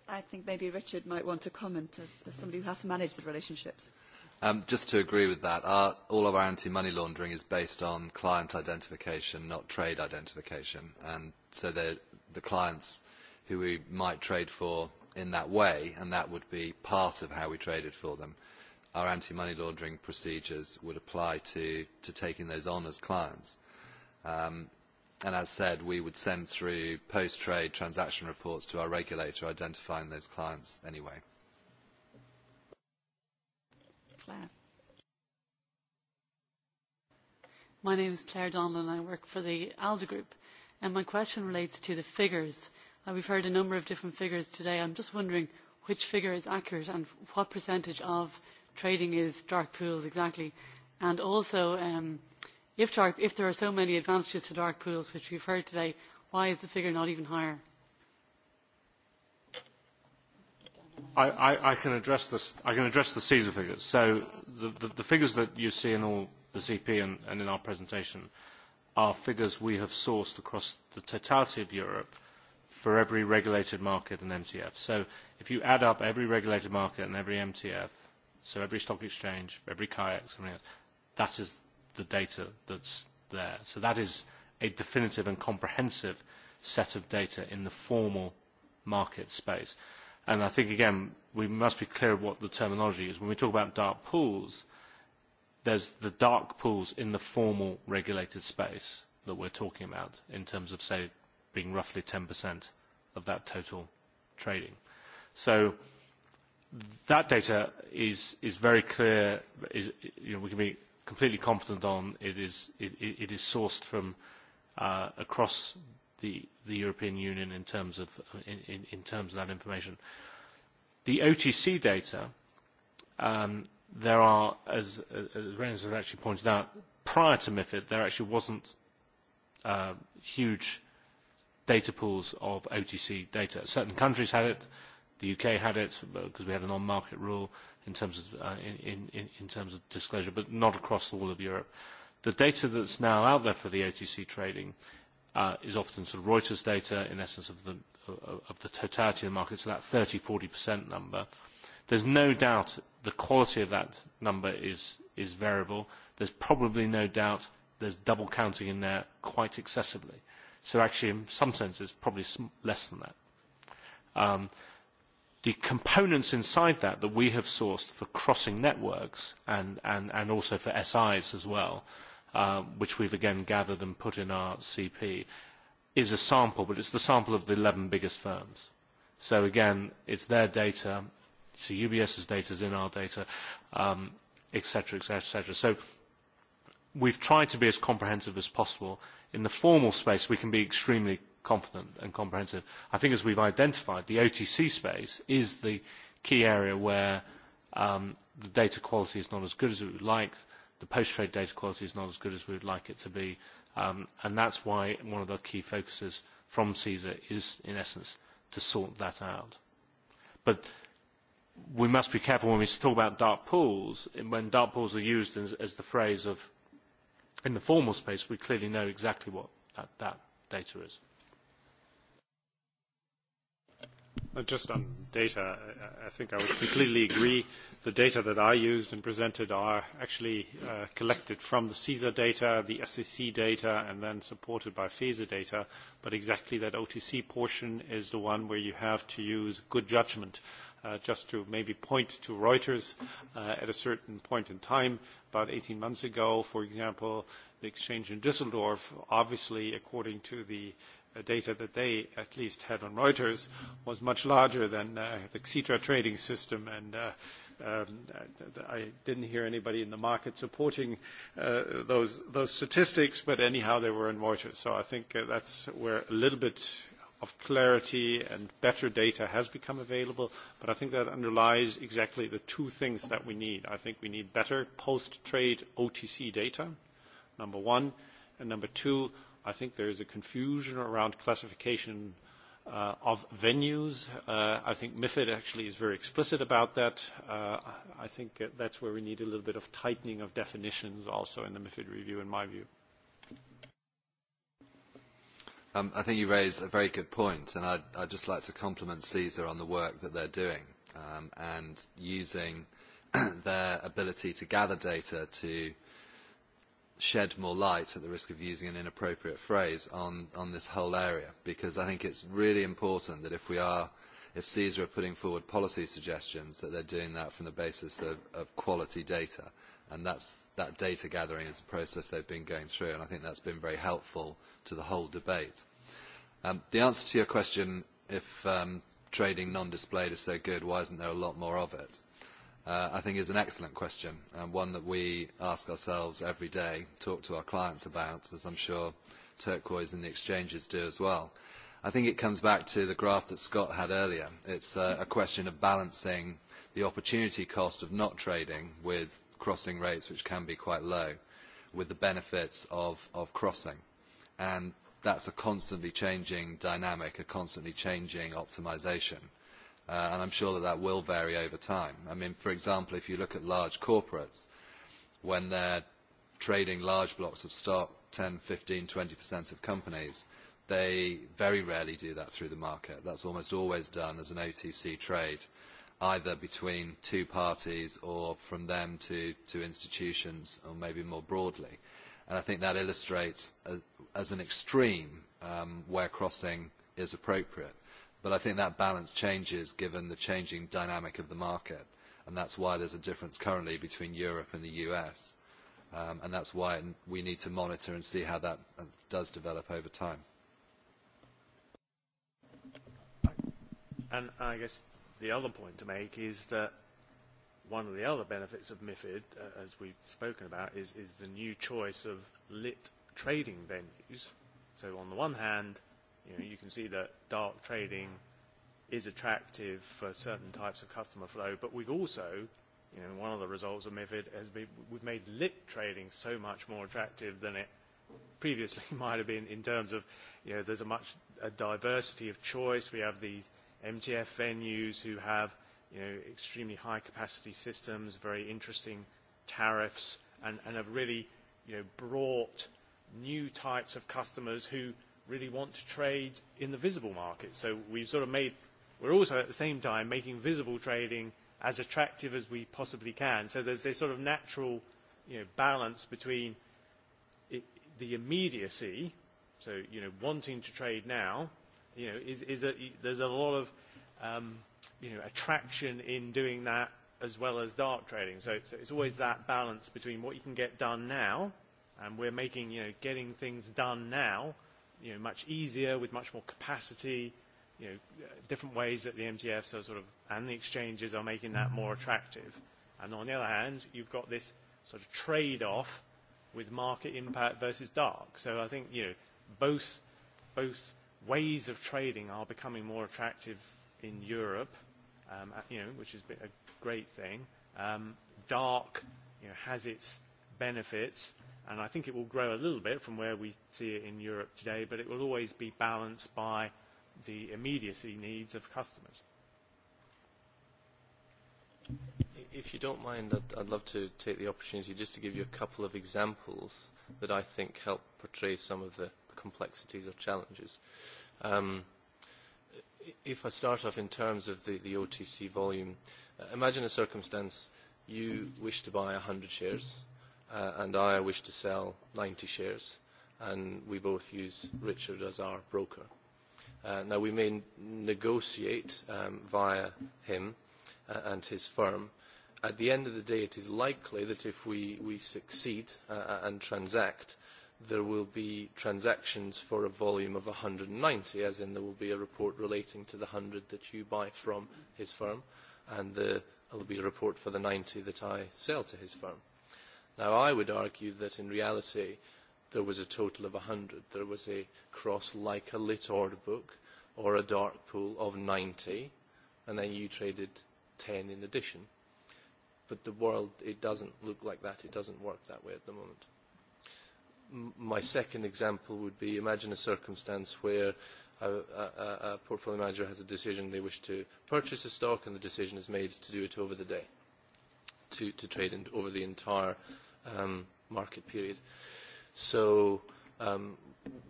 I think maybe Richard might want to comment as, as somebody who has to manage the relationships
Just to agree with that, all of our anti-money laundering is based on client identification, not trade identification. And so the clients who we might trade for in that way, and that would be part of how we traded for them, our anti-money laundering procedures would apply to taking those on as clients. And as said, we would send through post-trade transaction reports to our regulator identifying those clients anyway.
My name is Claire Donlan and I work for the ALDE Group. And my question relates to the figures. We've heard a number of different figures today. I'm just wondering which figure is accurate and what percentage of trading is dark pools exactly. And also, if there are so many advantages to dark pools, which we've heard today, why is the figure not even higher?
I can address the CESA figures. So the figures that you see in all the CP and in our presentation are figures we have sourced across the totality of Europe for every regulated market and MTF. So if you add up every regulated market and every MTF, so every stock exchange, every kayak, something else, that is the data that's there. So that is a definitive and comprehensive set of data in the formal market space. And I think, again, we must be clear what the terminology is. When we talk about dark pools, there's the dark pools in the formal regulated space that we're talking about in terms of, say, being roughly 10% of that total trading. So that data is very clear. We can be completely confident on it is sourced from across the European Union in terms of that information. The OTC data, there are, as Reynolds has actually pointed out, prior to MIFID, there actually wasn't huge data pools of OTC data. Certain countries had it. The UK had it because we had an on-market rule in terms of disclosure, but not across all of Europe. The data that's now out there for the OTC trading is often sort of Reuters data, in essence, of the of the totality of the market, so that 30-40% number. There's no doubt the quality of that number is is variable. There's probably no doubt there's double counting in there quite excessively. So actually, in some sense, it's probably less than that. The components inside that that we have sourced for crossing networks and and also for SIs as well which we've again gathered and put in our CP, is a sample, but it's the sample of the 11 biggest firms. So again, it's their data, so UBS's data is in our data, etc., etc. So we've tried to be as comprehensive as possible. In the formal space, we can be extremely confident and comprehensive. I think as we've identified, the OTC space is the key area where the data quality is not as good as we would like the post-trade data quality is not as good as we would like it to be, and that's why one of the key focuses from CESA is, in essence, to sort that out. But we must be careful when we talk about dark pools. When dark pools are used as the phrase of in the formal space, we clearly know exactly what that data is.
Just on data, I think I would completely agree. The data that I used and presented are actually collected from the CISA data, the SEC data, and then supported by FISA data. But exactly that OTC portion is the one where you have to use good judgment. Just to maybe point to Reuters at a certain point in time, about 18 months ago, for example, the exchange in Düsseldorf, obviously, according to the data that they at least had on Reuters was much larger than the Xetra trading system. And I didn't hear anybody in the market supporting those statistics, but anyhow, they were in Reuters. So I think that's where a little bit of clarity and better data has become available. But I think that underlies exactly the two things that we need. I think we need better post-trade OTC data, number one. And number two, I think there is a confusion around classification of venues. I think MIFID actually is very explicit about that. I think that's where we need a little bit of tightening of definitions also in the MIFID review, in my view.
I think you raise a very good point, and I'd just like to compliment CSER on the work that they're doing and using their ability to gather data to shed more light, at the risk of using an inappropriate phrase, on on this whole area, because I think it's really important that if we are, if CESA are putting forward policy suggestions, that they're doing that from the basis of quality data, and that's that data gathering is a process they've been going through, and I think that's been very helpful to the whole debate. The answer to your question, if trading non-displayed is so good, why isn't there a lot more of it? I think is an excellent question and one that we ask ourselves every day, talk to our clients about, as I'm sure Turquoise and the exchanges do as well. I think it comes back to the graph that Scott had earlier. It's a question of balancing the opportunity cost of not trading with crossing rates, which can be quite low, with the benefits of crossing. And that's a constantly changing dynamic, a constantly changing optimisation and I'm sure that that will vary over time. I mean, for example, if you look at large corporates, when they're trading large blocks of stock, 10, 15, 20% of companies, they very rarely do that through the market. That's almost always done as an OTC trade, either between two parties or from them to institutions or maybe more broadly. And I think that illustrates as an extreme where crossing is appropriate. But I think that balance changes given the changing dynamic of the market, and that's why there's a difference currently between Europe and the US, and that's why we need to monitor and see how that does develop over time.
And I guess the other point to make is that one of the other benefits of MIFID, as we've spoken about, is the new choice of lit trading venues. So on the one hand, you can see that dark trading is attractive for certain types of customer flow, but we've also, you know, one of the results of MIFID has been we've made lit trading so much more attractive than it previously might have been in terms of, you know, there's a much a diversity of choice. We have these MTF venues who have, you know, extremely high capacity systems, very interesting tariffs, and, and have really, you know, brought new types of customers who really want to trade in the visible market. So we've sort of made, we're also at the same time making visible trading as attractive as we possibly can. So there's this sort of natural you know, balance between the immediacy, so you know, wanting to trade now, you know, is, is a, there's a lot of um, you know, attraction in doing that as well as dark trading. So it's, it's always that balance between what you can get done now, and we're making, you know, getting things done now you know, much easier with much more capacity, you know, different ways that the MTFs are sort of, and the exchanges are making that more attractive. And on the other hand, you've got this sort of trade-off with market impact versus dark. So I think, you know, both, both ways of trading are becoming more attractive in Europe, um, you know, which is a great thing. Um, dark, you know, has its benefits and I think it will grow a little bit from where we see it in Europe today, but it will always be balanced by the immediacy needs of customers. If you don't mind, I'd love to
take the opportunity just to give you a couple of examples that I think help portray some of the complexities or challenges. If I start off in terms of the OTC volume, imagine a circumstance you wish to buy 100 shares and I wish to sell 90 shares, and we both use Richard as our broker. Now, we may negotiate via him and his firm. At the end of the day, it is likely that if we succeed and transact, there will be transactions for a volume of 190, as in there will be a report relating to the 100 that you buy from his firm, and there will be a report for the 90 that I sell to his firm Now, I would argue that in reality there was a total of 100. There was a cross like a lit order book or a dark pool of 90, and then you traded 10 in addition. But the world, it doesn't look like that. It doesn't work that way at the moment. My second example would be imagine a circumstance where a portfolio manager has a decision they wish to purchase a stock and the decision is made to do it over the day, to trade over the entire market period. So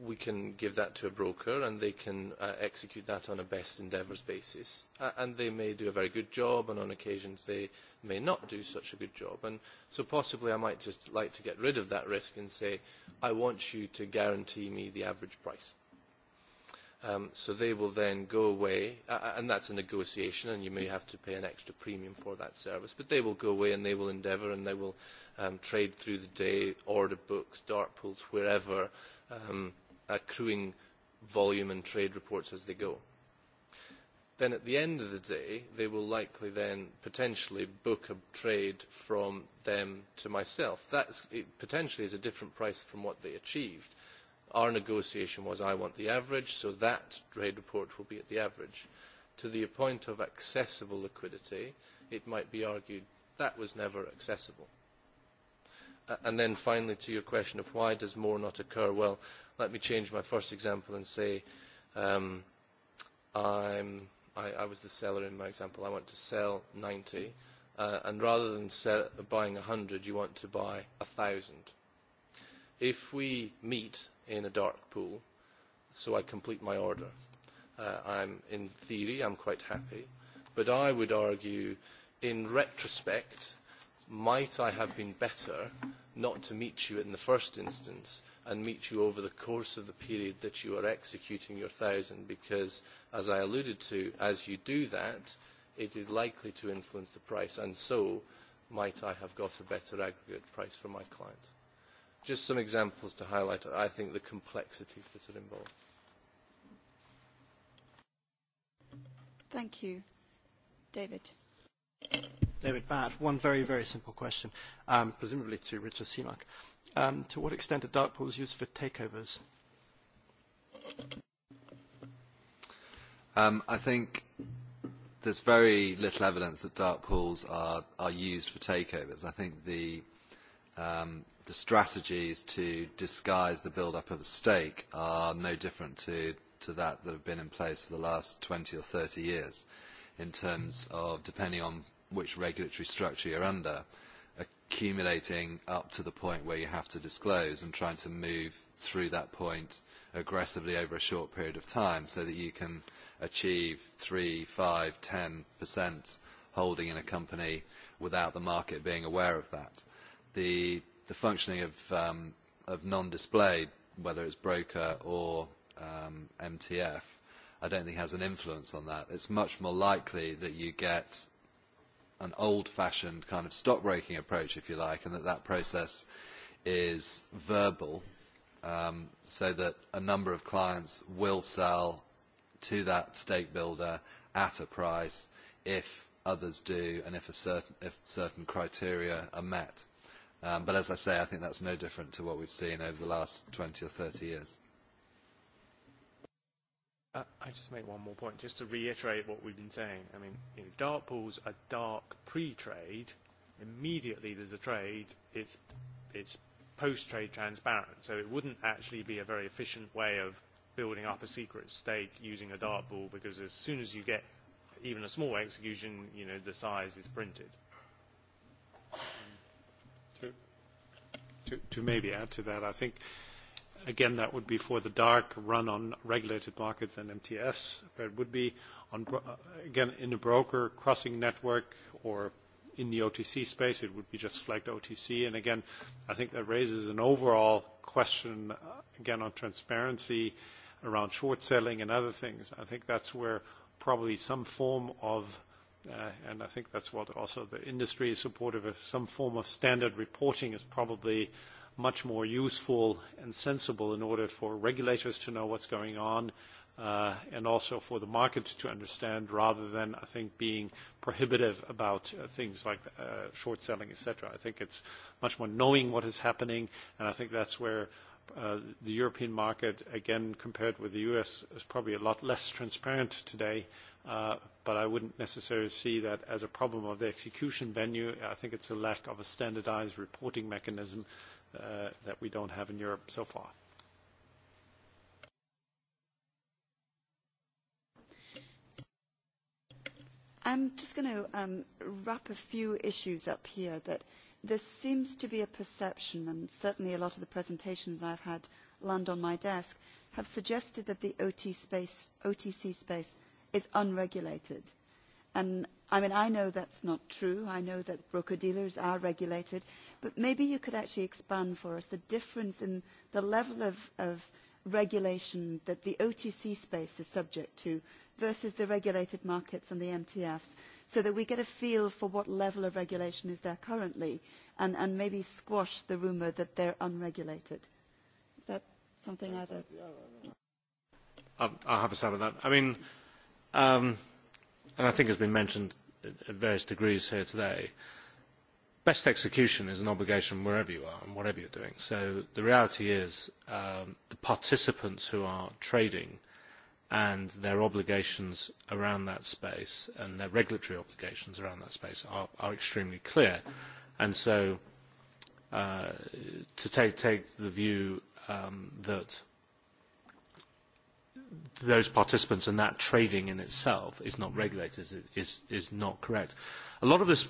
we can give that to a broker and they can execute that on a best endeavours basis. And they may do a very good job and on occasions they may not do such a good job. And so possibly I might just like to get rid of that risk and say, I want you to guarantee me the average price. So they will then go away, and that's a negotiation, and you may have to pay an extra premium for that service, but they will go away and they will endeavour and they will trade through the day, order books, dart pools, wherever, accruing volume and trade reports as they go. Then at the end of the day, they will likely then potentially book a trade from them to myself. That potentially is a different price from what they achieved. Our negotiation was I want the average, so that trade report will be at the average. To the point of accessible liquidity, it might be argued that was never accessible And then finally to your question of why does more not occur, well, let me change my first example and say I was the seller in my example. I want to sell 90 and rather than buying 100 you want to buy 1,000. If we meet in a dark pool, so I complete my order, I'm in theory I'm quite happy, but I would argue in retrospect might I have been better not to meet you in the first instance and meet you over the course of the period that you are executing your thousand because, as I alluded to, as you do that, it is likely to influence the price and so might I have got a better aggregate price for my client. Just some examples to highlight, I think, the complexities
that are involved.
Thank you. David.
David Batt, one very, very simple question,
presumably to Richard Seamark. To what extent are dark pools used for takeovers?
I think there's very little evidence that dark pools are are used for takeovers. I think the the strategies to disguise the build-up of a stake are no different to to that that have been in place for the last 20 or 30 years, in terms of depending on which regulatory structure you're under, accumulating up to the point where you have to disclose and trying to move through that point aggressively over a short period of time so that you can achieve 3, 5, 10% holding in a company without the market being aware of that. The functioning of non-display, whether it's broker or MTF, I don't think has an influence on that. It's much more likely that you get an old-fashioned kind of stock-breaking approach, if you like, and that that process is verbal, so that a number of clients will sell to that stake builder at a price if others do and if certain criteria are met. But as I say, I think that's no different to what we've seen over the last 20 or 30 years.
I just make one more point, just to reiterate what we've been saying. I mean, you know, dark pools are dark pre-trade. Immediately there's a trade, it's, it's post-trade transparent. So it wouldn't actually be a very efficient way of building up a secret stake using a dark pool because as soon as you get even a small execution, you know, the size is printed. To, to maybe add to that, I think Again, that would be for
the dark run on regulated markets and MTFs, but it would be, on again, in a broker crossing network or in the OTC space, it would be just flagged OTC. And again, I think that raises an overall question, again, on transparency around short selling and other things. I think that's where probably some form of, and I think that's what also the industry is supportive of, some form of standard reporting is probably much more useful and sensible in order for regulators to know what's going on and also for the market to understand rather than, I think, being prohibitive about things like short selling, etc. I think it's much more knowing what is happening, and I think that's where the European market, again, compared with the U.S., is probably a lot less transparent today, but I wouldn't necessarily see that as a problem of the execution venue. I think it's a lack of a standardized reporting mechanism that we don't have in Europe so far.
I'm just going to wrap a few issues up here that there seems to be a perception, and certainly a lot of the presentations I've had land on my desk, have suggested that the OTC space is unregulated. And I mean, I know that's not true. I know that broker-dealers are regulated. But maybe you could actually expand for us the difference in the level of regulation that the OTC space is subject to versus the regulated markets and the MTFs, so that we get a feel for what level of regulation is there currently and maybe squash the rumor that they're unregulated. Is that something either?
I'll have a stab at that. I mean and I think has been mentioned at various degrees here today, best execution is an obligation wherever you are and whatever you are doing. So the reality is the participants who are trading and their obligations around that space and their regulatory obligations around that space are extremely clear. And so to take the view that those participants and that trading in itself is not regulated is not correct. A lot of this,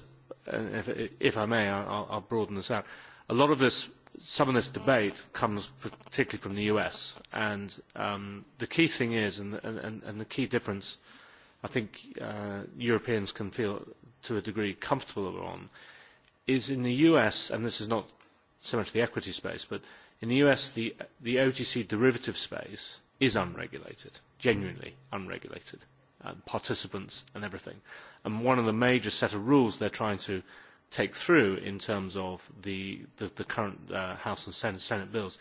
if I may, I'll broaden this out. A lot of this, some of this debate comes particularly from the US, and the key thing is, and the key difference, I think Europeans can feel to a degree comfortable on, is in the US, and this is not so much the equity space, but in the US the OTC derivative space is unregulated, genuinely unregulated, participants and everything. And one of the major set of rules they're trying to take through in terms of the current House and Senate bills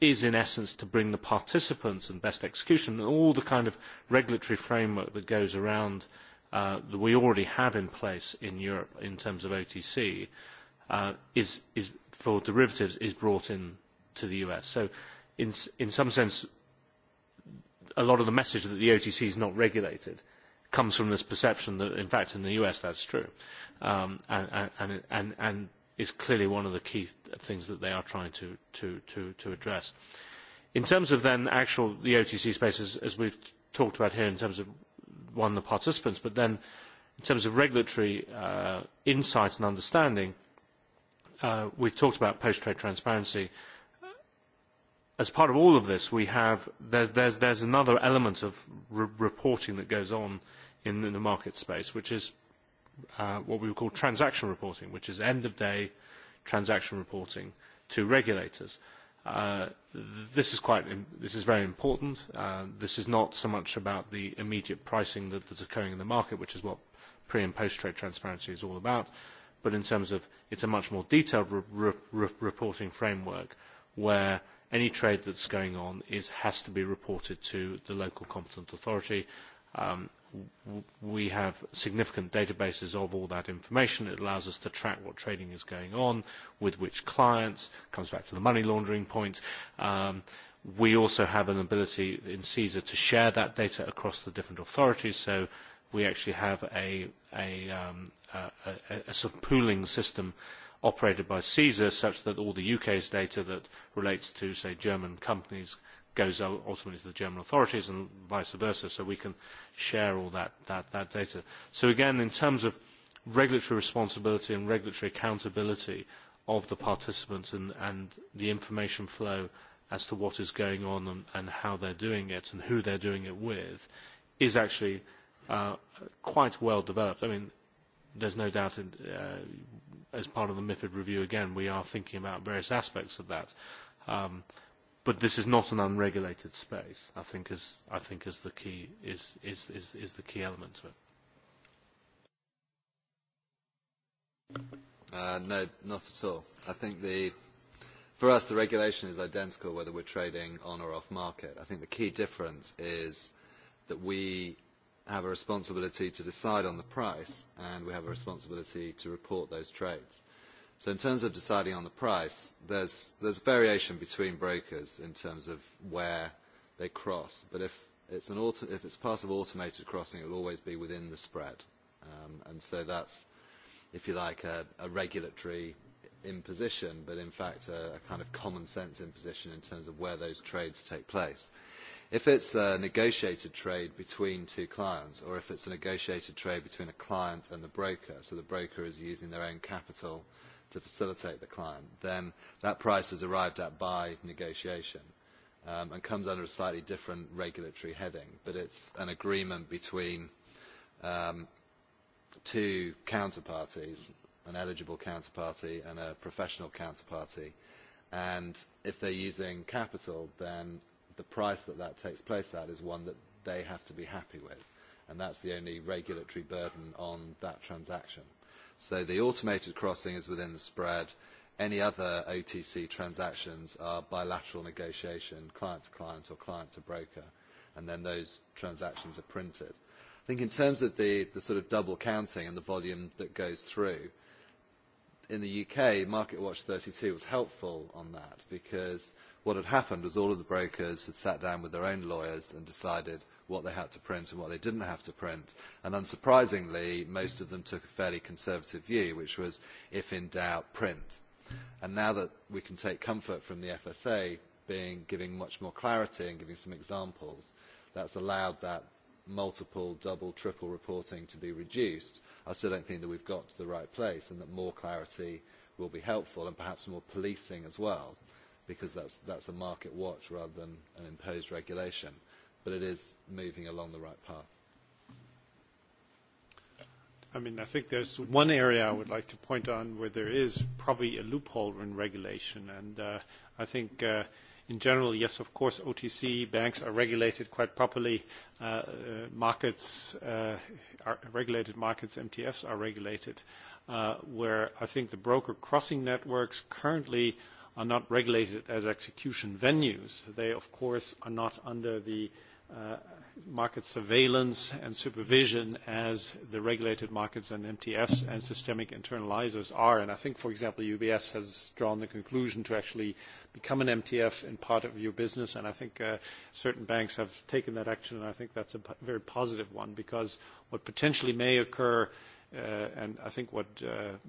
is in essence to bring the participants and best execution and all the kind of regulatory framework that goes around that we already have in place in Europe in terms of OTC is for derivatives is brought in to the US. So in some sense a lot of the message that the OTC is not regulated comes from this perception that, in fact, in the US that's true, and is clearly one of the key things that they are trying to address. In terms of then actual the OTC spaces, as we've talked about here, in terms of one the participants, but then in terms of regulatory insight and understanding, we've talked about post-trade transparency as part of all of this, we have there's another element of reporting that goes on in the market space, which is what we would call transaction reporting, which is end-of-day transaction reporting to regulators. This is quite this is very important. This is not so much about the immediate pricing that is occurring in the market, which is what pre- and post-trade transparency is all about, but in terms of it's a much more detailed reporting framework where any trade that's going on has to be reported to the local competent authority. We have significant databases of all that information. It allows us to track what trading is going on, with which clients, comes back to the money laundering point. We also have an ability in CESA to share that data across the different authorities, so we actually have a sort of pooling system operated by CSER such that all the UK's data that relates to, say, German companies goes ultimately to the German authorities and vice versa, so we can share all that data. So again, in terms of regulatory responsibility and regulatory accountability of the participants and the information flow as to what is going on and how they're doing it and who they're doing it with is actually quite well developed. I mean, there's no doubt in as part of the MIFID review, again, we are thinking about various aspects of that. But this is not an unregulated space, I think, is I think is the key is is is is the key element to
it. No, not at all. I think the for us the regulation is identical whether we're trading on or off market. I think the key difference is that we have a responsibility to decide on the price and we have a responsibility to report those trades. So in terms of deciding on the price, there's there's variation between brokers in terms of where they cross. But if it's an auto if it's part of automated crossing, it will always be within the spread. And so that's, if you like, a regulatory imposition, but in fact a kind of common sense imposition in terms of where those trades take place. If it's a negotiated trade between two clients, or if it's a negotiated trade between a client and the broker, so the broker is using their own capital to facilitate the client, then that price is arrived at by negotiation and comes under a slightly different regulatory heading. But it's an agreement between two counterparties, an eligible counterparty and a professional counterparty. And if they're using capital, then the price that that takes place at is one that they have to be happy with, and that's the only regulatory burden on that transaction. So the automated crossing is within the spread. Any other OTC transactions are bilateral negotiation, client to client or client to broker, and then those transactions are printed. I think in terms of the the sort of double counting and the volume that goes through, in the UK, Market Watch 32 was helpful on that because What had happened was all of the brokers had sat down with their own lawyers and decided what they had to print and what they didn't have to print. And unsurprisingly, most of them took a fairly conservative view, which was, if in doubt, print. And now that we can take comfort from the FSA being giving much more clarity and giving some examples, that's allowed that multiple, double, triple reporting to be reduced. I still don't think that we've got to the right place and that more clarity will be helpful and perhaps more policing as well because that's that's a market watch rather than an imposed regulation. But it is moving along the right path.
I mean, I think there's one area I would like to point on where there is probably a loophole in regulation, and I think in general, yes, of course, OTC banks are regulated quite properly. Markets are regulated. Markets, MTFs are regulated. Where I think the broker crossing networks currently are not regulated as execution venues. They, of course, are not under the market surveillance and supervision as the regulated markets and MTFs and systemic internalizers are. And I think, for example, UBS has drawn the conclusion to actually become an MTF in part of your business, and I think certain banks have taken that action, and I think that's a very positive one, because what potentially may occur and I think what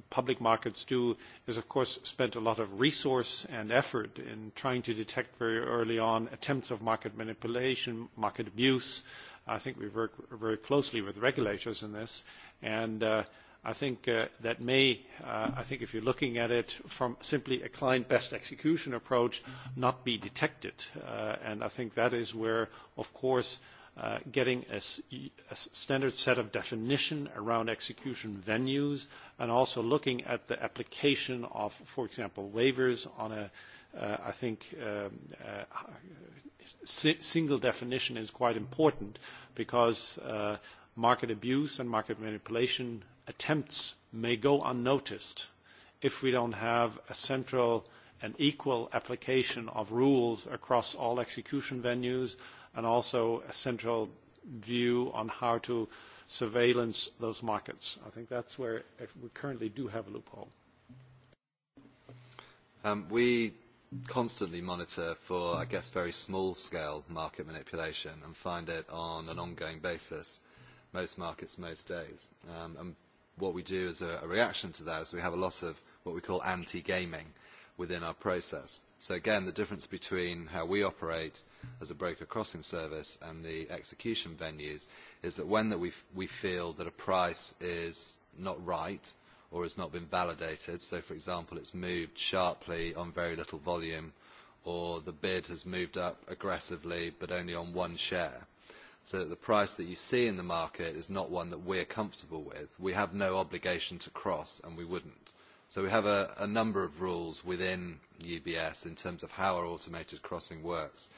public markets do is, of course, spend a lot of resource and effort in trying to detect very early on attempts of market manipulation, market abuse. I think we work very closely with regulators in this, and I think that may, I think if you're looking at it from simply a client-best execution approach, not be detected. And I think that is where, of course, getting a standard set of definition around execution venues and also looking at the application of, for example, waivers on a, I think, single definition is quite important because market abuse and market manipulation attempts may go unnoticed if we don't have a central and equal application of rules across all execution venues and also a central view on how to surveillance those markets. I think that's where we currently do have a loophole.
We constantly monitor for, I guess, very small-scale market manipulation and find it on an ongoing basis, most markets, most days. And what we do as a reaction to that is we have a lot of what we call anti-gaming within our process. So again, the difference between how we operate as a broker crossing service and the execution venues is that when that we feel that a price is not right or has not been validated, so for example it's moved sharply on very little volume or the bid has moved up aggressively but only on one share, so that the price that you see in the market is not one that we're comfortable with, we have no obligation to cross and we wouldn't. So we have a number of rules within UBS in terms of how our automated crossing works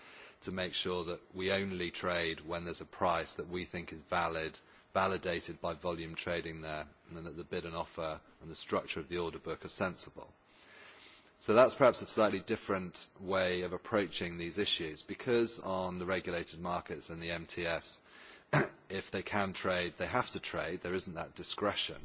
to make sure that we only trade when there's a price that we think is valid, validated by volume trading there, and that the bid and offer and the structure of the order book are sensible. So that's perhaps a slightly different way of approaching these issues, because on the regulated markets and the MTFs, if they can trade, they have to trade. There isn't that discretion.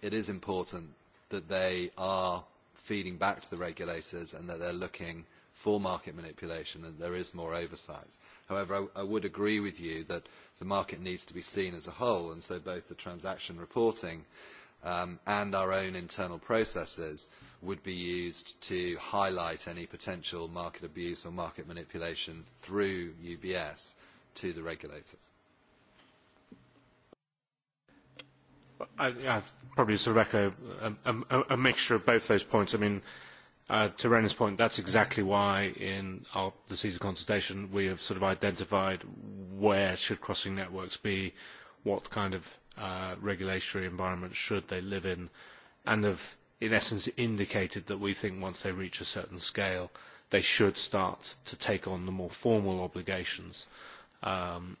It is important that they are feeding back to the regulators and that they're looking for market manipulation and there is more oversight. However, I would agree with you that the market needs to be seen as a whole, and so both the transaction reporting and our own internal processes would be used to highlight any potential market abuse or market manipulation through UBS to the regulators.
Probably sort of echo a mixture of both those points. I mean, to Renan's point, that's exactly why in the CESA consultation we have sort of identified where should crossing networks be, what kind of regulatory environment should they live in, and have in essence indicated that we think once they reach a certain scale, they should start to take on the more formal obligations of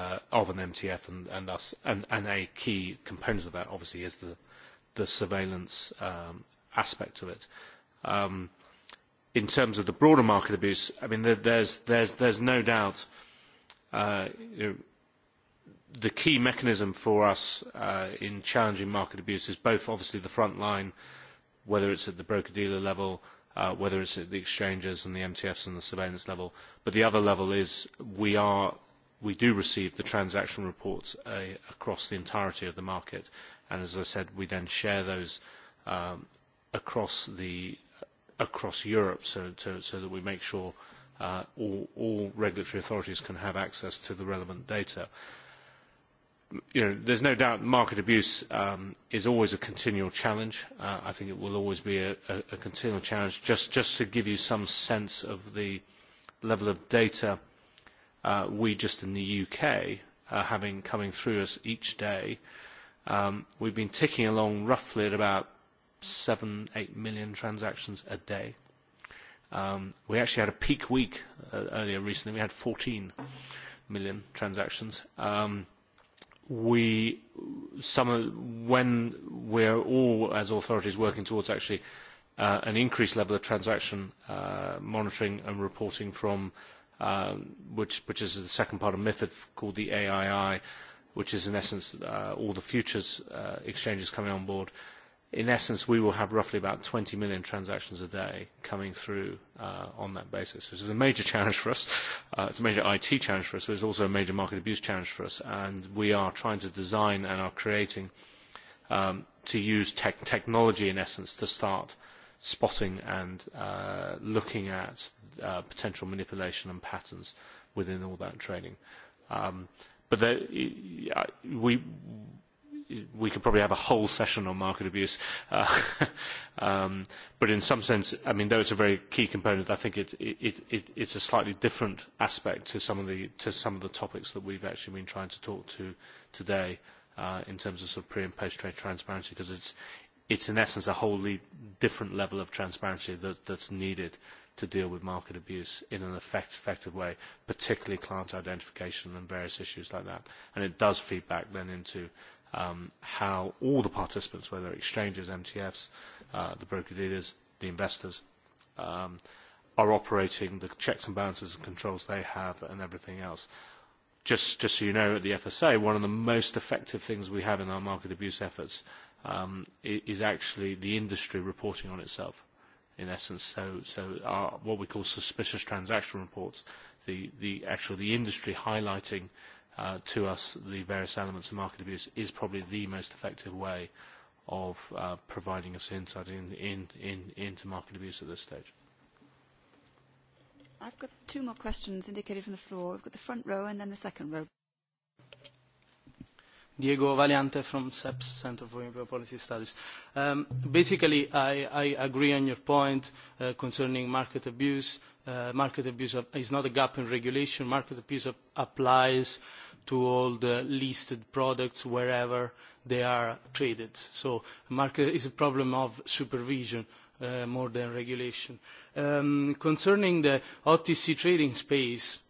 an MTF and thus and a key component of that obviously is the the surveillance aspect of it. In terms of the broader market abuse, I mean there's there's there's no doubt the key mechanism for us in challenging market abuse is both obviously the front line, whether it's at the broker dealer level whether it's at the exchanges and the MTFs and the surveillance level. But the other level is we are we do receive the transaction reports across the entirety of the market, and as I said, we then share those across across Europe, so that we make sure all regulatory authorities can have access to the relevant data. There is no doubt market abuse is always a continual challenge. I think it will always be a continual challenge. Just to give you some sense of the level of data we just in the UK are having coming through us each day, we've been ticking along roughly at about seven, eight million transactions a day. We actually had a peak week earlier recently. We had 14 million transactions we when are all as authorities working towards actually an increased level of transaction monitoring and reporting from which which is the second part of MIFID called the AII, which is in essence all the futures exchanges coming on board in essence, we will have roughly about 20 million transactions a day coming through on that basis, which is a major challenge for us. It's a major IT challenge for us, but it's also a major market abuse challenge for us. And we are trying to design and are creating to use technology, in essence, to start spotting and looking at potential manipulation and patterns within all that trading. But we we could probably have a whole session on market abuse. But in some sense, I mean, though it's a very key component, I think it's a slightly different aspect to some of the topics that we've actually been trying to talk to today in terms of sort pre- and post-trade transparency, because it's in essence a wholly different level of transparency that's needed to deal with market abuse in an effective way, particularly client identification and various issues like that. And it does feed back then into how all the participants, whether exchanges, MTFs, the broker dealers, the investors, are operating the checks and balances and controls they have and everything else. Just so you know, at the FSA, one of the most effective things we have in our market abuse efforts is actually the industry reporting on itself, in essence. So so what we call suspicious transaction reports, the the actual the industry highlighting to us the various elements of market abuse is probably the most effective way of providing us insight into market abuse at this stage.
I've got two more questions indicated from the floor. We've got the front row and then the second row.
Diego Valiante from SEPS, Center for European Policy Studies. Basically, I agree on your point concerning market abuse. Market abuse is not a gap in regulation. Market abuse applies to all the listed products wherever they are traded. So market is a problem of supervision more than regulation. Concerning the OTC trading space,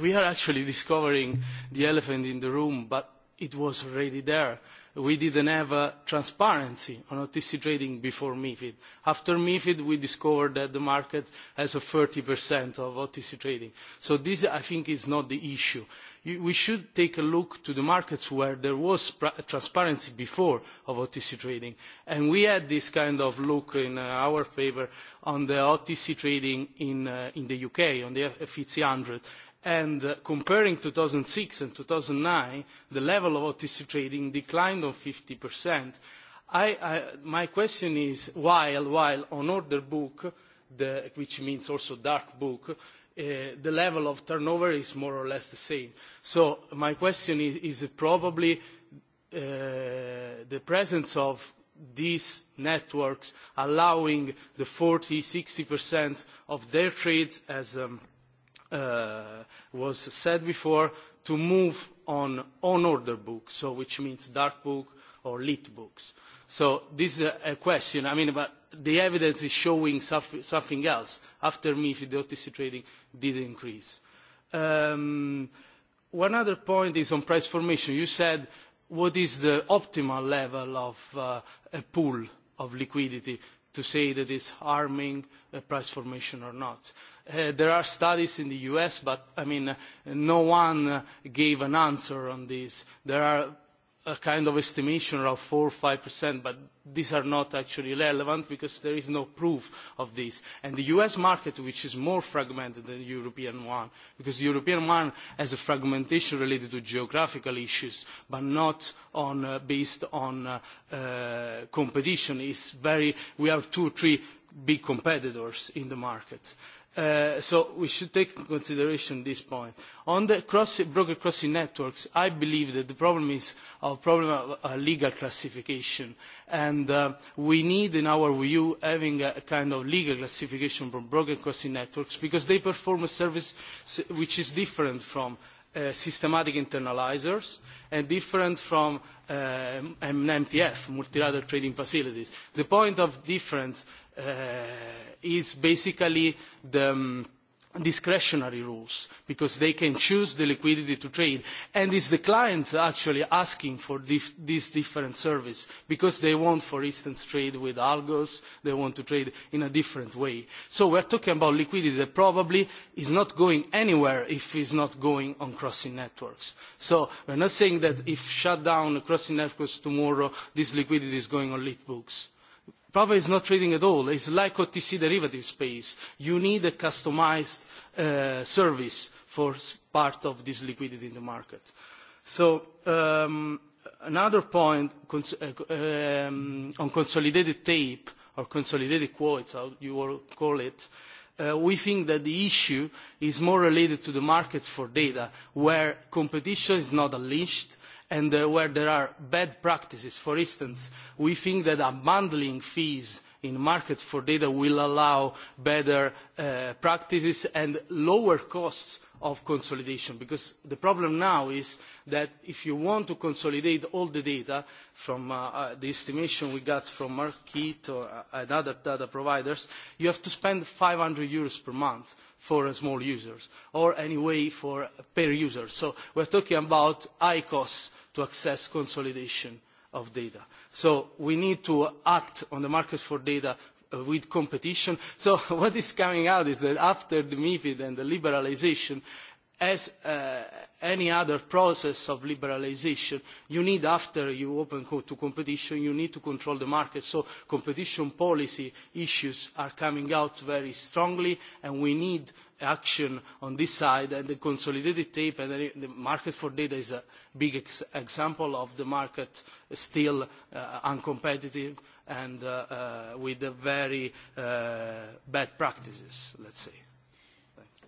we are actually discovering the elephant in the room, but it was already there. We didn't have transparency on OTC trading before MIFID. After MIFID, we discovered that the market has a 30% of OTC trading. So this, I think, is not the issue we should take a look to the markets where there was transparency before of OTC trading. And we had this kind of look in our favour on the OTC trading in the UK, on the FTSE 100. And comparing 2006 and 2009, the level of OTC trading declined on 50%. My question is, while on order book, which means also dark book, the level of turnover is more or less the same. So my question is probably the presence of these networks allowing the 40-60% of their trades, as was said before, to move on on-order books, so which means dark book or lit books. So this is a question. I mean, but the evidence is showing something else. After me, the OTC trading did increase. One other point is on price formation. You said what is the optimal level of a pool of liquidity to say that it's harming price formation or not. There are studies in the US, but I mean, no one gave an answer on this. There are a kind of estimation around 4 or 5%, but these are not actually relevant because there is no proof of this. And the U.S. market, which is more fragmented than the European one, because the European one has a fragmentation related to geographical issues, but not based on competition. very We have two or three big competitors in the market So we should take into consideration this point. On the broker crossing networks, I believe that the problem is a problem of legal classification, and we need, in our view, having a kind of legal classification from broker crossing networks because they perform a service which is different from systematic internalizers and different from MTF, multilateral trading facilities. The point of difference is basically the discretionary rules because they can choose the liquidity to trade and is the client actually asking for this different service because they want for instance trade with algos they want to trade in a different way so we're talking about liquidity that probably is not going anywhere if it's not going on crossing networks so we're not saying that if shut down crossing networks tomorrow this liquidity is going on lit books Problem is not trading at all. It's like OTC derivative space. You need a customised service for part of this liquidity in the market. So another point on consolidated tape or consolidated quotes, how you will call it, we think that the issue is more related to the market for data, where competition is not unleashed and where there are bad practices. For instance, we think that unbundling fees in market for data will allow better practices and lower costs of consolidation because the problem now is that if you want to consolidate all the data from the estimation we got from Markit and other data providers, you have to spend 500 euros per month for small users or anyway for per user. So we are talking about high costs to access consolidation of data. So we need to act on the market for data with competition. So what is coming out is that after the MIFID and the liberalisation, as any other process of liberalisation, you need, after you open to competition, you need to control the market. So competition policy issues are coming out very strongly, and we need action on this side and the consolidated tape and the market for data is a big example of the market still uncompetitive and with very bad practices, let's say.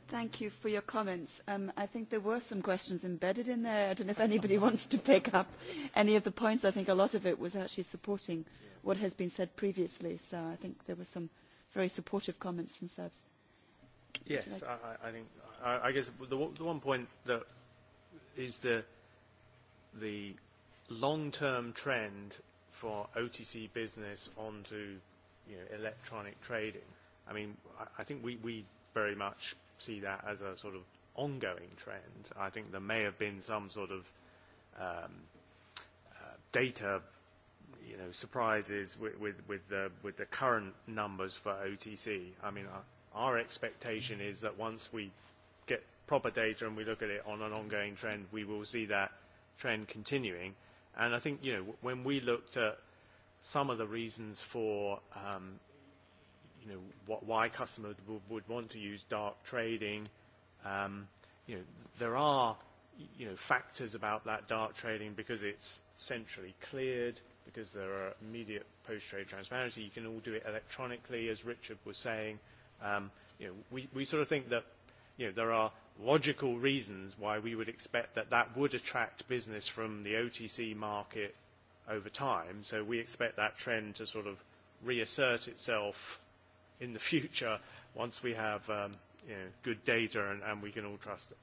Thank you for your comments. I think there were some questions embedded in there. I don't know if anybody wants to pick up any of the points. I think a lot of it was actually supporting what has been said previously. So I think there were some very supportive comments from Serbs.
Yes, I think I guess the one point that is the the long-term trend for OTC business onto you know electronic trading. I mean, I think we we very much see that as a sort of ongoing trend. I think there may have been some sort of um data you know surprises with with with the with the current numbers for OTC. I mean our expectation is that once we get proper data and we look at it on an ongoing trend, we will see that trend continuing. And I think, you know, when we looked at some of the reasons for, um, you know, why customers would want to use dark trading, um, you know, there are, you know, factors about that dark trading because it's centrally cleared, because there are immediate post-trade transparency. You can all do it electronically, as Richard was saying you We sort of think that there are logical reasons why we would expect that that would attract business from the OTC market over time. So we expect that trend to sort of reassert itself in the future once we have good data and we can all trust it.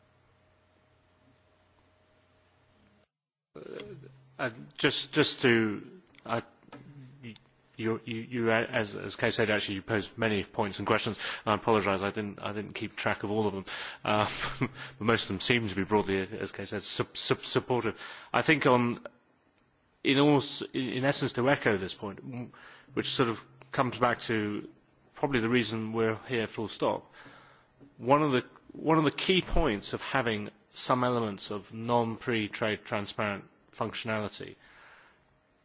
Just to you, you, as, as Kay said, actually, you posed many points and questions. And I apologise, I didn't, I didn't keep track of all of them. but most of them seem to be broadly, as Kay said, supportive. I think on, in, almost, in essence, to echo this point, which sort of comes back to probably the reason we're here full stop, one of the, one of the key points of having some elements of non-pre-trade transparent functionality –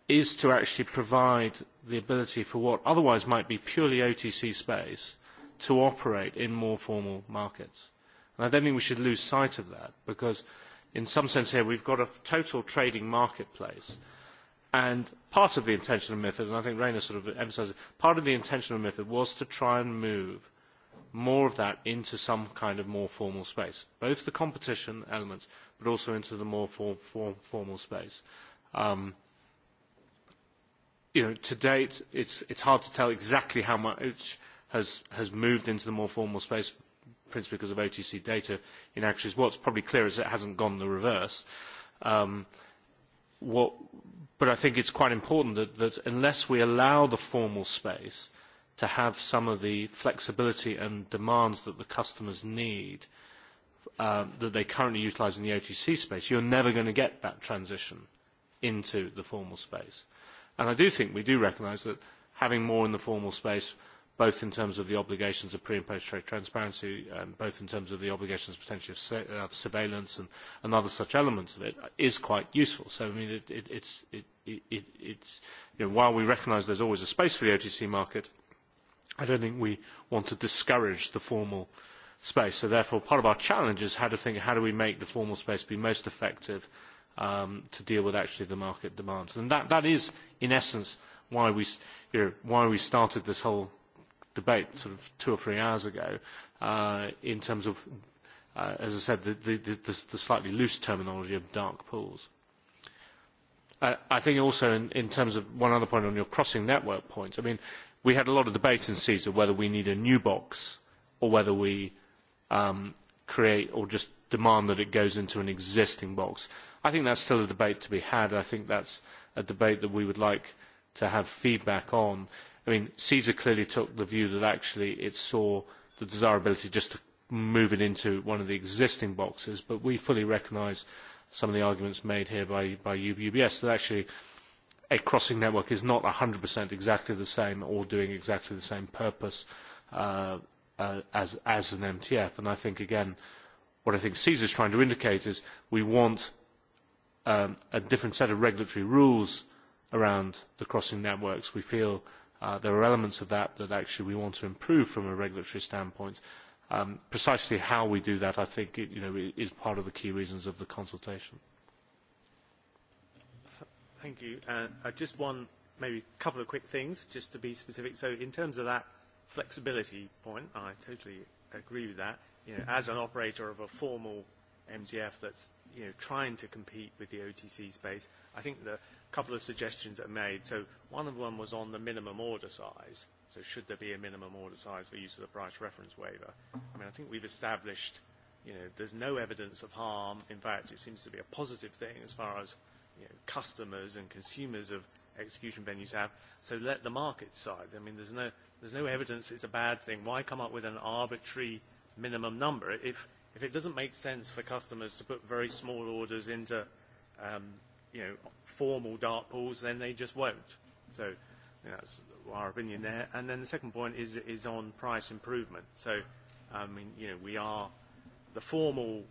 is to actually provide the ability for what otherwise might be purely OTC space to operate in more formal markets. And I don't think we should lose sight of that because in some sense here we've got a total trading marketplace and part of the intention of MIFID, and I think Rainer sort of emphasised, part of the intention of MIFID was to try and move more of that into some kind of more formal space, both the competition elements but also into the more formal space. Um, to date, it it's hard to tell exactly how much has moved into the more formal space, principally because of OTC data in what What's probably clear is it hasn't gone the reverse. But I think it it's quite important that unless we allow the formal space to have some of the flexibility and demands that the customers need that they currently utilise in the OTC space, you're never going to get that transition into the formal space. And I do think we do recognise that having more in the formal space, both in terms of the obligations of pre and post trade transparency, and both in terms of the obligations potentially of surveillance and other such elements of it, is quite useful. So, I mean, while we recognise there's always a space for the OTC market, I don't think we want to discourage the formal space. So, therefore, part of our challenge is how to think how do we make the formal space be most effective to deal with actually the market demands, and that is in essence why we started this whole debate sort of two or three hours ago in terms of as I said the slightly loose terminology of dark pools. I think also in terms of one other point on your crossing network point, I mean we had a lot of debate in CESA whether we need a new box or whether we create or just demand that it goes into an existing box. I think that's still a debate to be had. I think that's a debate that we would like to have feedback on. I mean, CESA clearly took the view that actually it saw the desirability just to move it into one of the existing boxes, but we fully recognise some of the arguments made here by UBS that actually a crossing network is not 100% exactly the same or doing exactly the same purpose as an MTF. And I think, again, what I think CESA is trying to indicate is we want a different set of regulatory rules around the crossing networks. We feel there are elements of that that actually we want to improve from a regulatory standpoint. Precisely how we do that, I think, is part of the key reasons of the consultation.
Thank you. Just one, maybe a couple of quick things, just to be specific. So in terms of that flexibility point, I totally agree with that. As an operator of a formal MGF that's you know trying to compete with the OTC space. I think the couple of suggestions are made. So one of them was on the minimum order size. So should there be a minimum order size for use of the price reference waiver? I mean, I think we've established, you know, there's no evidence of harm. In fact, it seems to be a positive thing as far as you know, customers and consumers of execution venues have. So let the market decide. I mean, there's no, there's no evidence it's a bad thing. Why come up with an arbitrary minimum number? If if it doesn't make sense for customers to put very small orders into you know formal dark pools then they just won't so that's our opinion there and then the second point is is on price improvement so i mean you know we are the formal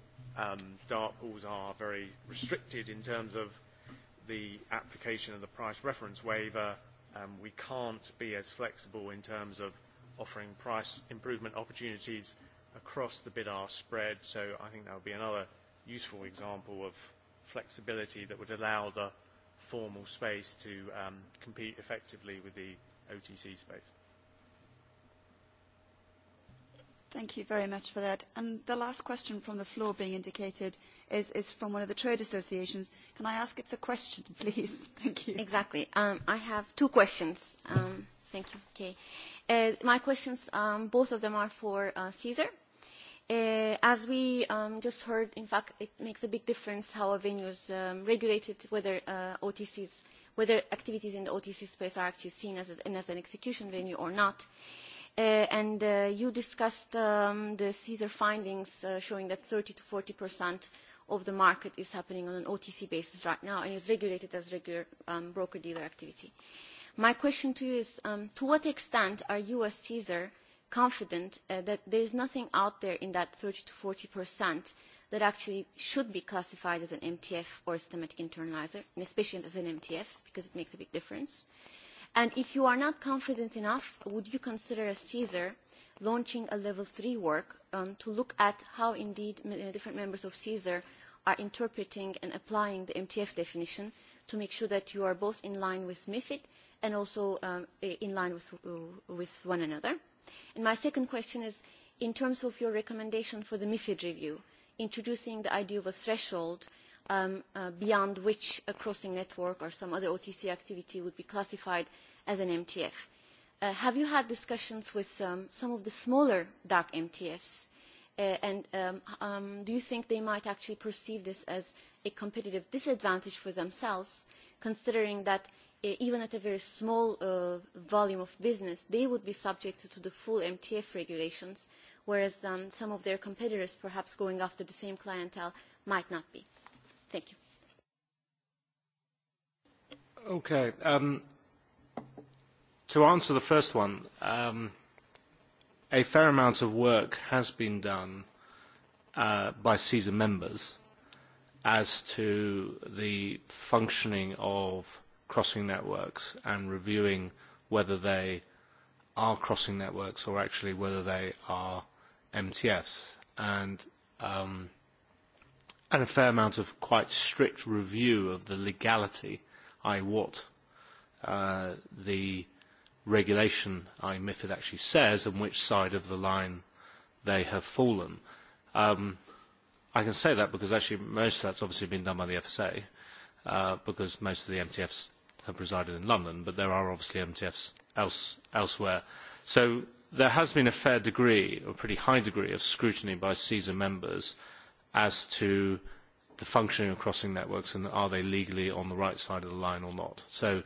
dark pools are very restricted in terms of the application of the price reference waiver we can't be as flexible in terms of offering price improvement opportunities across the bid-ask spread. So I think that would be another useful example of flexibility that would allow the formal space to compete effectively with the OTC space.
Thank you very much for that. And the last question from the floor being indicated is, is from one of the trade associations. Can I ask it's a question,
please? Thank you. Exactly. I have two questions. thank you, Okay. my questions, um, both of them are for uh, Caesar. As we just heard, in fact, it makes a big difference how a venue is regulated, whether OTCs, whether activities in the OTC space are actually seen as an execution venue or not. And you discussed the CSER findings showing that 30 to 40% of the market is happening on an OTC basis right now and is regulated as regular broker-dealer activity. My question to you is, to what extent are you as CSER confident that there is nothing out there in that 30 to 40% that actually should be classified as an MTF or a systematic internalizer, and especially as an MTF, because it makes a big difference. And if you are not confident enough, would you consider a CSER launching a level 3 work to look at how indeed different members of CSER are interpreting and applying the MTF definition to make sure that you are both in line with MIFID and also in line with one another? my second question is, in terms of your recommendation for the MIFID review, introducing the idea of a threshold beyond which a crossing network or some other OTC activity would be classified as an MTF. Have you had discussions with some of the smaller dark MTFs, and do you think they might actually perceive this as a competitive disadvantage for themselves, considering that even at a very small volume of business, they would be subject to the full MTF regulations, whereas some of their competitors, perhaps going after the same clientele, might not be. Thank
you. Okay. To answer the first one, a fair amount of work has been done by CESA members as to the functioning of crossing networks and reviewing whether they are crossing networks or actually whether they are MTFs. And and a fair amount of quite strict review of the legality, i.e. what the regulation, i.e. MIFID, actually says and which side of the line they have fallen. I can say that because actually most of that's obviously been done by the FSA because most of the MTFs have resided in London, but there are obviously MTFs elsewhere. So there has been a fair degree, a pretty high degree, of scrutiny by CESA members as to the functioning of crossing networks and are they legally on the right side of the line or not. So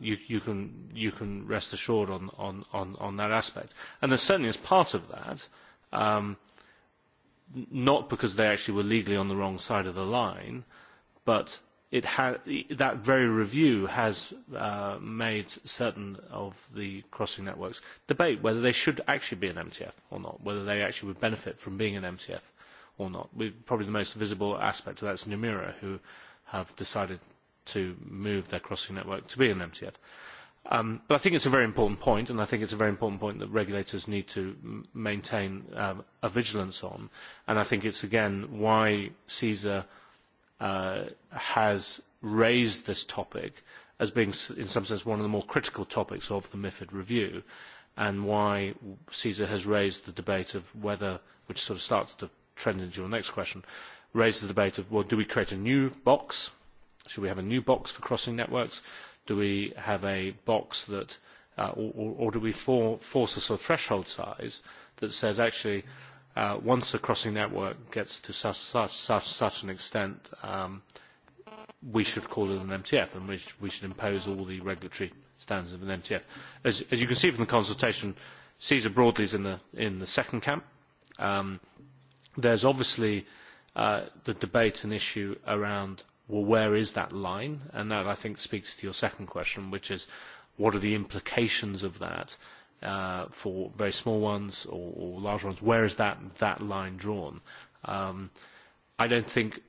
you can rest assured on that aspect. And there certainly is part of that, not because they actually were legally on the wrong side of the line, but that very review has made certain of the crossing networks debate whether they should actually be an MTF or not, whether they actually would benefit from being an MTF or not. Probably the most visible aspect of that is Numira, who have decided to move their crossing network to be an MTF. But I think it's a very important point, and I think it's a very important point that regulators need to maintain a vigilance on. And I think it's, again, why CESA has raised this topic as being, in some sense, one of the more critical topics of the MIFID review, and why CESA has raised the debate of whether, which sort of starts to trend into your next question, raised the debate of, well, do we create a new box? Should we have a new box for crossing networks? Do we have a box that, or do we force a sort of threshold size that says, actually, once a crossing network gets to such an extent, we should call it an MTF and we should impose all the regulatory standards of an MTF. As you can see from the consultation, CESA broadly is in the second camp. There's obviously the debate and issue around, well, where is that line? And that, I think, speaks to your second question, which is, what are the implications of that for very small ones or large ones, where is that line drawn? I don't think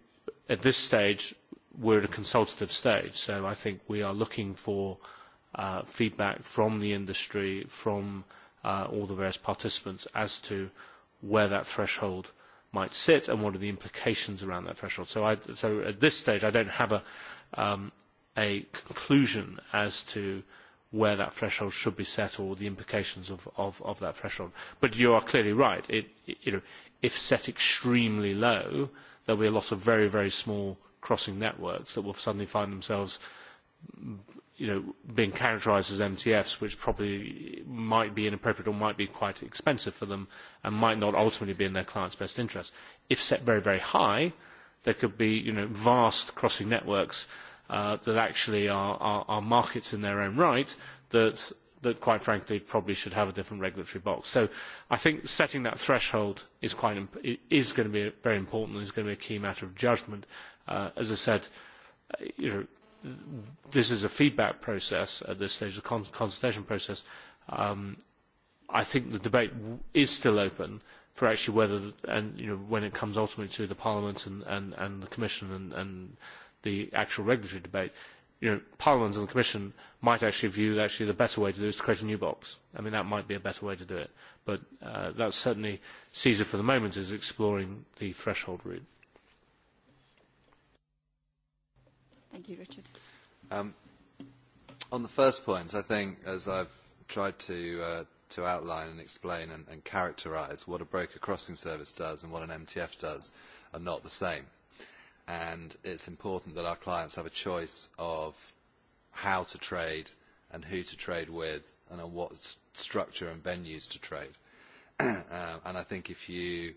at this stage we're at a consultative stage, so I think we are looking for feedback from the industry, from all the various participants as to where that threshold might sit and what are the implications around that threshold. So so at this stage I don't have a conclusion as to where that threshold should be set or the implications of that threshold. But you are clearly right. If set extremely low, there will be a lot of very, very small crossing networks that will suddenly find themselves being characterised as MTFs, which probably might be inappropriate or might be quite expensive for them and might not ultimately be in their client's best interest. If set very, very high, there could be vast crossing networks that actually are markets in their own right that quite frankly probably should have a different regulatory box. So I think setting that threshold is going to be very important is going to be a key matter of judgment. As I said, this is a feedback process at this stage, a consultation process. I think the debate is still open for actually whether, and when it comes ultimately to the Parliament and the Commission and the actual regulatory debate, you know, Parliament and the Commission might actually view that actually the better way to do it is to create a new box. I mean, that might be a better way to do it. But that certainly, Caesar for the moment is exploring the threshold
route. Thank you, On the first point, I think, as I've tried to to outline and explain and characterise, what a broker crossing service does and what an MTF does are not the same and it's important that our clients have a choice of how to trade and who to trade with and on what structure and venues to trade. And I think if you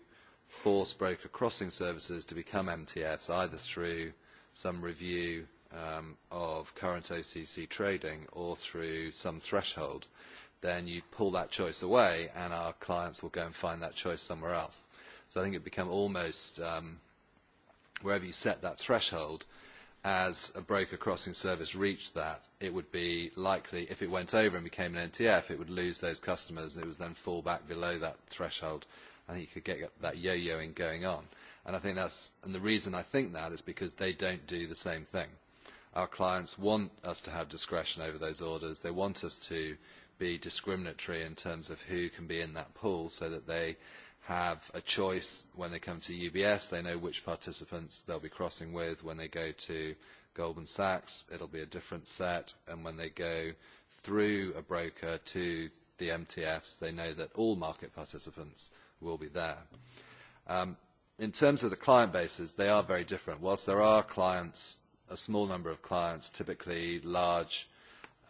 force broker crossing services to become MTFs, either through some review of current OCC trading or through some threshold, then you pull that choice away and our clients will go and find that choice somewhere else. So I think it become almost wherever you set that threshold, as a broker crossing service reached that, it would be likely, if it went over and became an NTF, it would lose those customers and it would then fall back below that threshold. and you could get that yo-yoing going on. And I think that's, and the reason I think that is because they don't do the same thing. Our clients want us to have discretion over those orders. They want us to be discriminatory in terms of who can be in that pool so that they have a choice when they come to UBS. They know which participants they'll be crossing with. When they go to Goldman Sachs, it'll be a different set. And when they go through a broker to the MTFs, they know that all market participants will be there. In terms of the client bases, they are very different. Whilst there are clients, a small number of clients, typically large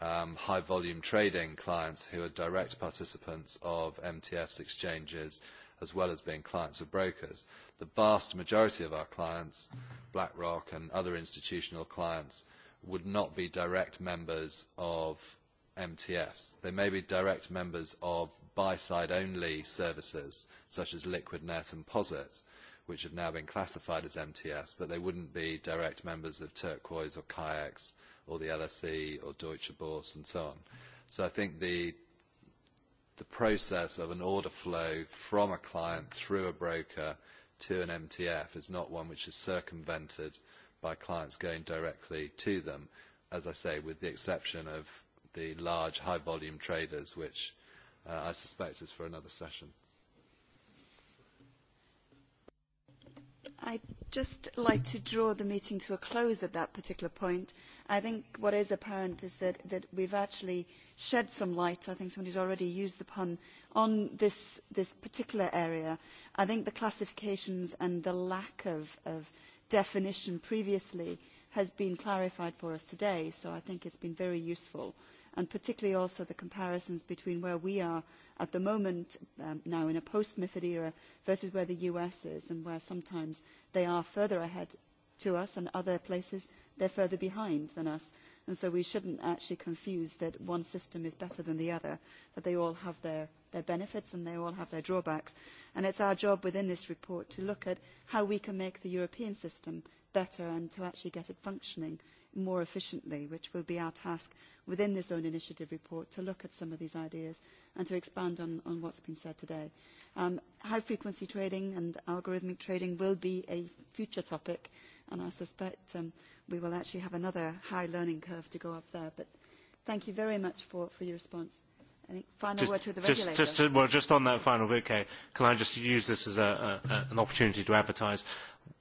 high-volume trading clients who are direct participants of MTFs exchanges, as well as being clients of brokers. The vast majority of our clients, BlackRock and other institutional clients, would not be direct members of MTFs. They may be direct members of buy-side-only services, such as LiquidNet and POSIT, which have now been classified as MTS, but they wouldn't be direct members of Turquoise or Kayaks or the LSE or Deutsche Börse and so on. So I think the the process of an order flow from a client through a broker to an MTF is not one which is circumvented by clients going directly to them, as I say, with the exception of the large high-volume traders, which I suspect is for another session.
I'd just like to draw the meeting to a close at that particular point I think what is apparent is that we've actually shed some light, I think somebody's already used the pun, on this particular area. I think the classifications and the lack of definition previously has been clarified for us today, so I think it's been very useful, and particularly also the comparisons between where we are at the moment now in a post-MIFID era versus where the US is and where sometimes they are further ahead to us and other places they're further behind than us. And so we shouldn't actually confuse that one system is better than the other, that they all have their benefits and they all have their drawbacks. And it's our job within this report to look at how we can make the European system better and to actually get it functioning more efficiently, which will be our task within this own initiative report to look at some of these ideas and to expand on what's been said today. High-frequency trading and algorithmic trading will be a future topic, and I suspect we will actually have another high learning curve to go up there. But thank you very much for your response final word the
Well, just on that final bit, can I just use this as an opportunity to advertise?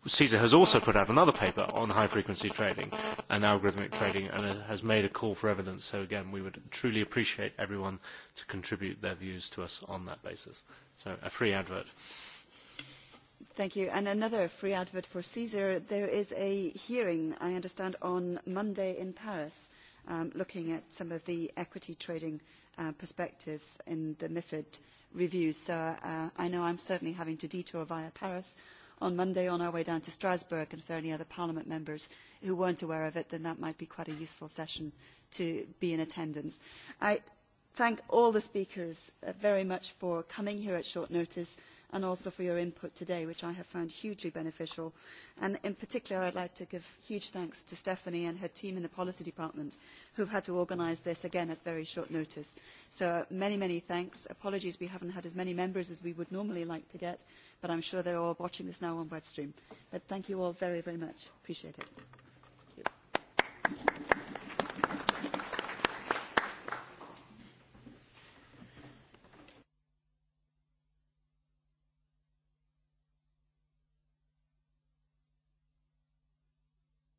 CESA has also put out another paper on high-frequency trading and algorithmic trading and has made a call for evidence. So, again, we would truly appreciate everyone to contribute their views to us on that basis. So, a free advert.
Thank you. And another free advert for CESA. There is a hearing, I understand, on Monday in Paris looking at some of the equity trading perspectives in the MIFID review. So I know I'm certainly having to detour via Paris on Monday on our way down to Strasbourg, and if there are any other Parliament members who weren't aware of it, then that might be quite a useful session to be in attendance. I thank all the speakers very much for coming here at short notice and also for your input today, which I have found hugely beneficial. And in particular, I'd like to give huge thanks to Stephanie and her team in the Policy Department, who had to organise this again at very short notice. So many, many thanks. Apologies we haven't had as many members as we would normally like to get, but I'm sure they're all watching this now on web stream. But thank you all very, very much. Appreciate it.